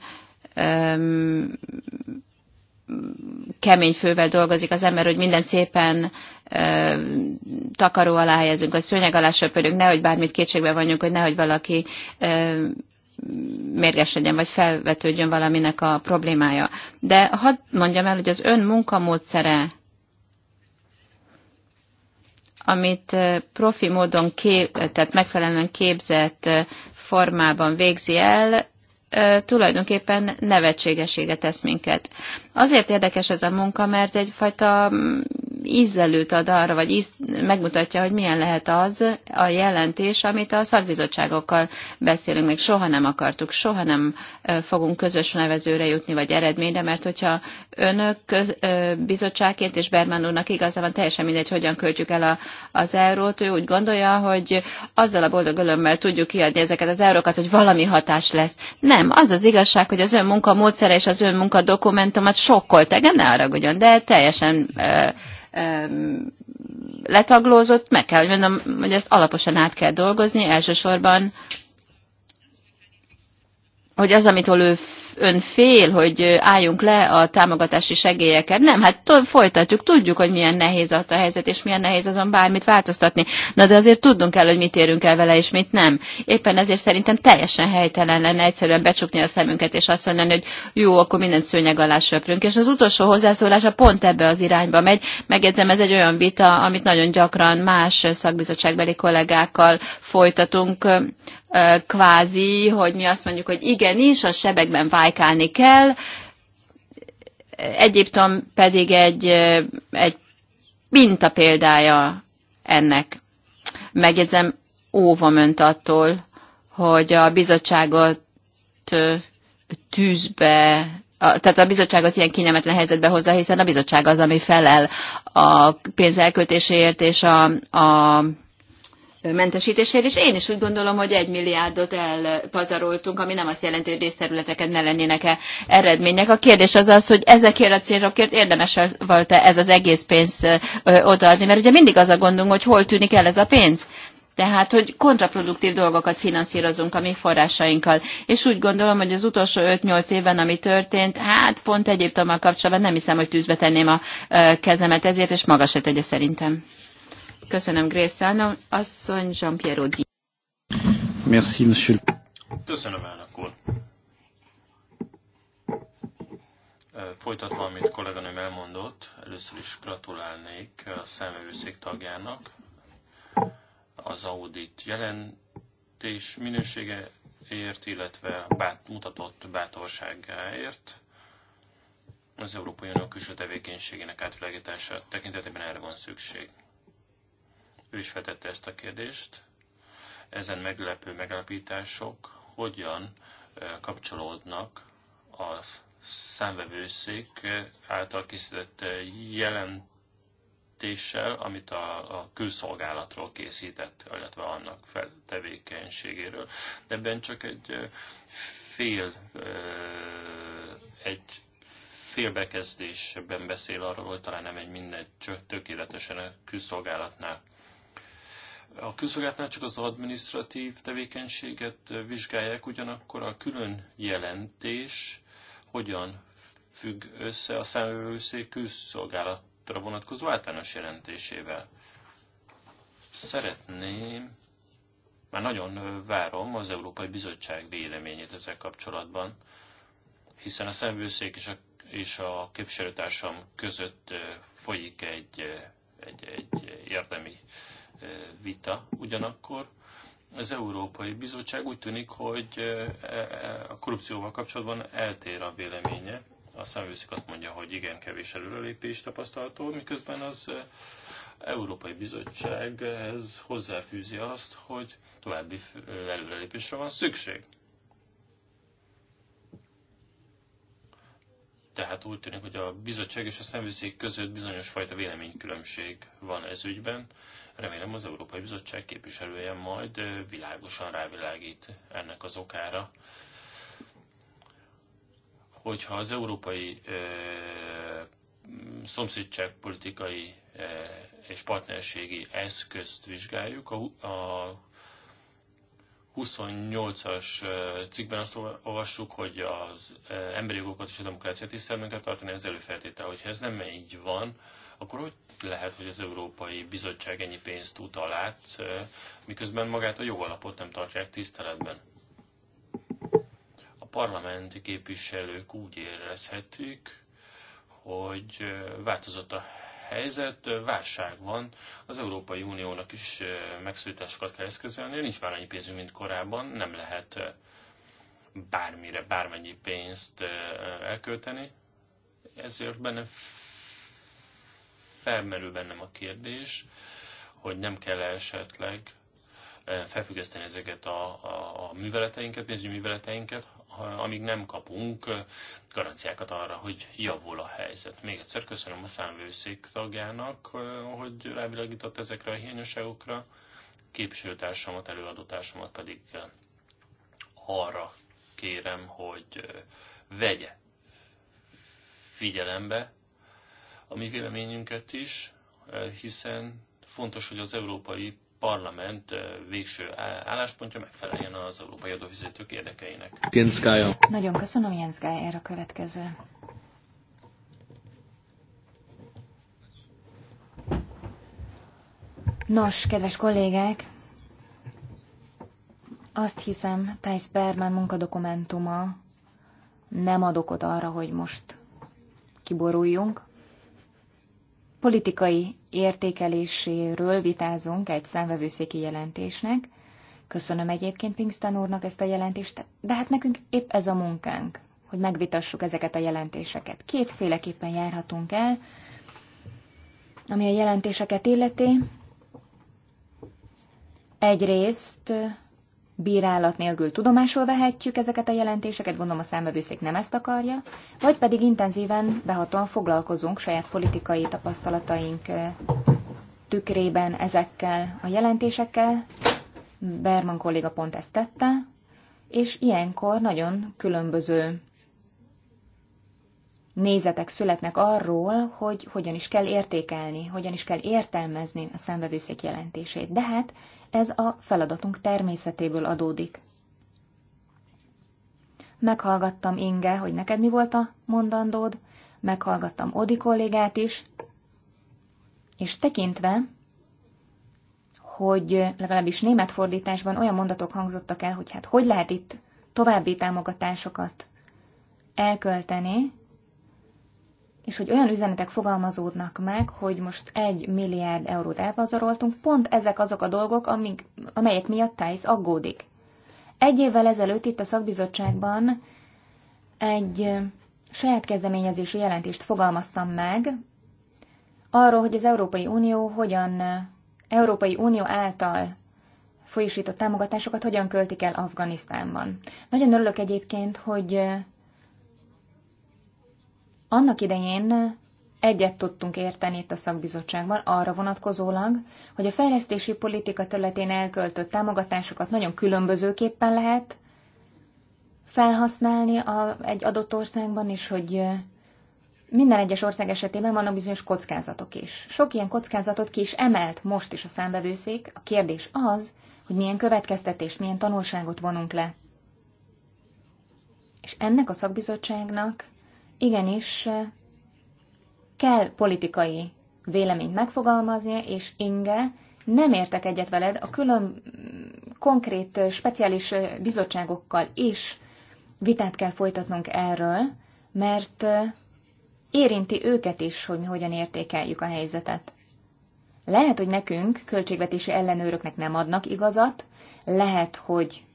kemény fővel dolgozik az ember, hogy minden szépen ö, takaró alá helyezünk, vagy szőnyeg alá söpörünk, nehogy bármit kétségbe vonjunk, hogy nehogy valaki ö, mérges legyen, vagy felvetődjön valaminek a problémája. De hadd mondjam el, hogy az ön munkamódszere, amit profi módon kép, tehát megfelelően képzett formában végzi el, tulajdonképpen nevetségeséget tesz minket. Azért érdekes ez a munka, mert egyfajta mm, ízlelőt ad arra, vagy íz, megmutatja, hogy milyen lehet az a jelentés, amit a szakbizottságokkal beszélünk. Még soha nem akartuk, soha nem fogunk közös nevezőre jutni, vagy eredményre, mert hogyha önök bizottságként és Berman úrnak igaza van, teljesen mindegy, hogyan költjük el a, az eurót, ő úgy gondolja, hogy azzal a boldog ölömmel tudjuk kiadni ezeket az eurókat, hogy valami hatás lesz. Nem, az az igazság, hogy az ön munka módszere és az ön munka dokumentumát sokkolt engem, ne haragudjon, de teljesen ö, ö, letaglózott, meg kell, hogy mondom, hogy ezt alaposan át kell dolgozni, elsősorban, hogy az, amitől ő ön fél, hogy álljunk le a támogatási segélyeket. Nem, hát folytatjuk, tudjuk, hogy milyen nehéz ott a helyzet, és milyen nehéz azon bármit változtatni. Na de azért tudnunk kell, hogy mit érünk el vele, és mit nem. Éppen ezért szerintem teljesen helytelen lenne egyszerűen becsukni a szemünket, és azt mondani, hogy jó, akkor mindent szőnyeg alá söprünk. És az utolsó hozzászólása pont ebbe az irányba megy. Megjegyzem, ez egy olyan vita, amit nagyon gyakran más szakbizottságbeli kollégákkal folytatunk, kvázi, hogy mi azt mondjuk, hogy igenis, a sebekben bájkálni kell, Egyiptom pedig egy, egy minta példája ennek. Megjegyzem, óvom önt attól, hogy a bizottságot tűzbe, tehát a bizottságot ilyen kényelmetlen helyzetbe hozza, hiszen a bizottság az, ami felel a pénz elköltéséért és a, a mentesítésért, és én is úgy gondolom, hogy egy milliárdot elpazaroltunk, ami nem azt jelenti, hogy részterületeken ne lennének -e eredmények. A kérdés az az, hogy ezekért a célokért érdemes volt-e ez az egész pénz odaadni, mert ugye mindig az a gondunk, hogy hol tűnik el ez a pénz. Tehát, hogy kontraproduktív dolgokat finanszírozunk a mi forrásainkkal. És úgy gondolom, hogy az utolsó 5-8 évben, ami történt, hát pont egyéb kapcsolatban nem hiszem, hogy tűzbe tenném a kezemet ezért, és maga se tegye szerintem. Köszönöm, Grace Sánon. Asszony Jean-Pierre Audi. Merci, monsieur. Köszönöm, elnök úr. Folytatva, amit kolléganőm elmondott, először is gratulálnék a szemvevőszék tagjának. Az audit jelentés ért, illetve bát, mutatott bátorságáért az Európai Unió külső tevékenységének átvilágítása tekintetében erre van szükség ő is vetette ezt a kérdést. Ezen meglepő megállapítások hogyan kapcsolódnak a számvevőszék által készített jelentéssel, amit a, a külszolgálatról készített, illetve annak fel, tevékenységéről. De ebben csak egy fél, egy félbekezdésben beszél arról, hogy talán nem egy minden tökéletesen a külszolgálatnál a külszolgálatnál csak az administratív tevékenységet vizsgálják, ugyanakkor a külön jelentés hogyan függ össze a számvevőszék külszolgálatra vonatkozó általános jelentésével. Szeretném, már nagyon várom az Európai Bizottság véleményét ezzel kapcsolatban, hiszen a számvevőszék és a, és a képviselőtársam között folyik egy, egy, egy érdemi vita. Ugyanakkor az Európai Bizottság úgy tűnik, hogy e, e, a korrupcióval kapcsolatban eltér a véleménye. A számvőszik azt mondja, hogy igen, kevés előrelépés tapasztalható, miközben az Európai Bizottság ez hozzáfűzi azt, hogy további előrelépésre van szükség. Tehát úgy tűnik, hogy a bizottság és a szemvőszék között bizonyos fajta véleménykülönbség van ez ügyben, Remélem az Európai Bizottság képviselője majd világosan rávilágít ennek az okára. Hogyha az európai ö, politikai ö, és partnerségi eszközt vizsgáljuk, a, a 28-as cikkben azt olvassuk, hogy az emberi jogokat és a demokráciát tiszteletben kell tartani, ez előfeltétel. Hogyha ez nem így van, akkor hogy lehet, hogy az Európai Bizottság ennyi pénzt tud alá? Hát, miközben magát a jogalapot nem tartják tiszteletben? A parlamenti képviselők úgy érezhetik, hogy változott a helyzet, válság van, az Európai Uniónak is megszűjtásokat kell eszközölni, nincs már annyi pénzünk, mint korábban, nem lehet bármire, bármennyi pénzt elkölteni, ezért benne felmerül bennem a kérdés, hogy nem kell esetleg eh, felfüggeszteni ezeket a, a, a műveleteinket, pénzügyi műveleteinket, amíg nem kapunk eh, garanciákat arra, hogy javul a helyzet. Még egyszer köszönöm a számvőszék tagjának, eh, hogy rávilágított ezekre a hiányosságokra, képviselőtársamat, előadótársamat pedig arra kérem, hogy vegye figyelembe a mi véleményünket is, eh, hiszen fontos, hogy az Európai Parlament eh, végső álláspontja megfeleljen az európai adófizetők érdekeinek. Jens Gája. Nagyon köszönöm, Jens Gájer a következő. Nos, kedves kollégák, azt hiszem, Thijs Berman munkadokumentuma nem ad okot arra, hogy most kiboruljunk politikai értékeléséről vitázunk egy számvevőszéki jelentésnek. Köszönöm egyébként Pinkston úrnak ezt a jelentést, de hát nekünk épp ez a munkánk, hogy megvitassuk ezeket a jelentéseket. Kétféleképpen járhatunk el, ami a jelentéseket illeti. Egyrészt bírálat nélkül tudomásul vehetjük ezeket a jelentéseket, gondolom a számbevőszék nem ezt akarja, vagy pedig intenzíven behatóan foglalkozunk saját politikai tapasztalataink tükrében ezekkel a jelentésekkel. Berman kolléga pont ezt tette, és ilyenkor nagyon különböző nézetek születnek arról, hogy hogyan is kell értékelni, hogyan is kell értelmezni a szembevőszék jelentését. De hát ez a feladatunk természetéből adódik. Meghallgattam Inge, hogy neked mi volt a mondandód, meghallgattam Odi kollégát is, és tekintve, hogy legalábbis német fordításban olyan mondatok hangzottak el, hogy hát hogy lehet itt további támogatásokat elkölteni, és hogy olyan üzenetek fogalmazódnak meg, hogy most egy milliárd eurót elpazaroltunk, pont ezek azok a dolgok, amik, amelyek miatt Thais aggódik. Egy évvel ezelőtt itt a szakbizottságban egy saját kezdeményezésű jelentést fogalmaztam meg, arról, hogy az Európai Unió hogyan, Európai Unió által folyosított támogatásokat hogyan költik el Afganisztánban. Nagyon örülök egyébként, hogy annak idején egyet tudtunk érteni itt a szakbizottságban arra vonatkozólag, hogy a fejlesztési politika területén elköltött támogatásokat nagyon különbözőképpen lehet felhasználni a, egy adott országban, és hogy minden egyes ország esetében vannak bizonyos kockázatok is. Sok ilyen kockázatot ki is emelt most is a számbevőszék. A kérdés az, hogy milyen következtetés, milyen tanulságot vonunk le. És ennek a szakbizottságnak igenis kell politikai véleményt megfogalmaznia, és Inge, nem értek egyet veled a külön konkrét speciális bizottságokkal is vitát kell folytatnunk erről, mert érinti őket is, hogy mi hogyan értékeljük a helyzetet. Lehet, hogy nekünk, költségvetési ellenőröknek nem adnak igazat, lehet, hogy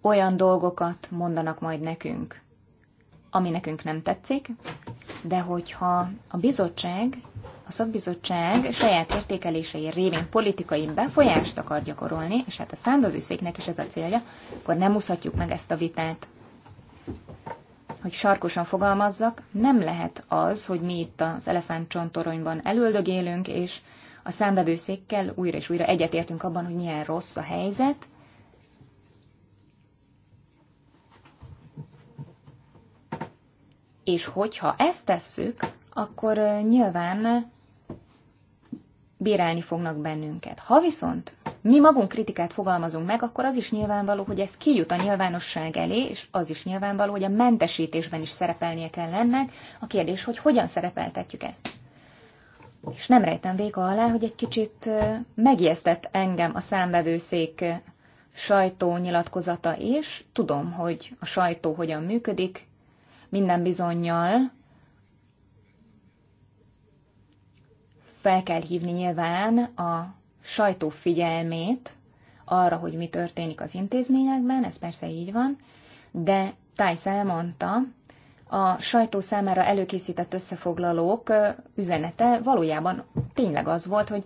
olyan dolgokat mondanak majd nekünk, ami nekünk nem tetszik, de hogyha a bizottság, a szakbizottság saját értékelései révén politikai befolyást akar gyakorolni, és hát a számbevőszéknek is ez a célja, akkor nem úszhatjuk meg ezt a vitát. Hogy sarkosan fogalmazzak, nem lehet az, hogy mi itt az elefántcsontoronyban elöldögélünk, és a számbevőszékkel újra és újra egyetértünk abban, hogy milyen rossz a helyzet, És hogyha ezt tesszük, akkor nyilván bírálni fognak bennünket. Ha viszont mi magunk kritikát fogalmazunk meg, akkor az is nyilvánvaló, hogy ez kijut a nyilvánosság elé, és az is nyilvánvaló, hogy a mentesítésben is szerepelnie kell ennek. A kérdés, hogy hogyan szerepeltetjük ezt. És nem rejtem véka alá, hogy egy kicsit megijesztett engem a számbevőszék sajtónyilatkozata, és tudom, hogy a sajtó hogyan működik, minden bizonyal fel kell hívni nyilván a sajtó figyelmét arra, hogy mi történik az intézményekben, ez persze így van, de Tice elmondta, a sajtó számára előkészített összefoglalók üzenete valójában tényleg az volt, hogy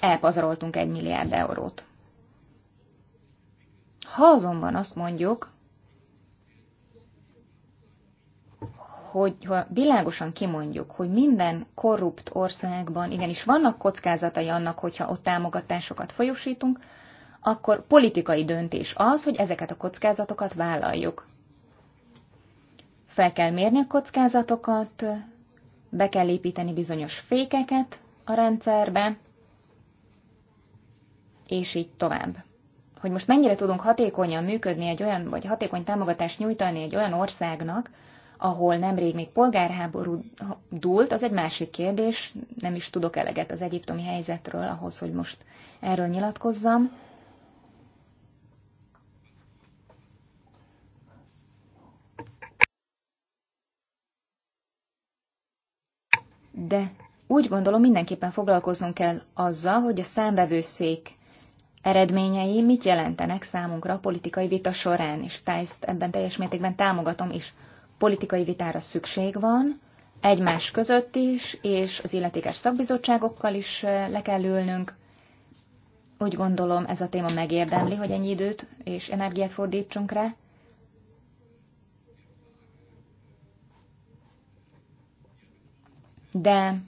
elpazaroltunk egy milliárd eurót. Ha azonban azt mondjuk, hogy ha világosan kimondjuk, hogy minden korrupt országban igenis vannak kockázatai annak, hogyha ott támogatásokat folyosítunk, akkor politikai döntés az, hogy ezeket a kockázatokat vállaljuk. Fel kell mérni a kockázatokat, be kell építeni bizonyos fékeket a rendszerbe, és így tovább. Hogy most mennyire tudunk hatékonyan működni egy olyan, vagy hatékony támogatást nyújtani egy olyan országnak, ahol nemrég még polgárháború dúlt, az egy másik kérdés, nem is tudok eleget az egyiptomi helyzetről ahhoz, hogy most erről nyilatkozzam. De úgy gondolom, mindenképpen foglalkoznunk kell azzal, hogy a számbevőszék eredményei mit jelentenek számunkra a politikai vita során, és ezt ebben teljes mértékben támogatom is politikai vitára szükség van, egymás között is, és az illetékes szakbizottságokkal is le kell ülnünk. Úgy gondolom, ez a téma megérdemli, hogy ennyi időt és energiát fordítsunk rá. De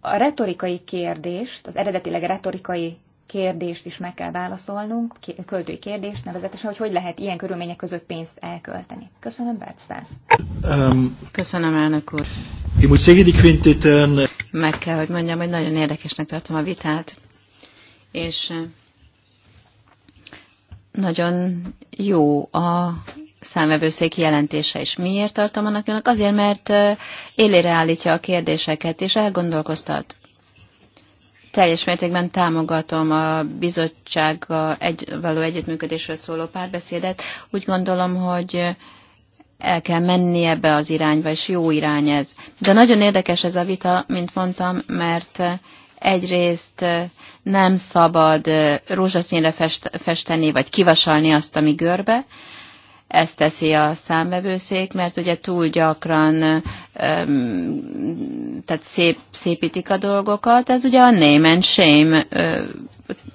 a retorikai kérdést, az eredetileg retorikai kérdést is meg kell válaszolnunk, költői kérdést nevezetesen, hogy hogy lehet ilyen körülmények között pénzt elkölteni. Köszönöm, Bert Stász. Um, Köszönöm, elnök úr. Én úgy segítik, Meg kell, hogy mondjam, hogy nagyon érdekesnek tartom a vitát, és nagyon jó a számvevőszék jelentése is. Miért tartom annak? Azért, mert élére állítja a kérdéseket, és elgondolkoztat. Teljes mértékben támogatom a bizottság egy, való együttműködésről szóló párbeszédet. Úgy gondolom, hogy el kell menni ebbe az irányba, és jó irány ez. De nagyon érdekes ez a vita, mint mondtam, mert egyrészt nem szabad rózsaszínre fest, festeni, vagy kivasalni azt, ami görbe, ezt teszi a számvevőszék, mert ugye túl gyakran tehát szép, szépítik a dolgokat, ez ugye a name and shame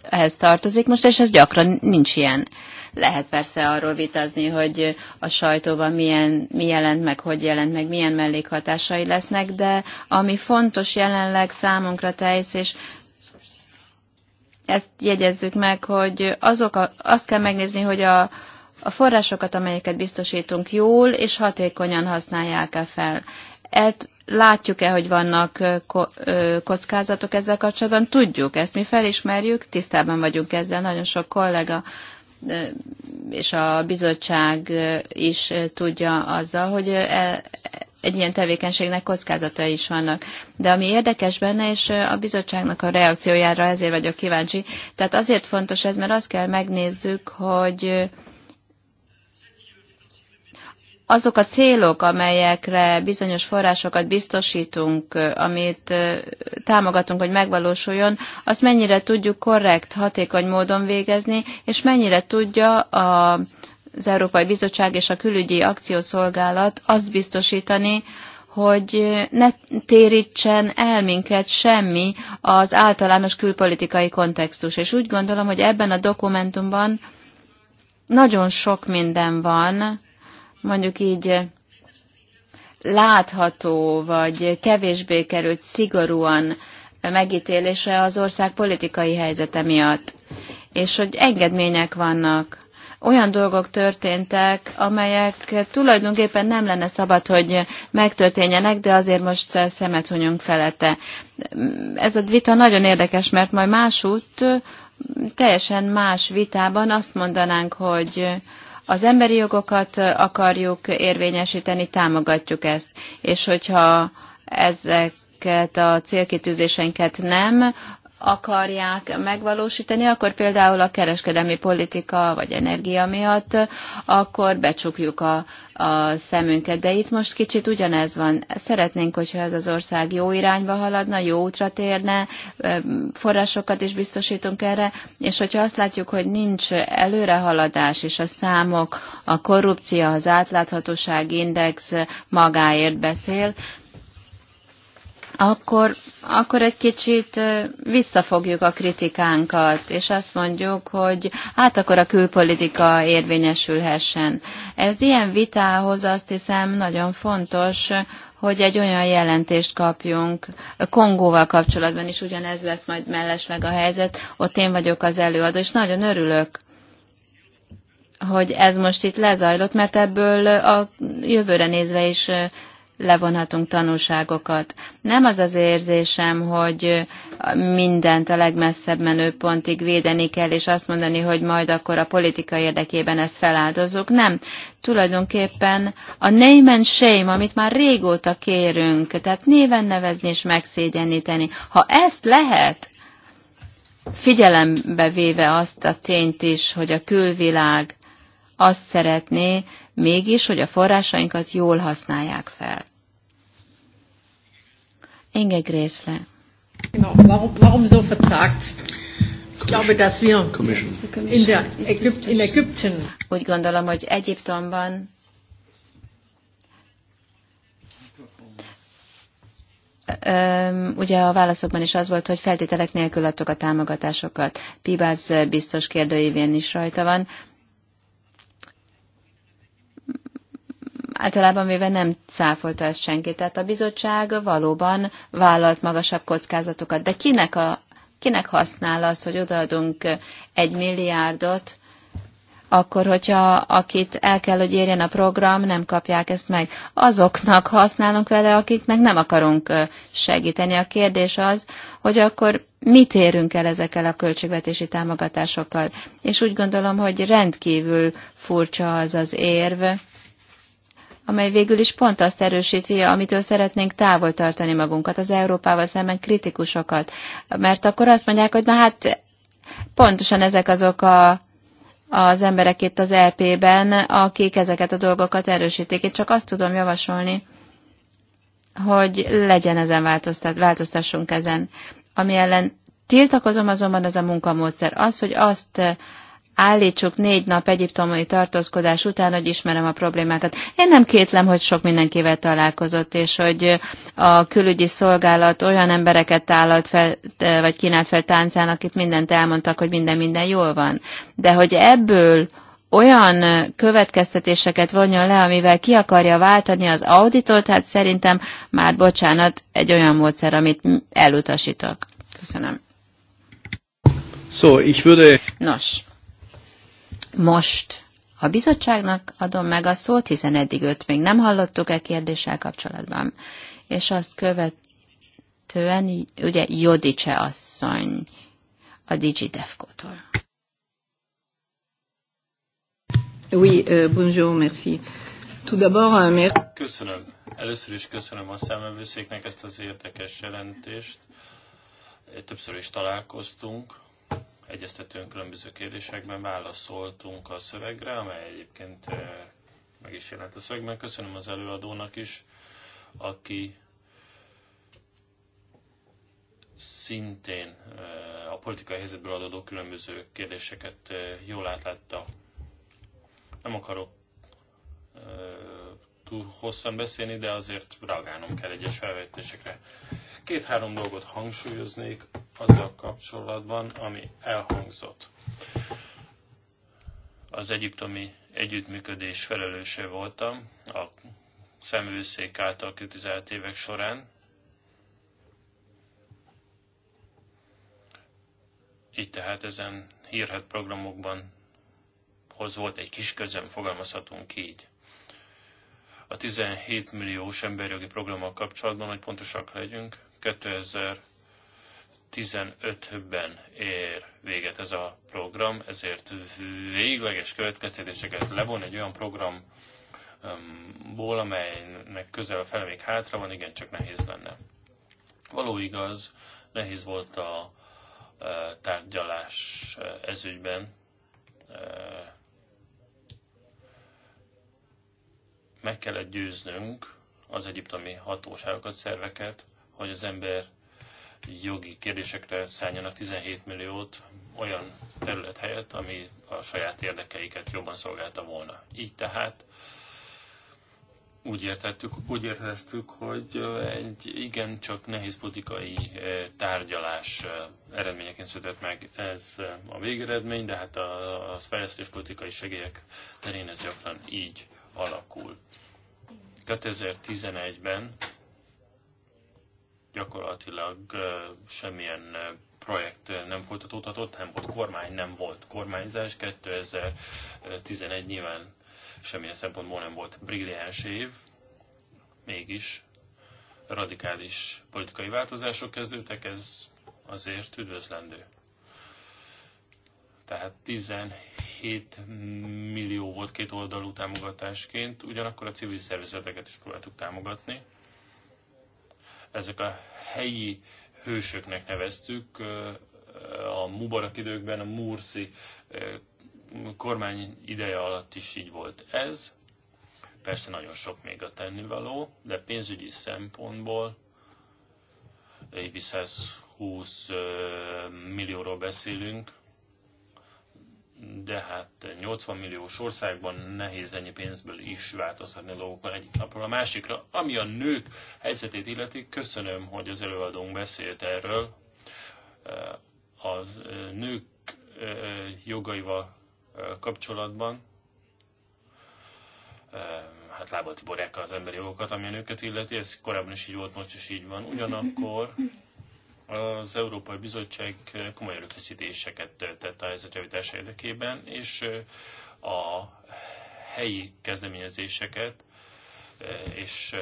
ehhez tartozik most, és ez gyakran nincs ilyen. Lehet persze arról vitazni, hogy a sajtóban milyen, mi jelent meg, hogy jelent meg, milyen mellékhatásai lesznek, de ami fontos jelenleg számunkra teljes, és ezt jegyezzük meg, hogy azok a, azt kell megnézni, hogy a, a forrásokat, amelyeket biztosítunk, jól és hatékonyan használják-e fel. Et, látjuk-e, hogy vannak kockázatok ezzel kapcsolatban? Tudjuk ezt, mi felismerjük, tisztában vagyunk ezzel, nagyon sok kollega és a bizottság is tudja azzal, hogy e, egy ilyen tevékenységnek kockázata is vannak. De ami érdekes benne, és a bizottságnak a reakciójára ezért vagyok kíváncsi, tehát azért fontos ez, mert azt kell megnézzük, hogy azok a célok, amelyekre bizonyos forrásokat biztosítunk, amit támogatunk, hogy megvalósuljon, azt mennyire tudjuk korrekt, hatékony módon végezni, és mennyire tudja a, az Európai Bizottság és a Külügyi Akciószolgálat azt biztosítani, hogy ne térítsen el minket semmi az általános külpolitikai kontextus. És úgy gondolom, hogy ebben a dokumentumban nagyon sok minden van, mondjuk így eh, látható, vagy kevésbé került szigorúan megítélése az ország politikai helyzete miatt. És hogy engedmények vannak. Olyan dolgok történtek, amelyek tulajdonképpen nem lenne szabad, hogy megtörténjenek, de azért most szemet hunyunk felette. Ez a vita nagyon érdekes, mert majd másút teljesen más vitában azt mondanánk, hogy az emberi jogokat akarjuk érvényesíteni, támogatjuk ezt. És hogyha ezek ezeket a célkitűzésenket nem, akarják megvalósítani, akkor például a kereskedelmi politika vagy energia miatt, akkor becsukjuk a, a szemünket. De itt most kicsit ugyanez van. Szeretnénk, hogyha ez az ország jó irányba haladna, jó útra térne, forrásokat is biztosítunk erre, és hogyha azt látjuk, hogy nincs előrehaladás, és a számok, a korrupció, az átláthatóság index magáért beszél, akkor, akkor egy kicsit visszafogjuk a kritikánkat, és azt mondjuk, hogy hát akkor a külpolitika érvényesülhessen. Ez ilyen vitához azt hiszem nagyon fontos, hogy egy olyan jelentést kapjunk. Kongóval kapcsolatban is ugyanez lesz majd mellesleg a helyzet. Ott én vagyok az előadó, és nagyon örülök, hogy ez most itt lezajlott, mert ebből a jövőre nézve is levonhatunk tanulságokat. Nem az az érzésem, hogy mindent a legmesszebb menő pontig védeni kell, és azt mondani, hogy majd akkor a politika érdekében ezt feláldozunk. Nem. Tulajdonképpen a name and shame, amit már régóta kérünk, tehát néven nevezni és megszégyeníteni. Ha ezt lehet, figyelembe véve azt a tényt is, hogy a külvilág azt szeretné, mégis, hogy a forrásainkat jól használják fel. Inge Grészle. warum, so verzagt? Ich glaube, dass wir in, der Ägypt, in Ägypten. Úgy gondolom, hogy Egyiptomban ugye a válaszokban is az volt, hogy feltételek nélkül adtok a támogatásokat. Pibáz biztos kérdőjévén is rajta van. általában véve nem cáfolta ezt senki. Tehát a bizottság valóban vállalt magasabb kockázatokat. De kinek, a, kinek használ az, hogy odaadunk egy milliárdot, akkor, hogyha akit el kell, hogy érjen a program, nem kapják ezt meg. Azoknak használunk vele, akiknek nem akarunk segíteni. A kérdés az, hogy akkor mit érünk el ezekkel a költségvetési támogatásokkal. És úgy gondolom, hogy rendkívül furcsa az az érv, amely végül is pont azt erősíti, amitől szeretnénk távol tartani magunkat, az Európával szemben kritikusokat. Mert akkor azt mondják, hogy na hát pontosan ezek azok a az emberek itt az EP-ben, akik ezeket a dolgokat erősítik. Én csak azt tudom javasolni, hogy legyen ezen változtat, változtassunk ezen. Ami ellen tiltakozom azonban az a munkamódszer. Az, hogy azt állítsuk négy nap egyiptomai tartózkodás után, hogy ismerem a problémákat. Én nem kétlem, hogy sok mindenkivel találkozott, és hogy a külügyi szolgálat olyan embereket tálalt fel, eh, vagy kínált fel táncán, akit mindent elmondtak, hogy minden minden jól van. De hogy ebből olyan következtetéseket vonjon le, amivel ki akarja váltani az auditot, hát szerintem már bocsánat, egy olyan módszer, amit elutasítok. Köszönöm. So, ich würde... Nos, most a bizottságnak adom meg a szót, hiszen eddig őt még nem hallottuk-e kérdéssel kapcsolatban. És azt követően, ugye Jodice asszony a DigiDefco-tól. Oui, euh, bonjour, merci. Tout d'abord, euh, merci. Köszönöm. Először is köszönöm a szemmelvőszéknek ezt az érdekes jelentést. Többször is találkoztunk egyeztetően különböző kérdésekben válaszoltunk a szövegre, amely egyébként eh, meg is jelent a szövegben. Köszönöm az előadónak is, aki szintén eh, a politikai helyzetből adódó különböző kérdéseket eh, jól átlátta. Nem akarok túl hosszan beszélni, de azért reagálnom kell egyes felvetésekre. Két-három dolgot hangsúlyoznék azzal kapcsolatban, ami elhangzott. Az egyiptomi együttműködés felelőse voltam a szemőszék által kritizált évek során. Így tehát ezen hírhet programokban hoz volt egy kis közem, fogalmazhatunk így. A 17 milliós emberjogi programmal kapcsolatban, hogy pontosak legyünk, 2015-ben ér véget ez a program, ezért végleges következtetéseket levon egy olyan programból, um, amelynek közel a fele még hátra van, igen, csak nehéz lenne. Való igaz, nehéz volt a e, tárgyalás e, ezügyben, e, meg kellett győznünk az egyiptomi hatóságokat, szerveket, hogy az ember jogi kérdésekre szálljanak 17 milliót olyan terület helyett, ami a saját érdekeiket jobban szolgálta volna. Így tehát úgy, értettük, úgy érteztük, hogy egy igen csak nehéz politikai tárgyalás eredményeként született meg ez a végeredmény, de hát a, a politikai segélyek terén ez gyakran így alakul. 2011-ben gyakorlatilag semmilyen projekt nem folytatódhatott, nem volt kormány, nem volt kormányzás. 2011 nyilván semmilyen szempontból nem volt brilliáns év, mégis radikális politikai változások kezdődtek, ez azért üdvözlendő. Tehát 17 millió volt két oldalú támogatásként, ugyanakkor a civil szervezeteket is próbáltuk támogatni ezek a helyi hősöknek neveztük, a Mubarak időkben, a Mursi kormány ideje alatt is így volt ez. Persze nagyon sok még a tennivaló, de pénzügyi szempontból évi 120 millióról beszélünk, de hát 80 milliós országban nehéz ennyi pénzből is változtatni a dolgokon egyik napról a másikra. Ami a nők helyzetét illeti, köszönöm, hogy az előadónk beszélt erről. Eh, a eh, nők eh, jogaival kapcsolatban, hát lábati borják az emberi jogokat, ami a nőket illeti, ez korábban is így volt, most is így van. Ugyanakkor az Európai Bizottság komoly erőfeszítéseket tett a helyzetjavítása érdekében, és a helyi kezdeményezéseket és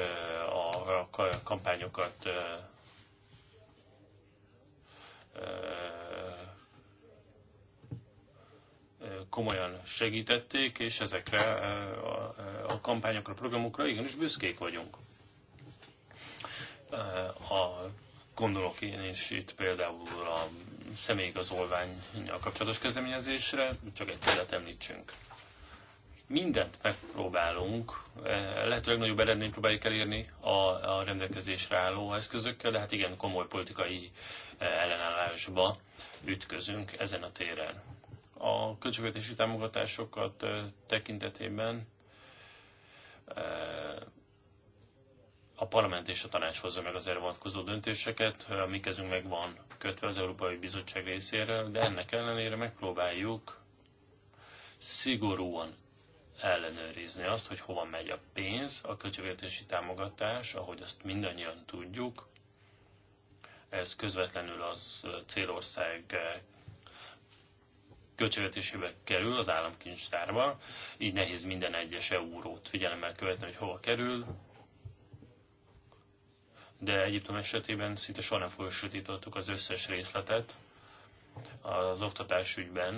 a kampányokat komolyan segítették, és ezekre a kampányokra, programokra igenis büszkék vagyunk. A Gondolok én is itt például a személyigazolványjal kapcsolatos kezdeményezésre, csak egy példát említsünk. Mindent megpróbálunk, eh, lehetőleg nagyobb eredményt próbáljuk elérni a, a rendelkezésre álló eszközökkel, de hát igen, komoly politikai eh, ellenállásba ütközünk ezen a téren. A költségvetési támogatásokat eh, tekintetében a parlament és a tanács hozza meg az erre vonatkozó döntéseket, a mi kezünk meg van kötve az Európai Bizottság részéről, de ennek ellenére megpróbáljuk szigorúan ellenőrizni azt, hogy hova megy a pénz, a költségvetési támogatás, ahogy azt mindannyian tudjuk. Ez közvetlenül az célország költségvetésébe kerül az államkincstárba, így nehéz minden egyes eurót figyelemmel követni, hogy hova kerül, de Egyiptom esetében szinte soha nem folyosítottuk az összes részletet az oktatás ügyben,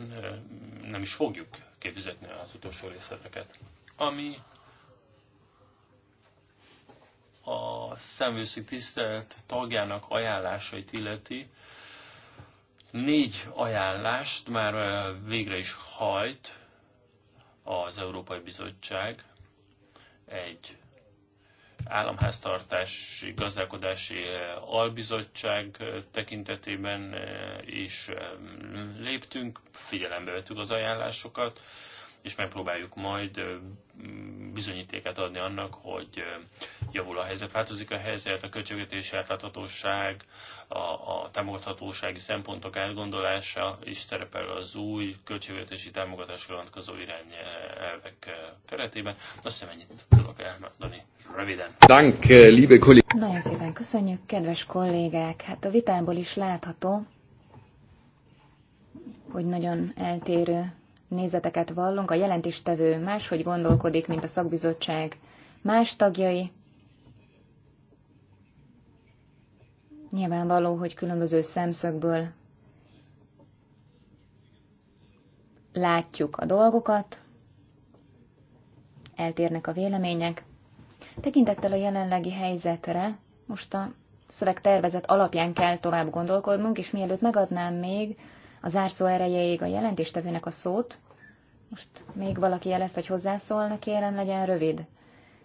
nem is fogjuk kifizetni az utolsó részleteket. Ami a szemvőszik tisztelt tagjának ajánlásait illeti, négy ajánlást már végre is hajt az Európai Bizottság egy államháztartási gazdálkodási eh, albizottság eh, tekintetében eh, is léptünk, figyelembe vettük az ajánlásokat, és megpróbáljuk majd bizonyítéket adni annak, hogy javul a helyzet, változik a helyzet, a költségvetési átláthatóság, a, a támogathatósági szempontok átgondolása is terepel az új költségvetési támogatásra vonatkozó irányelvek keretében. Azt hiszem ennyit tudok elmondani röviden. Dank, liebe kollég- Nagyon szépen köszönjük, kedves kollégák! Hát a vitából is látható, hogy nagyon eltérő nézeteket vallunk, a jelentéstevő máshogy gondolkodik, mint a szakbizottság más tagjai. Nyilvánvaló, hogy különböző szemszögből látjuk a dolgokat, eltérnek a vélemények. Tekintettel a jelenlegi helyzetre, most a szövegtervezet alapján kell tovább gondolkodnunk, és mielőtt megadnám még az zárszó erejeig a jelentéstevőnek a szót. Most még valaki jelezte, hogy hozzászólna, kérem, legyen rövid.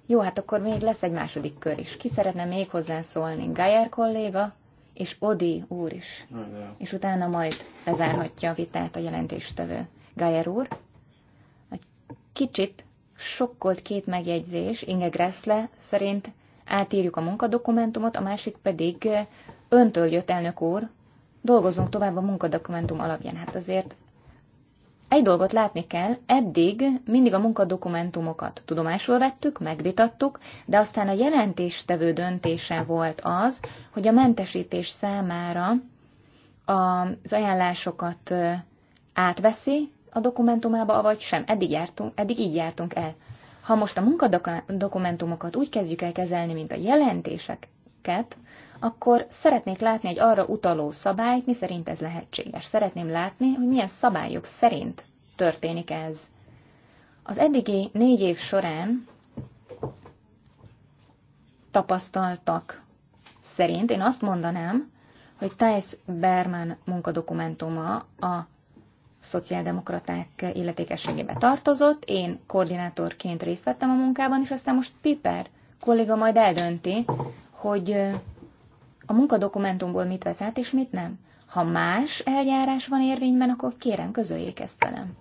Jó, hát akkor még lesz egy második kör is. Ki szeretne még hozzászólni? Gayer kolléga és Odi úr is. És utána majd lezárhatja a vitát a jelentéstevő. Gayer úr, egy kicsit sokkolt két megjegyzés, Inge Gressle szerint átírjuk a munkadokumentumot, a másik pedig öntől jött elnök úr, Dolgozunk tovább a munkadokumentum alapján. Hát azért egy dolgot látni kell, eddig mindig a munkadokumentumokat tudomásul vettük, megvitattuk, de aztán a jelentéstevő döntése volt az, hogy a mentesítés számára az ajánlásokat átveszi a dokumentumába, vagy sem. Eddig, jártunk, eddig így jártunk el. Ha most a munkadokumentumokat úgy kezdjük el kezelni, mint a jelentéseket, akkor szeretnék látni egy arra utaló szabályt, miszerint ez lehetséges. Szeretném látni, hogy milyen szabályok szerint történik ez. Az eddigi négy év során tapasztaltak szerint én azt mondanám, hogy Thijs Berman munkadokumentuma a szociáldemokraták illetékességébe tartozott, én koordinátorként részt vettem a munkában, és aztán most Piper kolléga majd eldönti, hogy a munkadokumentumból mit vesz át és mit nem. Ha más eljárás van érvényben, akkor kérem, közöljék ezt velem.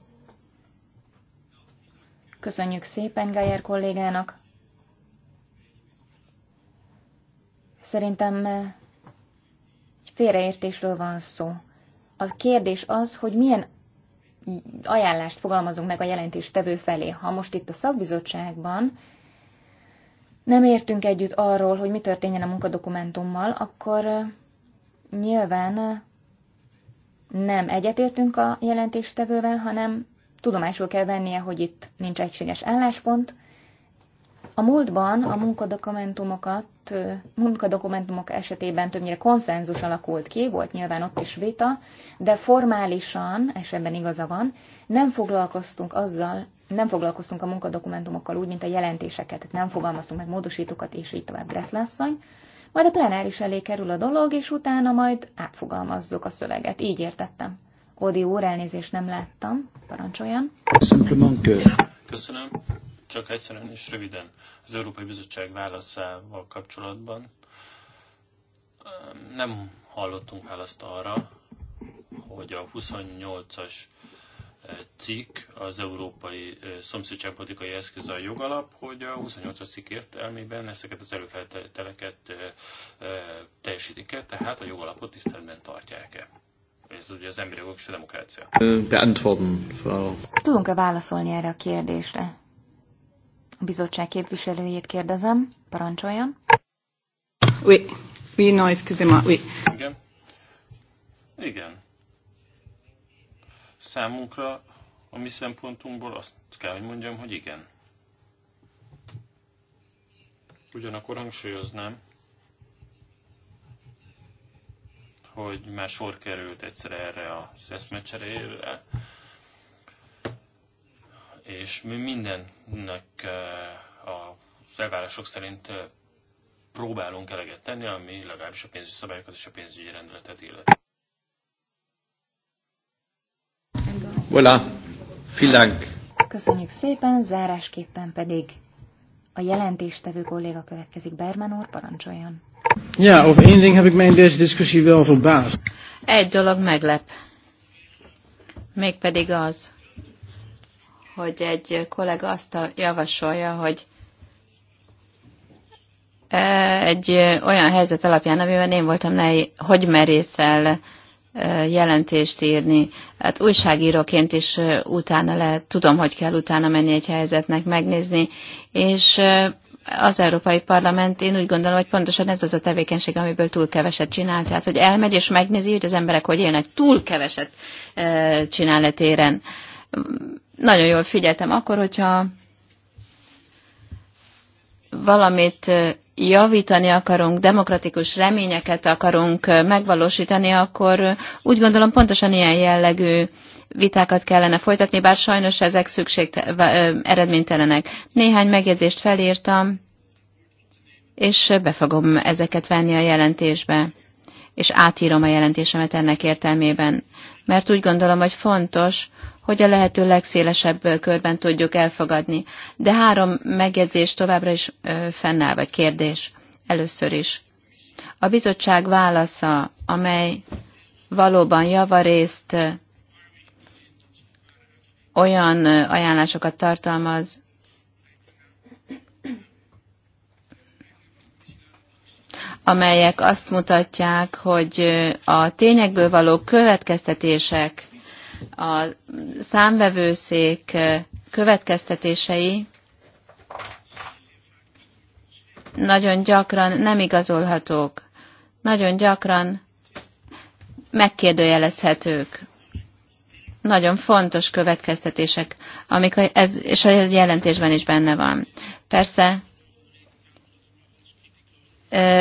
Köszönjük szépen Gajer kollégának. Szerintem eh, egy félreértésről van szó. A kérdés az, hogy milyen ajánlást fogalmazunk meg a jelentéstevő felé. Ha most itt a szakbizottságban nem értünk együtt arról, hogy mi történjen a munkadokumentummal, akkor nyilván nem egyetértünk a jelentéstevővel, hanem tudomásul kell vennie, hogy itt nincs egységes álláspont. A múltban a munkadokumentumokat, munkadokumentumok esetében többnyire konszenzus alakult ki, volt nyilván ott is vita, de formálisan, és ebben igaza van, nem foglalkoztunk azzal, nem foglalkoztunk a munkadokumentumokkal úgy, mint a jelentéseket, tehát nem fogalmaztunk meg módosítókat, és így tovább Greszlasszony. Majd a plenáris elé kerül a dolog, és utána majd átfogalmazzuk a szöveget. Így értettem. Odi úr, elnézést nem láttam. Parancsoljon. Köszönöm. Csak egyszerűen és röviden. Az Európai Bizottság válaszával kapcsolatban ehm, nem hallottunk választ arra, hogy a 28-as cikk, az európai szomszédságpolitikai eszköz a jogalap, hogy a 28-as cikk értelmében ezeket az előfeltételeket teljesítik -e, tehát a jogalapot tiszteletben tartják-e. Ez ugye az emberi jogok és a demokrácia. Tudunk-e válaszolni erre a kérdésre? A bizottság képviselőjét kérdezem, parancsoljon. Oui, oui, no, excusez-moi, oui. Igen. Igen. Számunkra, a mi szempontunkból azt kell, hogy mondjam, hogy igen. Ugyanakkor hangsúlyoznám, hogy már sor került egyszer erre az eszmecserére, és mi mindennek eh, a elvárások szerint eh, próbálunk eleget tenni, ami legalábbis a pénzügyi szabályokat és a pénzügyi rendeletet illeti. Voilà. Vielen Köszönjük szépen, zárásképpen pedig a jelentéstevő kolléga következik. Berman úr, parancsoljon. Ja, over één ding heb ik mij in deze discussie wel verbaasd. Egy dolog meglep. Mégpedig az, hogy egy kollega azt javasolja, hogy eh, egy eh, olyan helyzet alapján, amiben én voltam, ne, hogy merészel jelentést írni. Hát újságíróként is utána lehet, tudom, hogy kell utána menni egy helyzetnek megnézni, és az Európai Parlament, én úgy gondolom, hogy pontosan ez az a tevékenység, amiből túl keveset csinál. Tehát, hogy elmegy és megnézi, hogy az emberek hogy élnek, túl keveset csinál téren. Nagyon jól figyeltem akkor, hogyha valamit javítani akarunk, demokratikus reményeket akarunk megvalósítani, akkor úgy gondolom pontosan ilyen jellegű vitákat kellene folytatni, bár sajnos ezek szükség eredménytelenek. Néhány megjegyzést felírtam, és be fogom ezeket venni a jelentésbe, és átírom a jelentésemet ennek értelmében. Mert úgy gondolom, hogy fontos, hogy a lehető legszélesebb körben tudjuk elfogadni. De három megjegyzés továbbra is fennáll, vagy kérdés. Először is. A bizottság válasza, amely valóban javarészt olyan ajánlásokat tartalmaz, amelyek azt mutatják, hogy a tényekből való következtetések a számvevőszék következtetései nagyon gyakran nem igazolhatók, nagyon gyakran megkérdőjelezhetők. Nagyon fontos következtetések, amik ez, és a jelentésben is benne van. Persze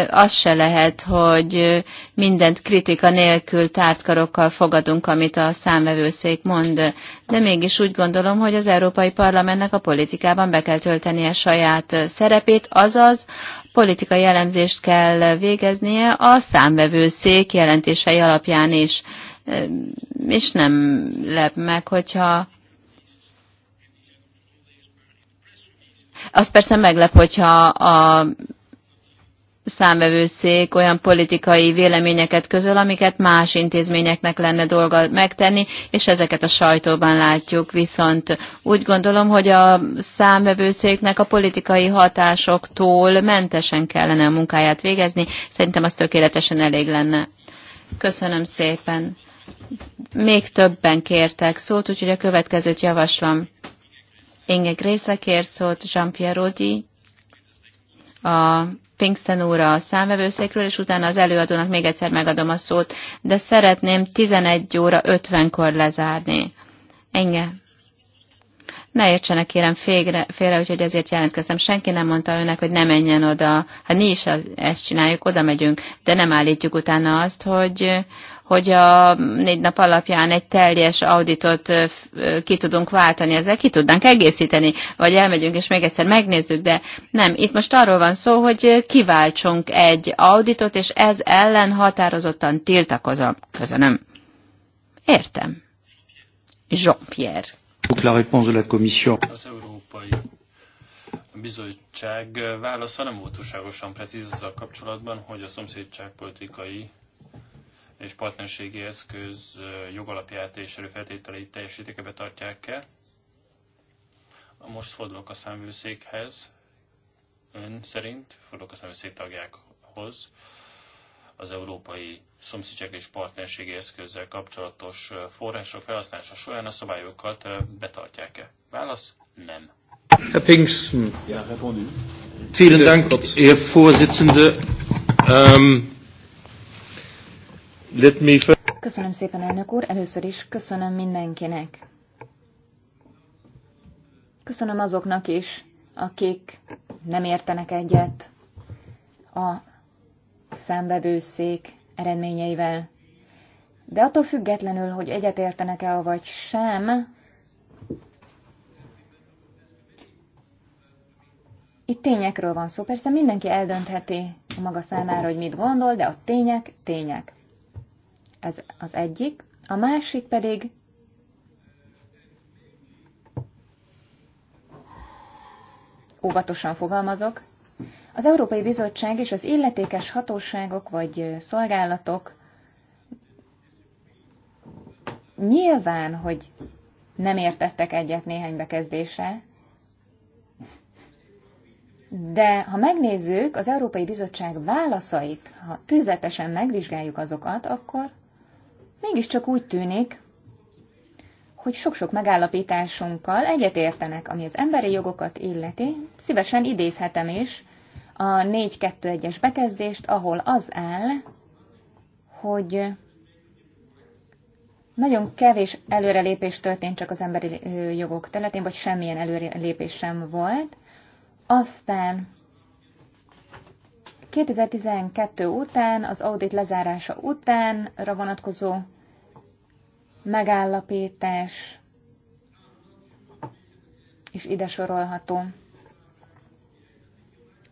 az se lehet, hogy mindent kritika nélkül tártkarokkal fogadunk, amit a számvevőszék mond. De mégis úgy gondolom, hogy az Európai Parlamentnek a politikában be kell töltenie saját szerepét, azaz politikai jellemzést kell végeznie a számvevőszék jelentései alapján is. És nem lep meg, hogyha az persze meglep, hogyha a számvevőszék olyan politikai véleményeket közöl, amiket más intézményeknek lenne dolga megtenni, és ezeket a sajtóban látjuk. Viszont úgy gondolom, hogy a számvevőszéknek a politikai hatásoktól mentesen kellene a munkáját végezni. Szerintem az tökéletesen elég lenne. Köszönöm szépen. Még többen kértek szót, úgyhogy a következőt javaslom. Inge Grészle kért szót, Jean-Pierre Rodi, a Pinkston úr a számvevőszékről, és utána az előadónak még egyszer megadom a szót, de szeretném 11 óra 50-kor lezárni. Engem. Ne értsenek kérem félre, félre, úgyhogy ezért jelentkeztem. Senki nem mondta önnek, hogy ne menjen oda. Hát mi is ezt csináljuk, oda megyünk, de nem állítjuk utána azt, hogy, hogy a négy nap alapján egy teljes auditot ki tudunk váltani, ezzel ki tudnánk egészíteni, vagy elmegyünk és még egyszer megnézzük, de nem, itt most arról van szó, hogy kiváltsunk egy auditot, és ez ellen határozottan tiltakozom. Köszönöm. Értem. Jean-Pierre. Donc a réponse de la Commission. Az Európai Bizottság válasza nem volt túlságosan precíz a kapcsolatban, hogy a szomszédságpolitikai és partnerségi eszköz jogalapját és előfeltételeit teljesítik ebbe tartják e Most fordulok a számvőszékhez, ön szerint, fordulok a számvőszék tagjákhoz az európai szomszédság és partnerségi eszközzel kapcsolatos források felhasználása során a szabályokat betartják-e? Válasz nem. Herr Pinkston. Ja, Vielen Dank, Herr Vorsitzende. Um, ähm, let me Köszönöm szépen, elnök úr. Először is köszönöm mindenkinek. Köszönöm azoknak is, akik nem értenek egyet a szenvedőszék eredményeivel. De attól függetlenül, hogy egyetértenek-e vagy sem, itt tényekről van szó. Persze mindenki eldöntheti a maga számára, hogy mit gondol, de a tények, tények. Ez az egyik. A másik pedig óvatosan fogalmazok, az Európai Bizottság és az illetékes hatóságok vagy szolgálatok nyilván, hogy nem értettek egyet néhány bekezdése, de ha megnézzük az Európai Bizottság válaszait, ha tüzetesen megvizsgáljuk azokat, akkor mégiscsak úgy tűnik, hogy sok-sok megállapításunkkal egyetértenek, ami az emberi jogokat illeti, szívesen idézhetem is a 4.2.1-es bekezdést, ahol az áll, hogy nagyon kevés előrelépés történt csak az emberi jogok területén, vagy semmilyen előrelépés sem volt. Aztán 2012 után, az audit lezárása utánra vonatkozó megállapítás is ide sorolható.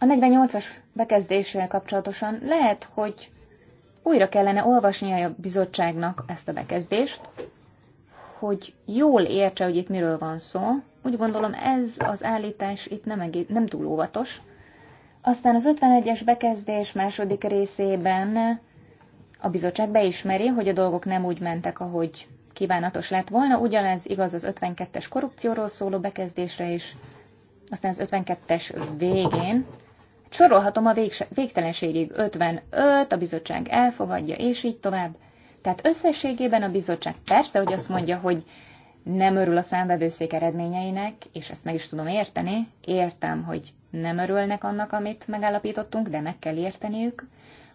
A 48-as bekezdéssel kapcsolatosan lehet, hogy újra kellene olvasnia a bizottságnak ezt a bekezdést, hogy jól értse, hogy itt miről van szó. Úgy gondolom, ez az állítás itt nem, egész, nem túl óvatos. Aztán az 51-es bekezdés második részében a bizottság beismeri, hogy a dolgok nem úgy mentek, ahogy kívánatos lett volna. Ugyanez igaz az 52-es korrupcióról szóló bekezdésre is. Aztán az 52-es végén Sorolhatom a végtelenségig 55, a bizottság elfogadja, és így tovább. Tehát összességében a bizottság persze, hogy azt mondja, hogy nem örül a számvevőszék eredményeinek, és ezt meg is tudom érteni, értem, hogy nem örülnek annak, amit megállapítottunk, de meg kell érteniük,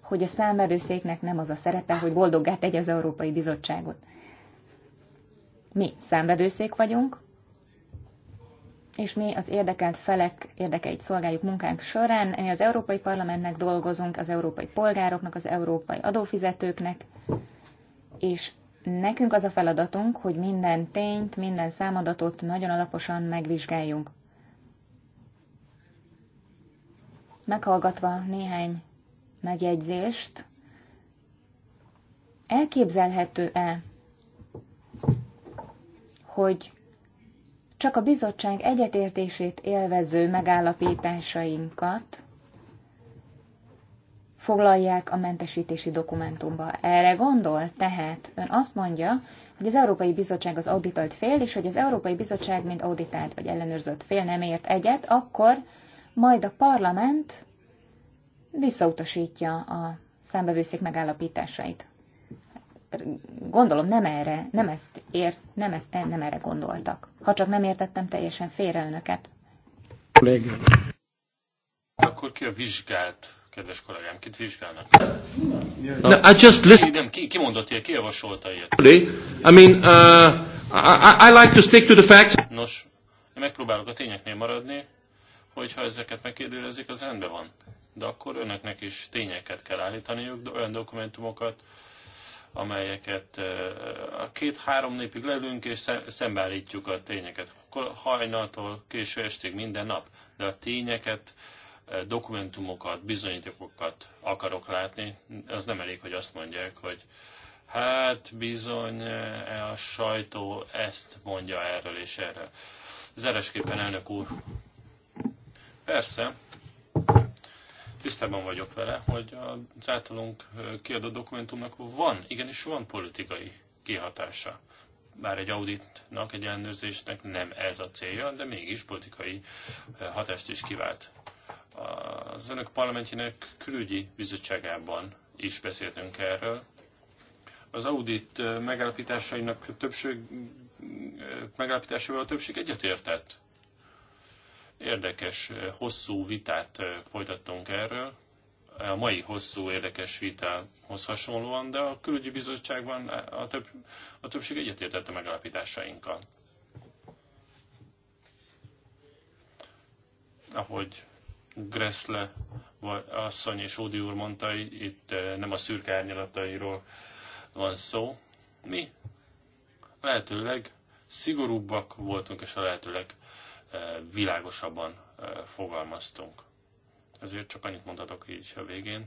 hogy a számvevőszéknek nem az a szerepe, hogy boldoggá tegye az Európai Bizottságot. Mi számvevőszék vagyunk, és mi az érdekelt felek érdekeit szolgáljuk munkánk során. Mi az Európai Parlamentnek dolgozunk, az európai polgároknak, az európai adófizetőknek, és nekünk az a feladatunk, hogy minden tényt, minden számadatot nagyon alaposan megvizsgáljunk. Meghallgatva néhány megjegyzést, elképzelhető-e, hogy csak a bizottság egyetértését élvező megállapításainkat foglalják a mentesítési dokumentumba. Erre gondol, tehát ön azt mondja, hogy az Európai Bizottság az auditált fél, és hogy az Európai Bizottság, mint auditált vagy ellenőrzött fél nem ért egyet, akkor majd a parlament visszautasítja a számbevőszék megállapításait gondolom nem erre, nem ezt ért, nem, ezt, eh, nem erre gondoltak. Ha csak nem értettem teljesen félre önöket. Akkor ki a vizsgált, kedves kollégám, kit vizsgálnak? No, I just listen. Nem, ki, ki mondott ilyet, ki javasolta ilyet? I mean, uh, I, I like to stick to the facts. Nos, én megpróbálok a tényeknél maradni, hogyha ezeket megkérdőrezik, az rendben van. De akkor önöknek is tényeket kell állítaniuk, olyan dokumentumokat, amelyeket a két-három népig lelünk és szembeállítjuk a tényeket. Hajnaltól késő estig minden nap, de a tényeket, dokumentumokat, bizonyítékokat akarok látni. Az nem elég, hogy azt mondják, hogy hát bizony e a sajtó ezt mondja erről és erről. Zeresképpen elnök úr. Persze, tisztában vagyok vele, hogy az általunk kiadott dokumentumnak van, igenis van politikai kihatása. Bár egy auditnak, egy ellenőrzésnek nem ez a célja, de mégis politikai hatást is kivált. Az önök parlamentjének külügyi bizottságában is beszéltünk erről. Az audit megállapításainak többség, megállapításával a többség egyetértett Érdekes, hosszú vitát folytattunk erről, a mai hosszú érdekes vitához hasonlóan, de a külügyi bizottságban a, több, a többség egyetértett a megállapításainkkal. Ahogy Gressle asszony és Ódi úr mondta, itt nem a szürke árnyalatairól van szó. Mi lehetőleg szigorúbbak voltunk, és a lehetőleg világosabban fogalmaztunk. Ezért csak annyit mondhatok így a végén.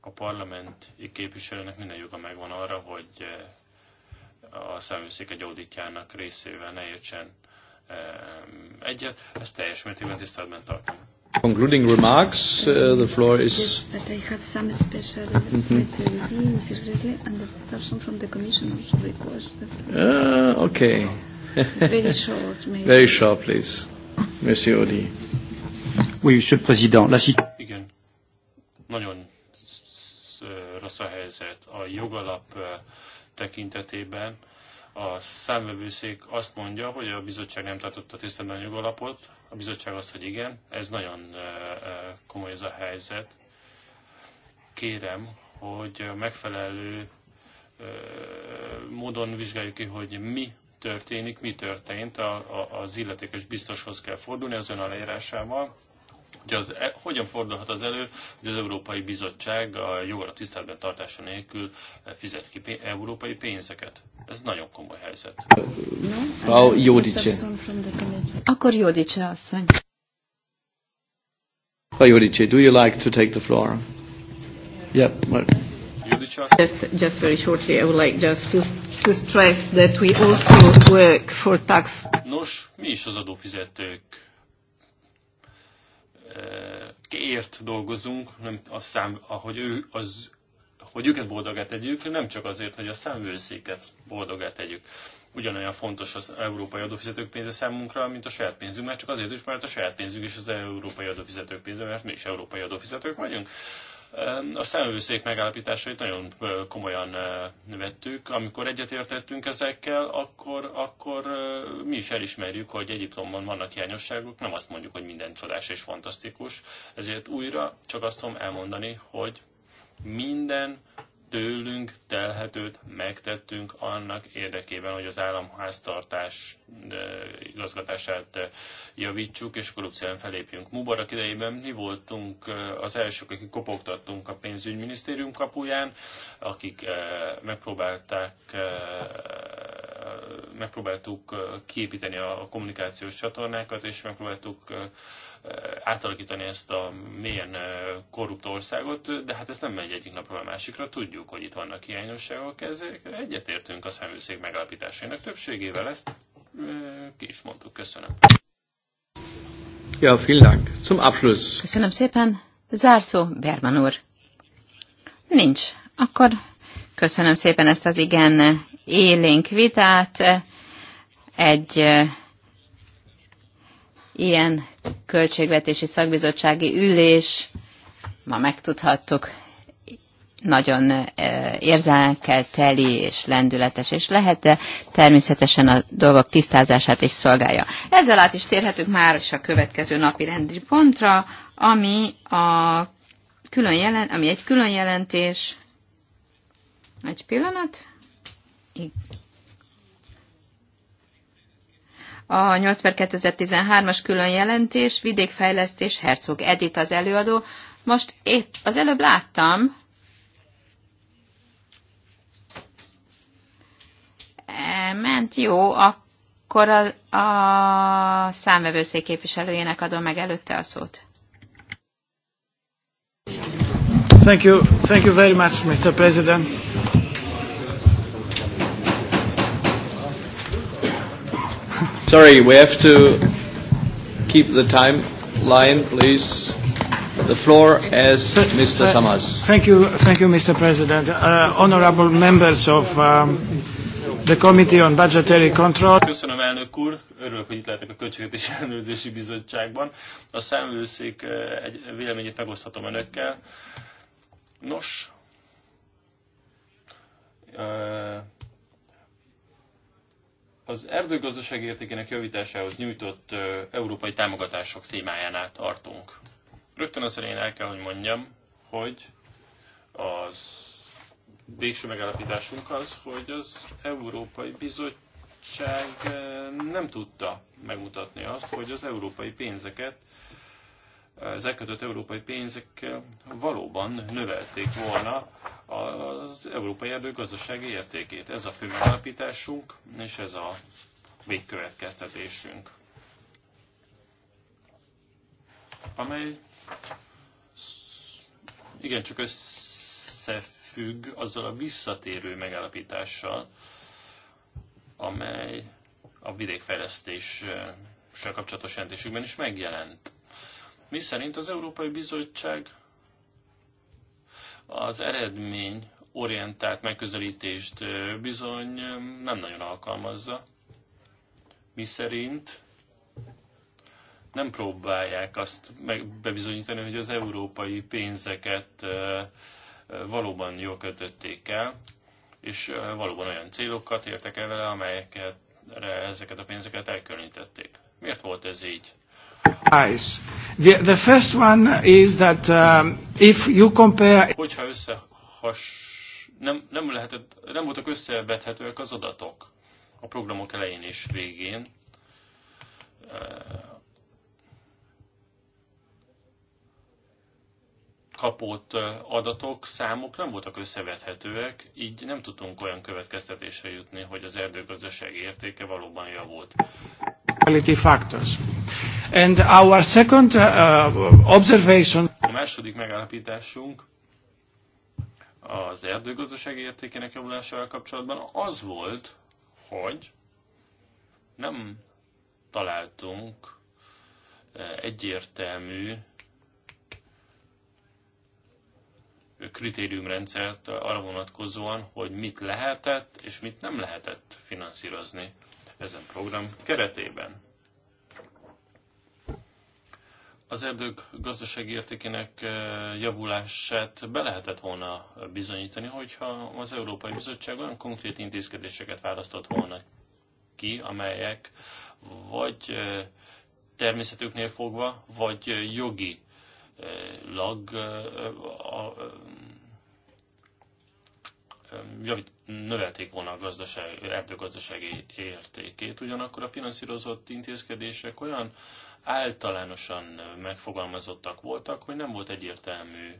A parlamenti képviselőnek minden joga megvan arra, hogy a száműszék egy auditjának részével ne értsen egyet. Ezt teljes mértékben tiszteletben tartom. Concluding remarks, uh, the floor is... Yes, but I have some special mm -hmm. Mr. Mrs. and the person from the commission also requests that... Uh, okay. Very short, please. Monsieur Audi. Oui, Monsieur le Président. La Igen. Nagyon rossz a helyzet. A jogalap tekintetében a számvevőszék azt mondja, hogy a bizottság nem tartotta tisztelben a jogalapot, a bizottság azt, hogy igen, ez nagyon komoly ez a helyzet. Kérem, hogy megfelelő módon vizsgáljuk ki, hogy mi történik, mi történt, a, a, az illetékes biztoshoz kell fordulni az ön aláírásával, hogy az, e, hogyan fordulhat az elő, hogy az Európai Bizottság a jogra tiszteletben tartása nélkül fizet ki pénz, európai pénzeket. Ez nagyon komoly helyzet. No, Jódicse. Akkor Jódicse asszony. Jódicse, do you like to take the floor? Yep. Yeah just... just... very shortly, I would like just to, to stress that we also work for tax... Nos, mi is az adófizetők ért dolgozunk, nem a szám, ahogy ő, az, hogy őket boldogát tegyük, nem csak azért, hogy a számvőszéket boldogát tegyük. Ugyanolyan fontos az európai adófizetők pénze számunkra, mint a saját pénzünk, mert csak azért is, mert a saját pénzünk is az európai adófizetők pénze, mert mi is európai adófizetők vagyunk. A szemövőszék megállapításait nagyon komolyan vettük. Amikor egyetértettünk ezekkel, akkor, akkor mi is elismerjük, hogy Egyiptomban vannak hiányosságok, nem azt mondjuk, hogy minden csodás és fantasztikus. Ezért újra csak azt tudom elmondani, hogy minden tőlünk telhetőt megtettünk annak érdekében, hogy az államháztartás igazgatását javítsuk, és korrupción felépjünk. Mubarak idejében mi voltunk az elsők, akik kopogtattunk a pénzügyminisztérium kapuján, akik megpróbálták megpróbáltuk kiépíteni a kommunikációs csatornákat, és megpróbáltuk átalakítani ezt a mélyen korrupt országot, de hát ez nem megy egyik napról a másikra. Tudjuk, hogy itt vannak hiányosságok, ezek egyetértünk a szemőszék megalapításainak többségével, ezt ki is mondtuk. Köszönöm. Ja, vielen Dank. Zum Abschluss. Köszönöm szépen. Zárszó, Berman úr. Nincs. Akkor köszönöm szépen ezt az igen élénk vitát. Egy ilyen költségvetési szakbizottsági ülés, ma megtudhattuk, nagyon e, érzelmekkel teli és lendületes, és lehet, de természetesen a dolgok tisztázását is szolgálja. Ezzel át is térhetünk már is a következő napi rendi pontra, ami, a külön jelen, ami egy külön jelentés. Egy pillanat. A 8 per 2013-as külön jelentés, vidékfejlesztés, Herzog Edit az előadó. Most épp az előbb láttam, e, ment, jó, akkor a, a számvevőszék képviselőjének adom meg előtte a szót. Thank you, thank you very much, Mr. President. Sorry, we have to keep the time line, please. The floor is Mr. Uh, Samas. Thank you, thank you, Mr. President. Uh, honorable members of um, the Committee on Budgetary Control. Köszönöm, elnök úr. Örülök, hogy itt lehetek a Költségvetési Ellenőrzési Bizottságban. A számvőszék uh, egy véleményét megoszthatom önökkel. Nos, uh, az erdőgazdaság értékének javításához nyújtott ö, európai támogatások témájánál tartunk. Rögtön az elején el kell, hogy mondjam, hogy az végső megállapításunk az, hogy az Európai Bizottság nem tudta megmutatni azt, hogy az európai pénzeket az elkötött európai pénzekkel valóban növelték volna az európai erdő gazdasági értékét. Ez a fő megállapításunk, és ez a végkövetkeztetésünk, amely igencsak összefügg azzal a visszatérő megállapítással, amely a vidékfejlesztéssel kapcsolatos jelentésükben is megjelent mi szerint az Európai Bizottság az eredmény orientált megközelítést bizony nem nagyon alkalmazza, mi szerint nem próbálják azt bebizonyítani, hogy az európai pénzeket valóban jól kötötték el, és valóban olyan célokat értek el vele, amelyekre ezeket a pénzeket elkülönítették. Miért volt ez így? Eyes. The, the first one is that um, if you compare... Hogyha összehas... Nem, nem, lehetett, nem voltak összevethetőek az adatok a programok elején és végén. Eh, kapott eh, adatok, számok nem voltak összevethetőek, így nem tudtunk olyan következtetésre jutni, hogy az erdőgazdaság értéke valóban javult. Quality factors. And our second uh, uh, observation... A második megállapításunk az erdőgazdasági értékének javulásával kapcsolatban az volt, hogy nem találtunk e, egyértelmű kritériumrendszert arra vonatkozóan, hogy mit lehetett és mit nem lehetett finanszírozni ezen program keretében az erdők gazdasági értékének eh, javulását be lehetett volna bizonyítani, hogyha az Európai Bizottság olyan konkrét intézkedéseket választott volna ki, amelyek vagy eh, természetüknél fogva, vagy jogi lag eh, növelték volna a gazdaság, erdőgazdasági értékét. Ugyanakkor a finanszírozott intézkedések olyan általánosan megfogalmazottak voltak, hogy nem volt egyértelmű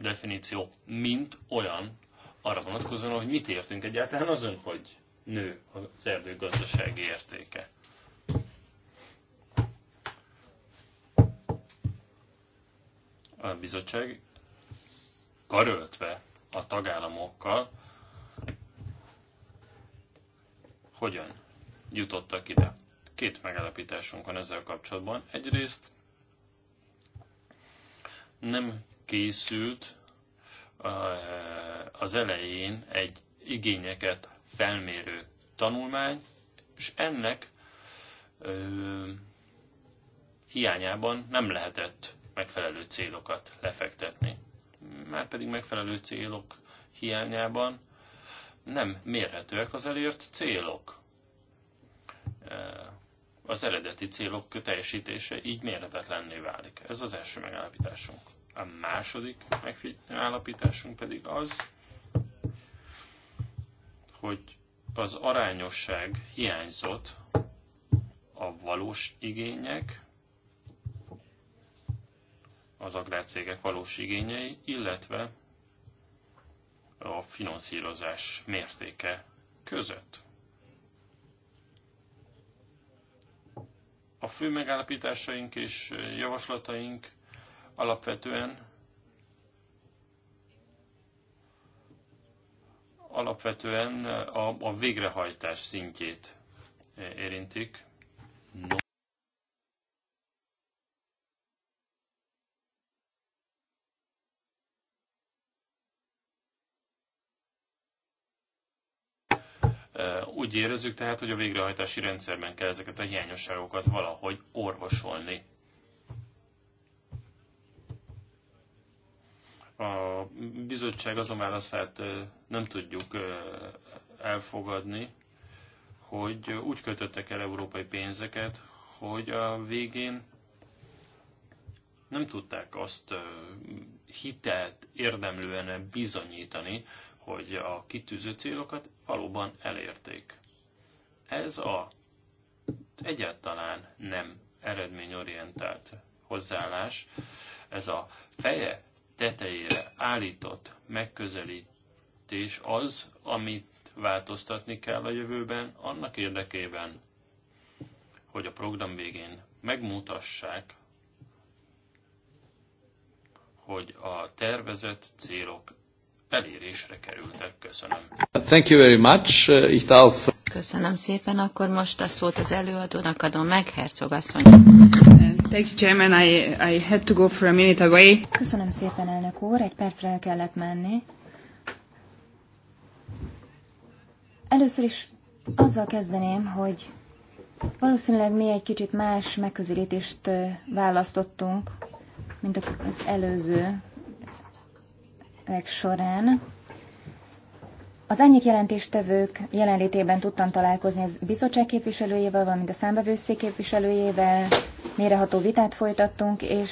definíció, mint olyan arra vonatkozóan, hogy mit értünk egyáltalán azon, hogy nő az erdőgazdasági értéke. A bizottság karöltve a tagállamokkal, hogyan jutottak ide. Két megállapításunk van ezzel kapcsolatban. Egyrészt nem készült az elején egy igényeket felmérő tanulmány, és ennek hiányában nem lehetett megfelelő célokat lefektetni már pedig megfelelő célok hiányában nem mérhetőek az elért célok. E, az eredeti célok teljesítése így mérhetetlenné válik. Ez az első megállapításunk. A második megállapításunk pedig az, hogy az arányosság hiányzott a valós igények az agrárcégek valós igényei, illetve a finanszírozás mértéke között. A fő megállapításaink és javaslataink alapvetően alapvetően a, a végrehajtás szintjét érintik. No. Úgy érezzük tehát, hogy a végrehajtási rendszerben kell ezeket a hiányosságokat valahogy orvosolni. A bizottság azon válaszát nem tudjuk elfogadni, hogy úgy kötöttek el európai pénzeket, hogy a végén nem tudták azt hitelt érdemlően bizonyítani, hogy a kitűző célokat valóban elérték. Ez a egyáltalán nem eredményorientált hozzáállás, ez a feje tetejére állított megközelítés az, amit változtatni kell a jövőben, annak érdekében, hogy a program végén megmutassák, hogy a tervezett célok elérésre kerültek. Köszönöm. Thank you very much. Ich uh, darf... Köszönöm szépen. Akkor most a szót az előadónak adom meg, Herzog asszony. Thank you, Chairman. I, I had to go for a minute away. Köszönöm szépen, elnök úr. Egy percre el kellett menni. Először is azzal kezdeném, hogy valószínűleg mi egy kicsit más megközelítést választottunk, mint az előző évek során. Az egyik jelentéstevők jelenlétében tudtam találkozni a bizottság képviselőjével, valamint a számbevőszék képviselőjével, méreható vitát folytattunk, és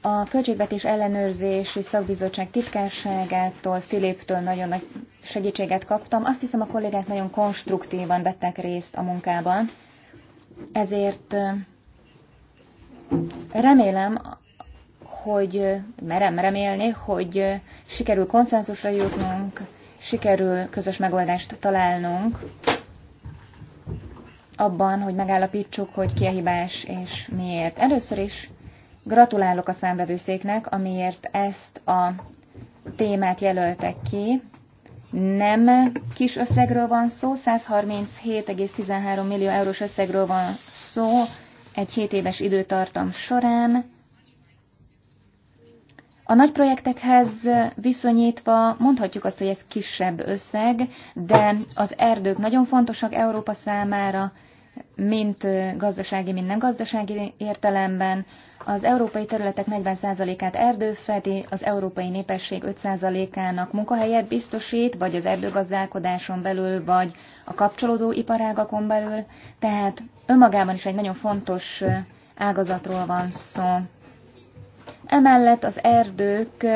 a Költségvetés Ellenőrzési Szakbizottság titkárságától, Filiptől nagyon nagy segítséget kaptam. Azt hiszem, a kollégák nagyon konstruktívan vettek részt a munkában, ezért remélem hogy merem remélni, hogy sikerül konszenzusra jutnunk, sikerül közös megoldást találnunk abban, hogy megállapítsuk, hogy ki a hibás és miért. Először is gratulálok a számbevőszéknek, amiért ezt a témát jelöltek ki. Nem kis összegről van szó, 137,13 millió eurós összegről van szó egy 7 éves időtartam során. A nagy projektekhez viszonyítva mondhatjuk azt, hogy ez kisebb összeg, de az erdők nagyon fontosak Európa számára, mint gazdasági, mint nem gazdasági értelemben. Az európai területek 40%-át erdő fedi, az európai népesség 5%-ának munkahelyet biztosít, vagy az erdőgazdálkodáson belül, vagy a kapcsolódó iparágakon belül. Tehát önmagában is egy nagyon fontos ágazatról van szó. Emellett az erdők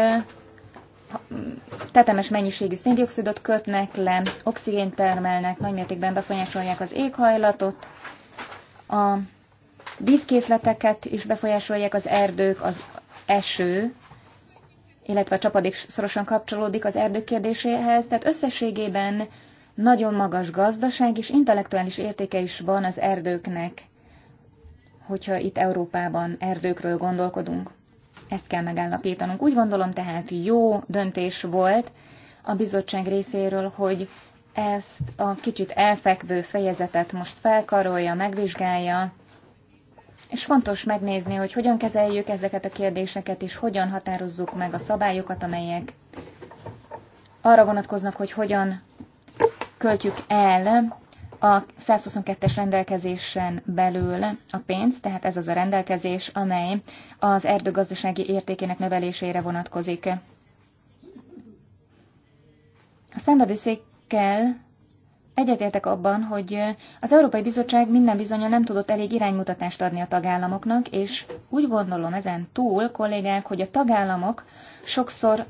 tetemes mennyiségű széndiokszidot kötnek le, oxigént termelnek, nagymértékben befolyásolják az éghajlatot, a vízkészleteket is befolyásolják az erdők, az eső, illetve a csapadék szorosan kapcsolódik az erdők kérdéséhez, tehát összességében nagyon magas gazdaság és intellektuális értéke is van az erdőknek, hogyha itt Európában erdőkről gondolkodunk. Ezt kell megállapítanunk. Úgy gondolom tehát jó döntés volt a bizottság részéről, hogy ezt a kicsit elfekvő fejezetet most felkarolja, megvizsgálja, és fontos megnézni, hogy hogyan kezeljük ezeket a kérdéseket, és hogyan határozzuk meg a szabályokat, amelyek arra vonatkoznak, hogy hogyan költjük el a 122-es rendelkezésen belül a pénz, tehát ez az a rendelkezés, amely az erdőgazdasági értékének növelésére vonatkozik. A szembevőszékkel egyetértek abban, hogy az Európai Bizottság minden bizonyal nem tudott elég iránymutatást adni a tagállamoknak, és úgy gondolom ezen túl, kollégák, hogy a tagállamok sokszor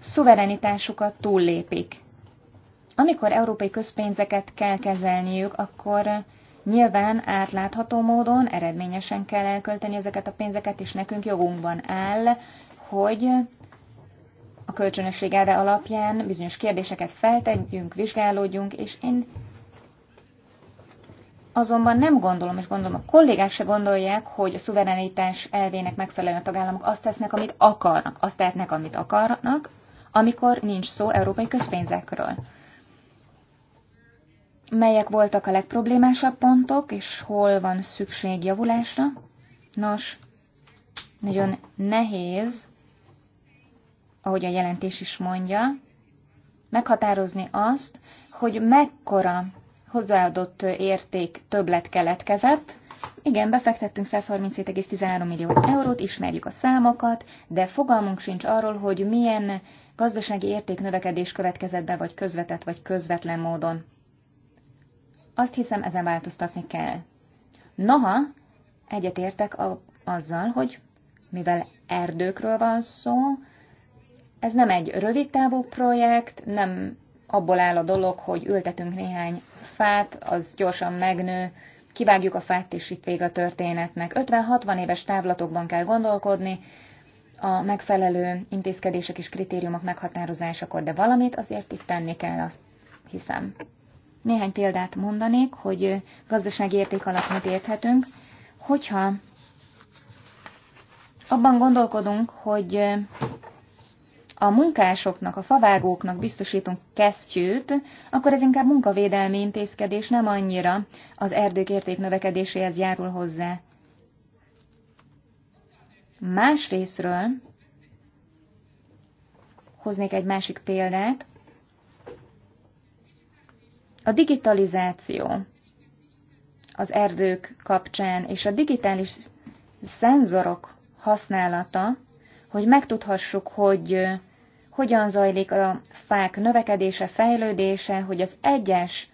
szuverenitásukat túllépik amikor európai közpénzeket kell kezelniük, akkor nyilván átlátható módon eredményesen kell elkölteni ezeket a pénzeket, és nekünk jogunkban áll, hogy a kölcsönösség elve alapján bizonyos kérdéseket feltegyünk, vizsgálódjunk, és én azonban nem gondolom, és gondolom a kollégák se gondolják, hogy a szuverenitás elvének megfelelően a tagállamok azt tesznek, amit akarnak, azt tehetnek, amit akarnak, amikor nincs szó európai közpénzekről melyek voltak a legproblémásabb pontok, és hol van szükség javulásra. Nos, nagyon nehéz, ahogy a jelentés is mondja, meghatározni azt, hogy mekkora hozzáadott érték többlet keletkezett. Igen, befektettünk 137,13 millió eurót, ismerjük a számokat, de fogalmunk sincs arról, hogy milyen gazdasági értéknövekedés következett be, vagy közvetett, vagy közvetlen módon. Azt hiszem, ezen változtatni kell. Noha, egyetértek a, azzal, hogy mivel erdőkről van szó, ez nem egy rövid távú projekt, nem abból áll a dolog, hogy ültetünk néhány fát, az gyorsan megnő, kivágjuk a fát, és itt vége a történetnek. 50-60 éves távlatokban kell gondolkodni, a megfelelő intézkedések és kritériumok meghatározásakor, de valamit azért itt tenni kell, azt hiszem. Néhány példát mondanék, hogy gazdasági érték alatt mit érthetünk. Hogyha abban gondolkodunk, hogy a munkásoknak, a favágóknak biztosítunk kesztyűt, akkor ez inkább munkavédelmi intézkedés nem annyira az erdők érték növekedéséhez járul hozzá. Más részről hoznék egy másik példát. A digitalizáció az erdők kapcsán és a digitális szenzorok használata, hogy megtudhassuk, hogy hogyan zajlik a fák növekedése, fejlődése, hogy az egyes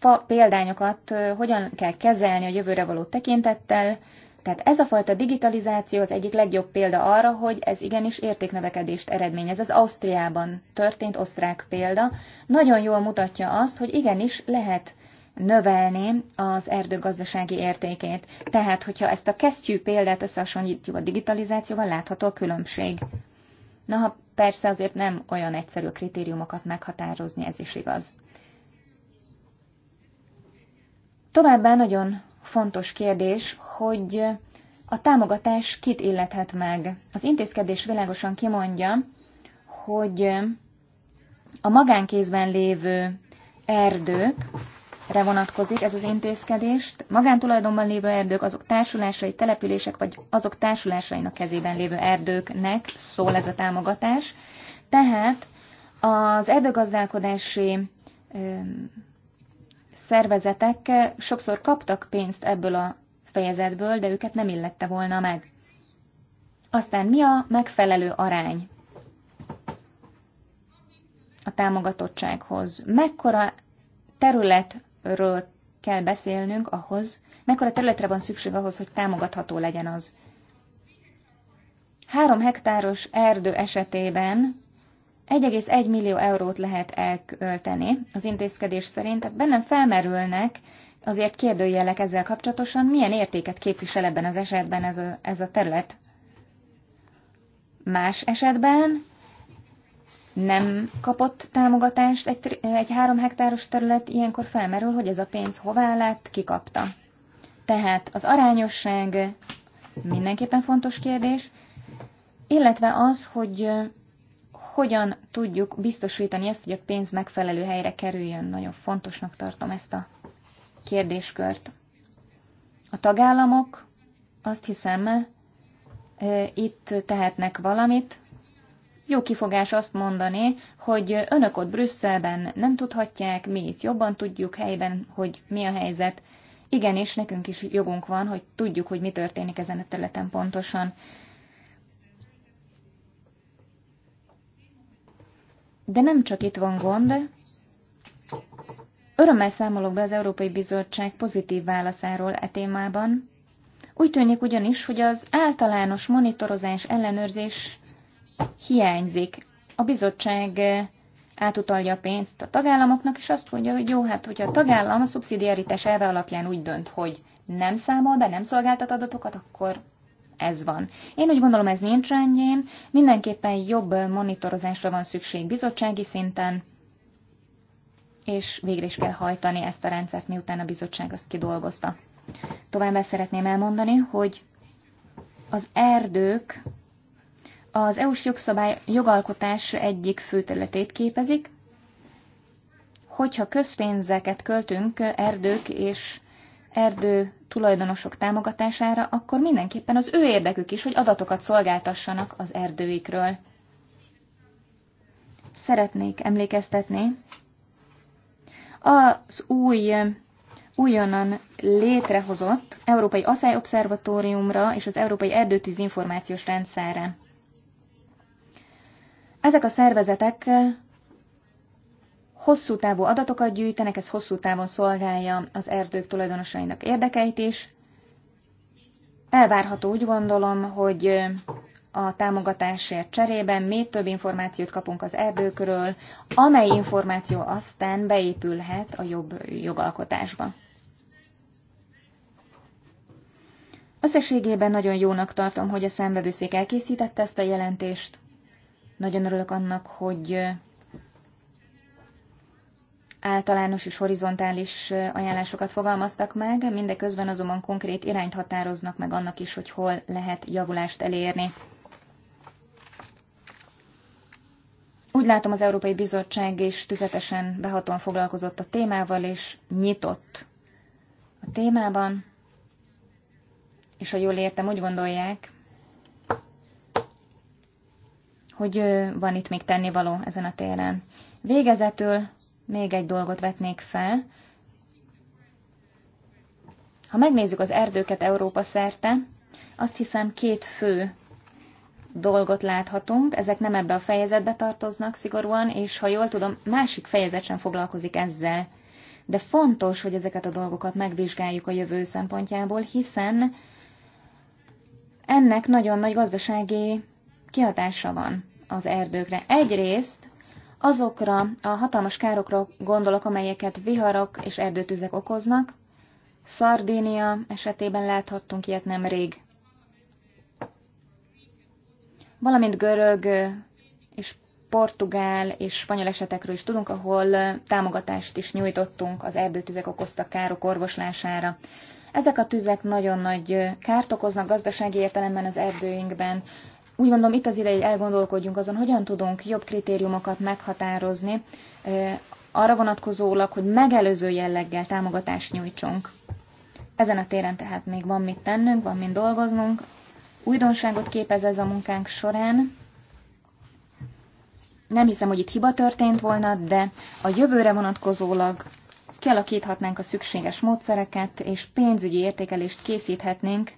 fa példányokat hogyan kell kezelni a jövőre való tekintettel, tehát ez a fajta digitalizáció az egyik legjobb példa arra, hogy ez igenis értéknövekedést eredményez. Ez Ausztriában történt osztrák példa. Nagyon jól mutatja azt, hogy igenis lehet növelni az erdőgazdasági értékét. Tehát, hogyha ezt a kesztyű példát összehasonlítjuk a digitalizációval, látható a különbség. Na, ha persze azért nem olyan egyszerű a kritériumokat meghatározni, ez is igaz. Továbbá nagyon fontos kérdés, hogy a támogatás kit illethet meg. Az intézkedés világosan kimondja, hogy a magánkézben lévő erdőkre vonatkozik ez az intézkedést. Magántulajdonban lévő erdők azok társulásai, települések vagy azok társulásainak kezében lévő erdőknek szól ez a támogatás. Tehát az erdőgazdálkodási szervezetek sokszor kaptak pénzt ebből a fejezetből, de őket nem illette volna meg. Aztán mi a megfelelő arány a támogatottsághoz? Mekkora területről kell beszélnünk ahhoz, mekkora területre van szükség ahhoz, hogy támogatható legyen az? Három hektáros erdő esetében 1,1 millió eurót lehet elkölteni az intézkedés szerint, tehát bennem felmerülnek azért kérdőjelek ezzel kapcsolatosan, milyen értéket képvisel ebben az esetben ez a, ez a terület. Más esetben nem kapott támogatást egy, egy három hektáros terület, ilyenkor felmerül, hogy ez a pénz hová lett, ki kapta. Tehát az arányosság mindenképpen fontos kérdés, illetve az, hogy hogyan tudjuk biztosítani azt, hogy a pénz megfelelő helyre kerüljön. Nagyon fontosnak tartom ezt a kérdéskört. A tagállamok, azt hiszem, itt tehetnek valamit. Jó kifogás azt mondani, hogy önök ott Brüsszelben nem tudhatják, mi itt jobban tudjuk helyben, hogy mi a helyzet. Igenis, nekünk is jogunk van, hogy tudjuk, hogy mi történik ezen a területen pontosan. De nem csak itt van gond. Örömmel számolok be az Európai Bizottság pozitív válaszáról e témában. Úgy tűnik ugyanis, hogy az általános monitorozás ellenőrzés hiányzik. A bizottság eh, átutalja a pénzt a tagállamoknak, és azt mondja, hogy jó, hát hogyha a tagállam a szubszidiaritás elve alapján úgy dönt, hogy nem számol be, nem szolgáltat adatokat, akkor ez van. Én úgy gondolom, ez nincs rendjén, mindenképpen jobb monitorozásra van szükség bizottsági szinten, és végre is kell hajtani ezt a rendszert, miután a bizottság azt kidolgozta. Továbbá szeretném elmondani, hogy az erdők az EU-s jogszabály jogalkotás egyik fő területét képezik. Hogyha közpénzeket költünk erdők és erdő tulajdonosok támogatására, akkor mindenképpen az ő érdekük is, hogy adatokat szolgáltassanak az erdőikről. Szeretnék emlékeztetni az új, újonnan létrehozott Európai Asszály Obszervatóriumra és az Európai Erdőtűz Információs Rendszerre. Ezek a szervezetek hosszú távú adatokat gyűjtenek, ez hosszú távon szolgálja az erdők tulajdonosainak érdekeit is. Elvárható úgy gondolom, hogy a támogatásért cserében még több információt kapunk az erdőkről, amely információ aztán beépülhet a jobb jogalkotásba. Összességében nagyon jónak tartom, hogy a számbevőszék elkészítette ezt a jelentést. Nagyon örülök annak, hogy általános és horizontális ajánlásokat fogalmaztak meg, mindeközben azonban konkrét irányt határoznak meg annak is, hogy hol lehet javulást elérni. Úgy látom, az Európai Bizottság is tüzetesen behatóan foglalkozott a témával, és nyitott a témában, és ha jól értem, úgy gondolják, hogy van itt még tennivaló ezen a téren. Végezetül még egy dolgot vetnék fel. Ha megnézzük az erdőket Európa szerte, azt hiszem két fő dolgot láthatunk, ezek nem ebbe a fejezetbe tartoznak szigorúan, és ha jól tudom, másik fejezet sem foglalkozik ezzel. De fontos, hogy ezeket a dolgokat megvizsgáljuk a jövő szempontjából, hiszen ennek nagyon nagy gazdasági kihatása van az erdőkre. Egyrészt Azokra a hatalmas károkra gondolok, amelyeket viharok és erdőtüzek okoznak. Szardénia esetében láthattunk ilyet nemrég. Valamint görög és portugál és spanyol esetekről is tudunk, ahol támogatást is nyújtottunk az erdőtüzek okozta károk orvoslására. Ezek a tüzek nagyon nagy kárt okoznak gazdasági értelemben az erdőinkben, úgy gondolom itt az ideig elgondolkodjunk azon, hogyan tudunk jobb kritériumokat meghatározni, arra vonatkozólag, hogy megelőző jelleggel támogatást nyújtsunk. Ezen a téren tehát még van mit tennünk, van mit dolgoznunk. Újdonságot képez ez a munkánk során. Nem hiszem, hogy itt hiba történt volna, de a jövőre vonatkozólag kialakíthatnánk a szükséges módszereket, és pénzügyi értékelést készíthetnénk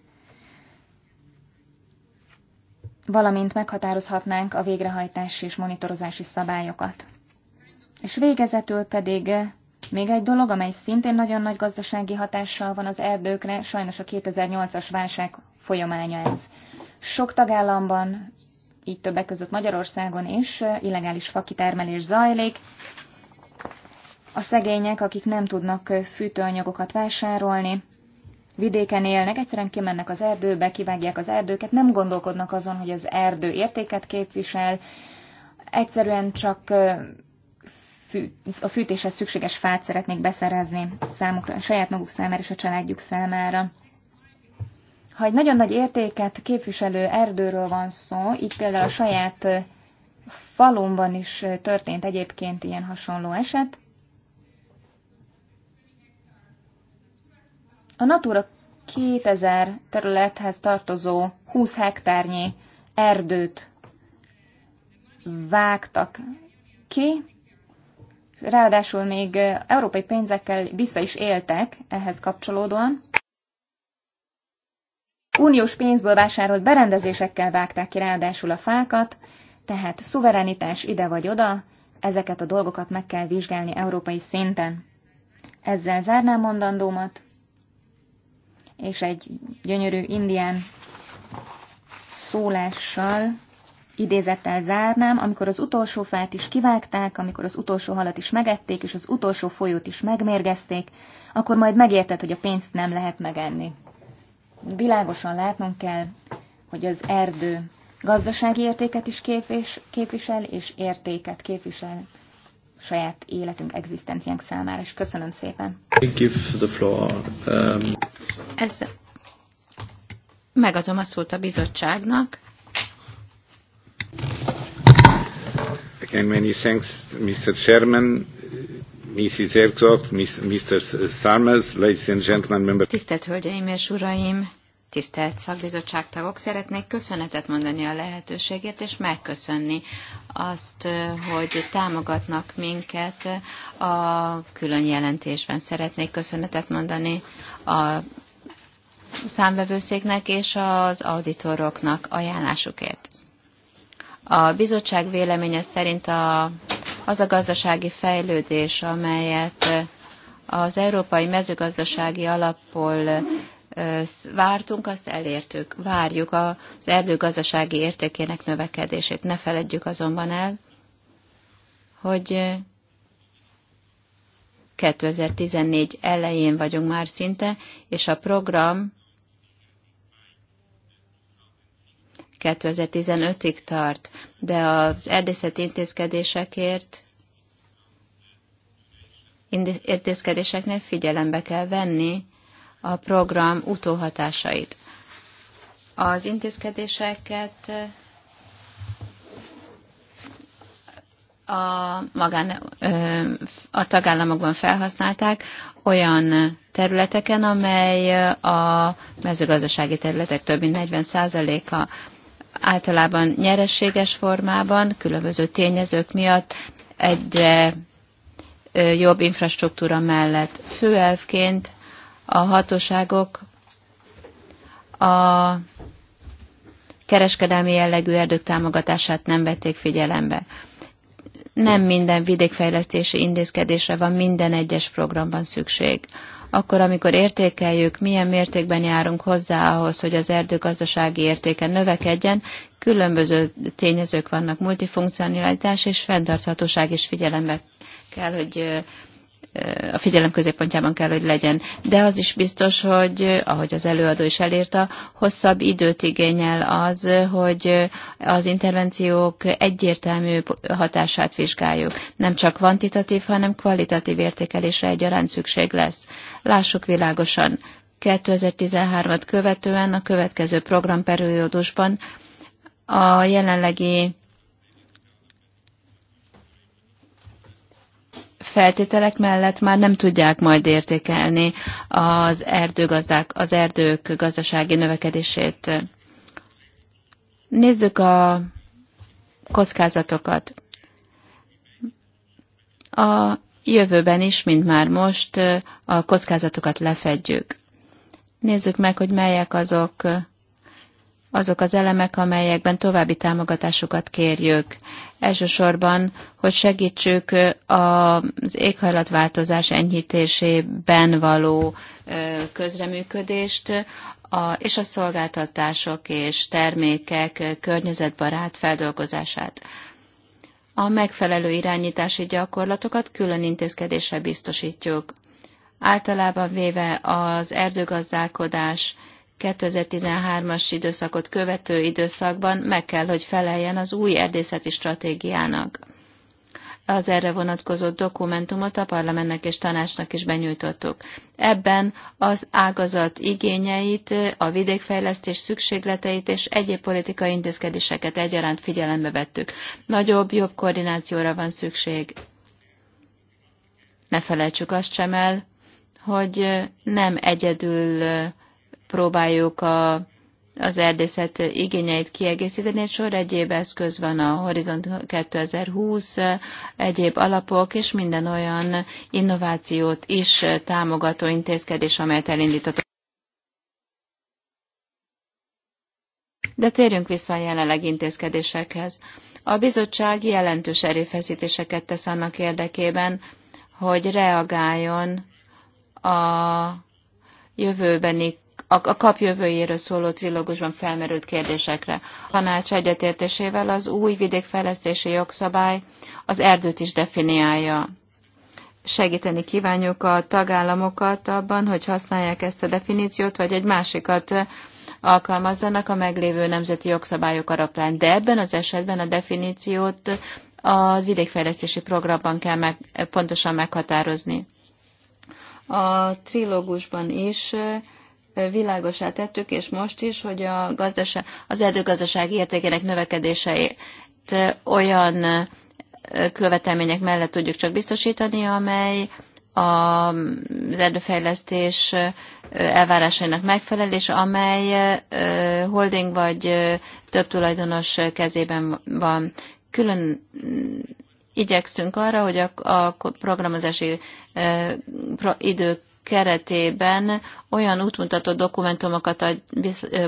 valamint meghatározhatnánk a végrehajtási és monitorozási szabályokat. És végezetül pedig eh, még egy dolog, amely szintén nagyon nagy gazdasági hatással van az erdőkre, sajnos a 2008-as válság folyamánya ez. Sok tagállamban, így többek között Magyarországon is eh, illegális fakitermelés zajlik. A szegények, akik nem tudnak eh, fűtőanyagokat vásárolni, vidéken élnek, egyszerűen kimennek az erdőbe, kivágják az erdőket, nem gondolkodnak azon, hogy az erdő értéket képvisel, egyszerűen csak a fűtéshez szükséges fát szeretnék beszerezni számukra, saját maguk számára és a családjuk számára. Ha egy nagyon nagy értéket képviselő erdőről van szó, így például a saját falumban is történt egyébként ilyen hasonló eset, A Natura 2000 területhez tartozó 20 hektárnyi erdőt vágtak ki, ráadásul még európai pénzekkel vissza is éltek ehhez kapcsolódóan. Uniós pénzből vásárolt berendezésekkel vágták ki ráadásul a fákat, tehát szuverenitás ide vagy oda, ezeket a dolgokat meg kell vizsgálni európai szinten. Ezzel zárnám mondandómat és egy gyönyörű indián szólással, idézettel zárnám, amikor az utolsó fát is kivágták, amikor az utolsó halat is megették, és az utolsó folyót is megmérgezték, akkor majd megérted, hogy a pénzt nem lehet megenni. Világosan látnunk kell, hogy az erdő gazdasági értéket is képvisel, és értéket képvisel saját életünk, egzisztenciánk számára, és köszönöm szépen. Give the floor, um... megadom a szót a bizottságnak. Again, many thanks, Mr. Chairman, Mrs. Herzog, Mr. Sarmers, ladies and gentlemen, members. Tisztelt Hölgyeim és Uraim! Tisztelt szakbizottságtagok, szeretnék köszönetet mondani a lehetőségért, és megköszönni azt, hogy támogatnak minket a külön jelentésben. Szeretnék köszönetet mondani a számvevőszéknek és az auditoroknak ajánlásukért. A bizottság véleménye szerint a, az a gazdasági fejlődés, amelyet az európai mezőgazdasági alapból vártunk, azt elértük. Várjuk az erdőgazdasági értékének növekedését. Ne feledjük azonban el, hogy 2014 elején vagyunk már szinte, és a program 2015-ig tart, de az erdészeti intézkedésekért intézkedéseknek figyelembe kell venni a program utóhatásait. Az intézkedéseket a, magán, a tagállamokban felhasználták olyan területeken, amely a mezőgazdasági területek több mint 40%-a általában nyereséges formában, különböző tényezők miatt egyre jobb infrastruktúra mellett főelvként a hatóságok a kereskedelmi jellegű erdők támogatását nem vették figyelembe. Nem minden vidékfejlesztési intézkedésre van minden egyes programban szükség. Akkor, amikor értékeljük, milyen mértékben járunk hozzá ahhoz, hogy az erdőgazdasági értéke növekedjen, különböző tényezők vannak, multifunkcionalitás és fenntarthatóság is figyelembe kell, hogy a figyelem középpontjában kell, hogy legyen. De az is biztos, hogy, ahogy az előadó is elírta, hosszabb időt igényel az, hogy az intervenciók egyértelmű hatását vizsgáljuk. Nem csak kvantitatív, hanem kvalitatív értékelésre egyaránt szükség lesz. Lássuk világosan, 2013-at követően a következő programperiódusban a jelenlegi feltételek mellett már nem tudják majd értékelni az, erdőgazdák, az erdők gazdasági növekedését. Nézzük a kockázatokat. A jövőben is, mint már most, a kockázatokat lefedjük. Nézzük meg, hogy melyek azok azok az elemek, amelyekben további támogatásokat kérjük. Elsősorban, hogy segítsük az éghajlatváltozás enyhítésében való közreműködést, a, és a szolgáltatások és termékek környezetbarát feldolgozását. A megfelelő irányítási gyakorlatokat külön intézkedésre biztosítjuk. Általában véve az erdőgazdálkodás 2013-as időszakot követő időszakban meg kell, hogy feleljen az új erdészeti stratégiának. Az erre vonatkozó dokumentumot a parlamentnek és tanácsnak is benyújtottuk. Ebben az ágazat igényeit, a vidékfejlesztés szükségleteit és egyéb politikai intézkedéseket egyaránt figyelembe vettük. Nagyobb, jobb koordinációra van szükség. Ne felejtsük azt sem el, hogy nem egyedül próbáljuk a, az erdészet igényeit kiegészíteni. Egy sor egyéb eszköz van a Horizont 2020, egyéb alapok, és minden olyan innovációt is támogató intézkedés, amelyet elindított. De térjünk vissza a jelenleg intézkedésekhez. A bizottság jelentős erőfeszítéseket tesz annak érdekében, hogy reagáljon a jövőbeni a, a kap jövőjéről szóló trilógusban felmerült kérdésekre. A tanács egyetértésével az új vidékfejlesztési jogszabály az erdőt is definiálja. Segíteni kívánjuk a tagállamokat abban, hogy használják ezt a definíciót, vagy egy másikat alkalmazzanak a meglévő nemzeti jogszabályok alapján. De ebben az esetben a definíciót a vidékfejlesztési programban kell meg, pontosan meghatározni. A trilógusban is világosá tettük, és most is, hogy a gazdaság, az erdőgazdaság értékének növekedéseit olyan követelmények mellett tudjuk csak biztosítani, amely az erdőfejlesztés elvárásainak megfelelés, amely holding vagy több tulajdonos kezében van. Külön mm, igyekszünk arra, hogy a, programozási idők keretében olyan útmutató dokumentumokat a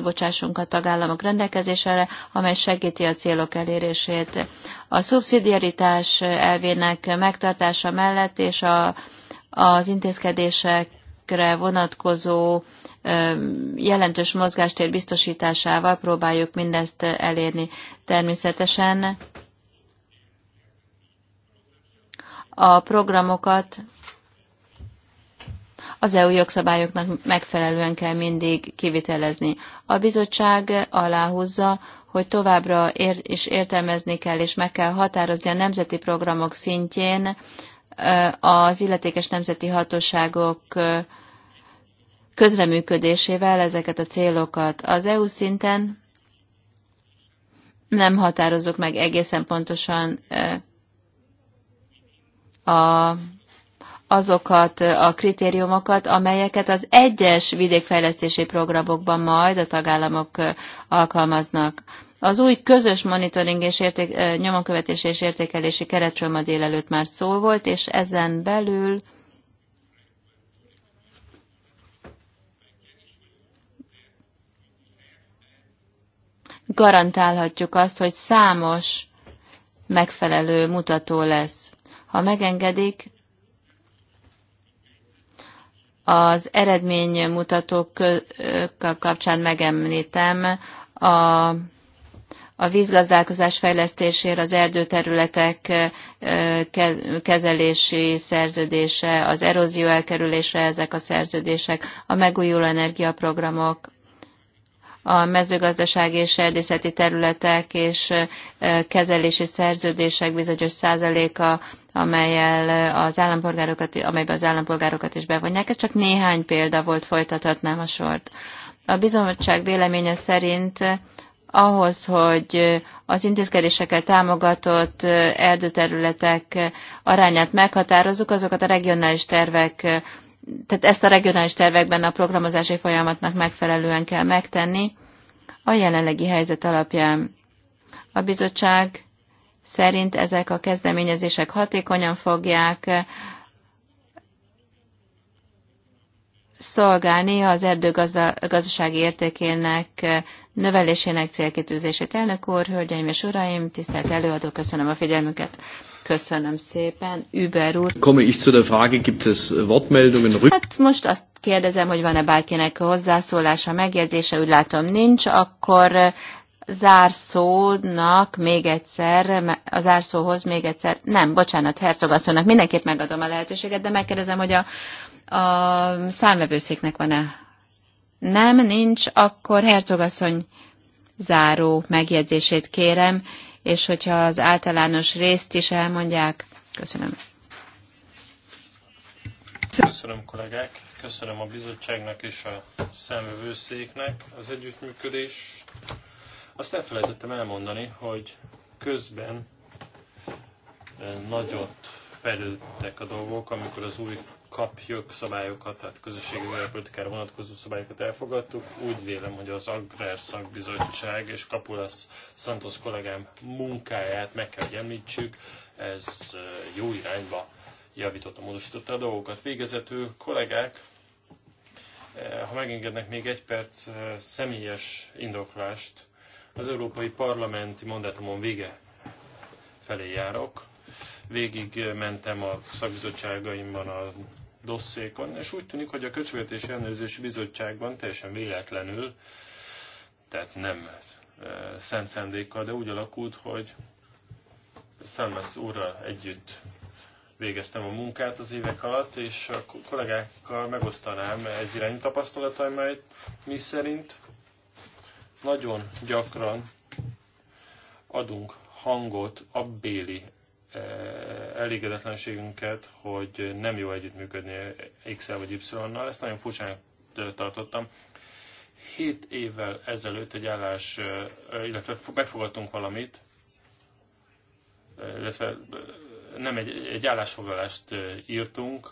bocsássunk a tagállamok rendelkezésére, amely segíti a célok elérését. A szubszidiaritás elvének megtartása mellett és a, az intézkedésekre vonatkozó jelentős mozgástér biztosításával próbáljuk mindezt elérni. Természetesen a programokat az EU jogszabályoknak megfelelően kell mindig kivitelezni. A bizottság aláhúzza, hogy továbbra ér- is értelmezni kell és meg kell határozni a nemzeti programok szintjén az illetékes nemzeti hatóságok közreműködésével ezeket a célokat. Az EU szinten nem határozok meg egészen pontosan a azokat a kritériumokat, amelyeket az egyes vidékfejlesztési programokban majd a tagállamok alkalmaznak. Az új közös monitoring és érték, nyomonkövetési és értékelési keretről ma délelőtt már szó volt, és ezen belül garantálhatjuk azt, hogy számos megfelelő mutató lesz. Ha megengedik, az eredménymutatókkal kapcsán megemlítem a a vízgazdálkozás fejlesztésére az erdőterületek kezelési szerződése, az erózió elkerülésre ezek a szerződések, a megújuló energiaprogramok, a mezőgazdaság és erdészeti területek és kezelési szerződések bizonyos százaléka, amelyel az állampolgárokat, amelyben az állampolgárokat is bevonják. Ez csak néhány példa volt, folytathatnám a sort. A bizottság véleménye szerint ahhoz, hogy az intézkedésekkel támogatott erdőterületek arányát meghatározzuk, azokat a regionális tervek tehát ezt a regionális tervekben a programozási folyamatnak megfelelően kell megtenni a jelenlegi helyzet alapján. A bizottság szerint ezek a kezdeményezések hatékonyan fogják eh, szolgálni az erdőgazdasági értékének eh, növelésének célkitűzését. Elnök úr, hölgyeim és uraim, tisztelt előadó, köszönöm a figyelmüket. Köszönöm szépen, Über úr. Komme ich zu der Frage, gibt es äh, Wortmeldungen? Hát most azt kérdezem, hogy van-e bárkinek hozzászólása, megjegyzése, úgy látom nincs, akkor zárszónak még egyszer, a zárszóhoz még egyszer, nem, bocsánat, hercogasszónak mindenképp megadom a lehetőséget, de megkérdezem, hogy a, a számvevőszéknek van-e? Nem, nincs, akkor hercogasszony záró megjegyzését kérem, és hogyha az általános részt is elmondják. Köszönöm. Köszönöm kollégák, köszönöm a bizottságnak és a szemvőszéknek az együttműködés. Azt elfelejtettem elmondani, hogy közben eh, nagyot fejlődtek a dolgok, amikor az új kapjuk szabályokat, tehát közösségi politikára vonatkozó szabályokat elfogadtuk. Úgy vélem, hogy az Agrár Szakbizottság és Kapulasz Santos kollégám munkáját meg kell, hogy említsük. Ez jó irányba javította, módosította a dolgokat. Végezető kollégák, ha megengednek még egy perc személyes indoklást, az Európai Parlamenti mandátumon vége felé járok. Végig mentem a szakbizottságaimban a dosszékon, és úgy tűnik, hogy a Költségvetési Ellenőrzési Bizottságban teljesen véletlenül, tehát nem e, szent szendékkal, de úgy alakult, hogy Szelmesz úrral együtt végeztem a munkát az évek alatt, és a kollégákkal megosztanám ez irányú tapasztalataimat, mi szerint nagyon gyakran adunk hangot abbéli elégedetlenségünket, hogy nem jó együttműködni x vagy Y-nal. Ezt nagyon furcsán tartottam. Hét évvel ezelőtt egy állás, illetve megfogadtunk valamit, illetve nem egy, egy állásfoglalást írtunk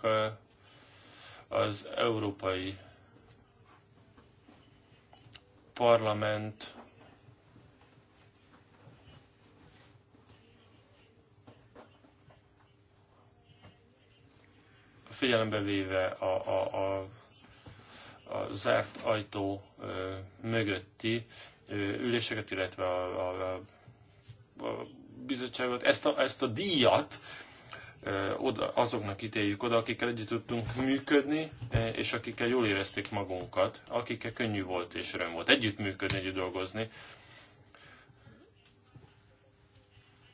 az Európai Parlament figyelembe véve a, a, a, a zárt ajtó ö, mögötti ö, üléseket, illetve a, a, a, a bizottságot, ezt a, ezt a díjat ö, oda, azoknak ítéljük oda, akikkel együtt tudtunk működni, és akikkel jól érezték magunkat, akikkel könnyű volt és öröm volt együtt működni, együtt dolgozni.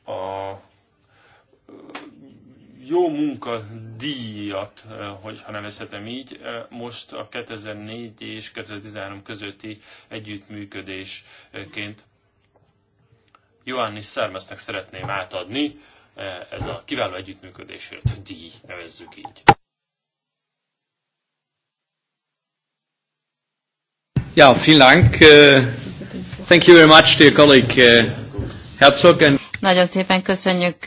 A jó munka díjat, eh, hogyha nevezhetem így, eh, most a 2004 és 2013 közötti együttműködésként Johannis Szermesznek szeretném átadni eh, ez a kiváló együttműködésért díj, nevezzük így. Ja, vielen Dank. thank you very much, dear colleague Herzog. And... Nagyon szépen köszönjük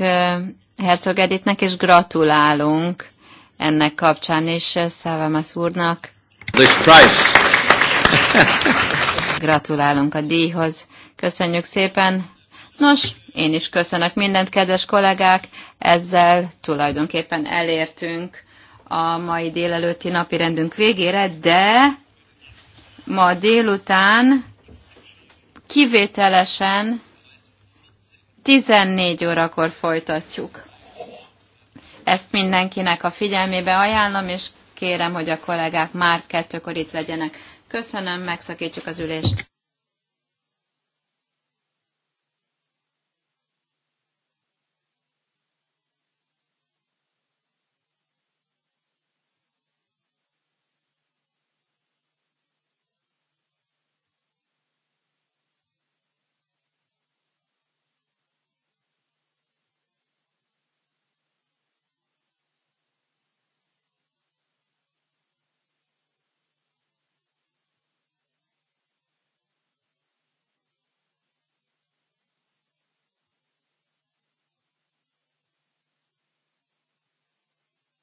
Herzog Editnek, és gratulálunk ennek kapcsán is eh, Szávamász úrnak. This Gratulálunk a díjhoz. Köszönjük szépen. Nos, én is köszönök mindent, kedves kollégák. Ezzel tulajdonképpen elértünk a mai délelőtti napi rendünk végére, de ma délután kivételesen 14 órakor folytatjuk. Ezt mindenkinek a figyelmébe ajánlom, és kérem, hogy a kollégák már kettőkor itt legyenek. Köszönöm, megszakítjuk az ülést.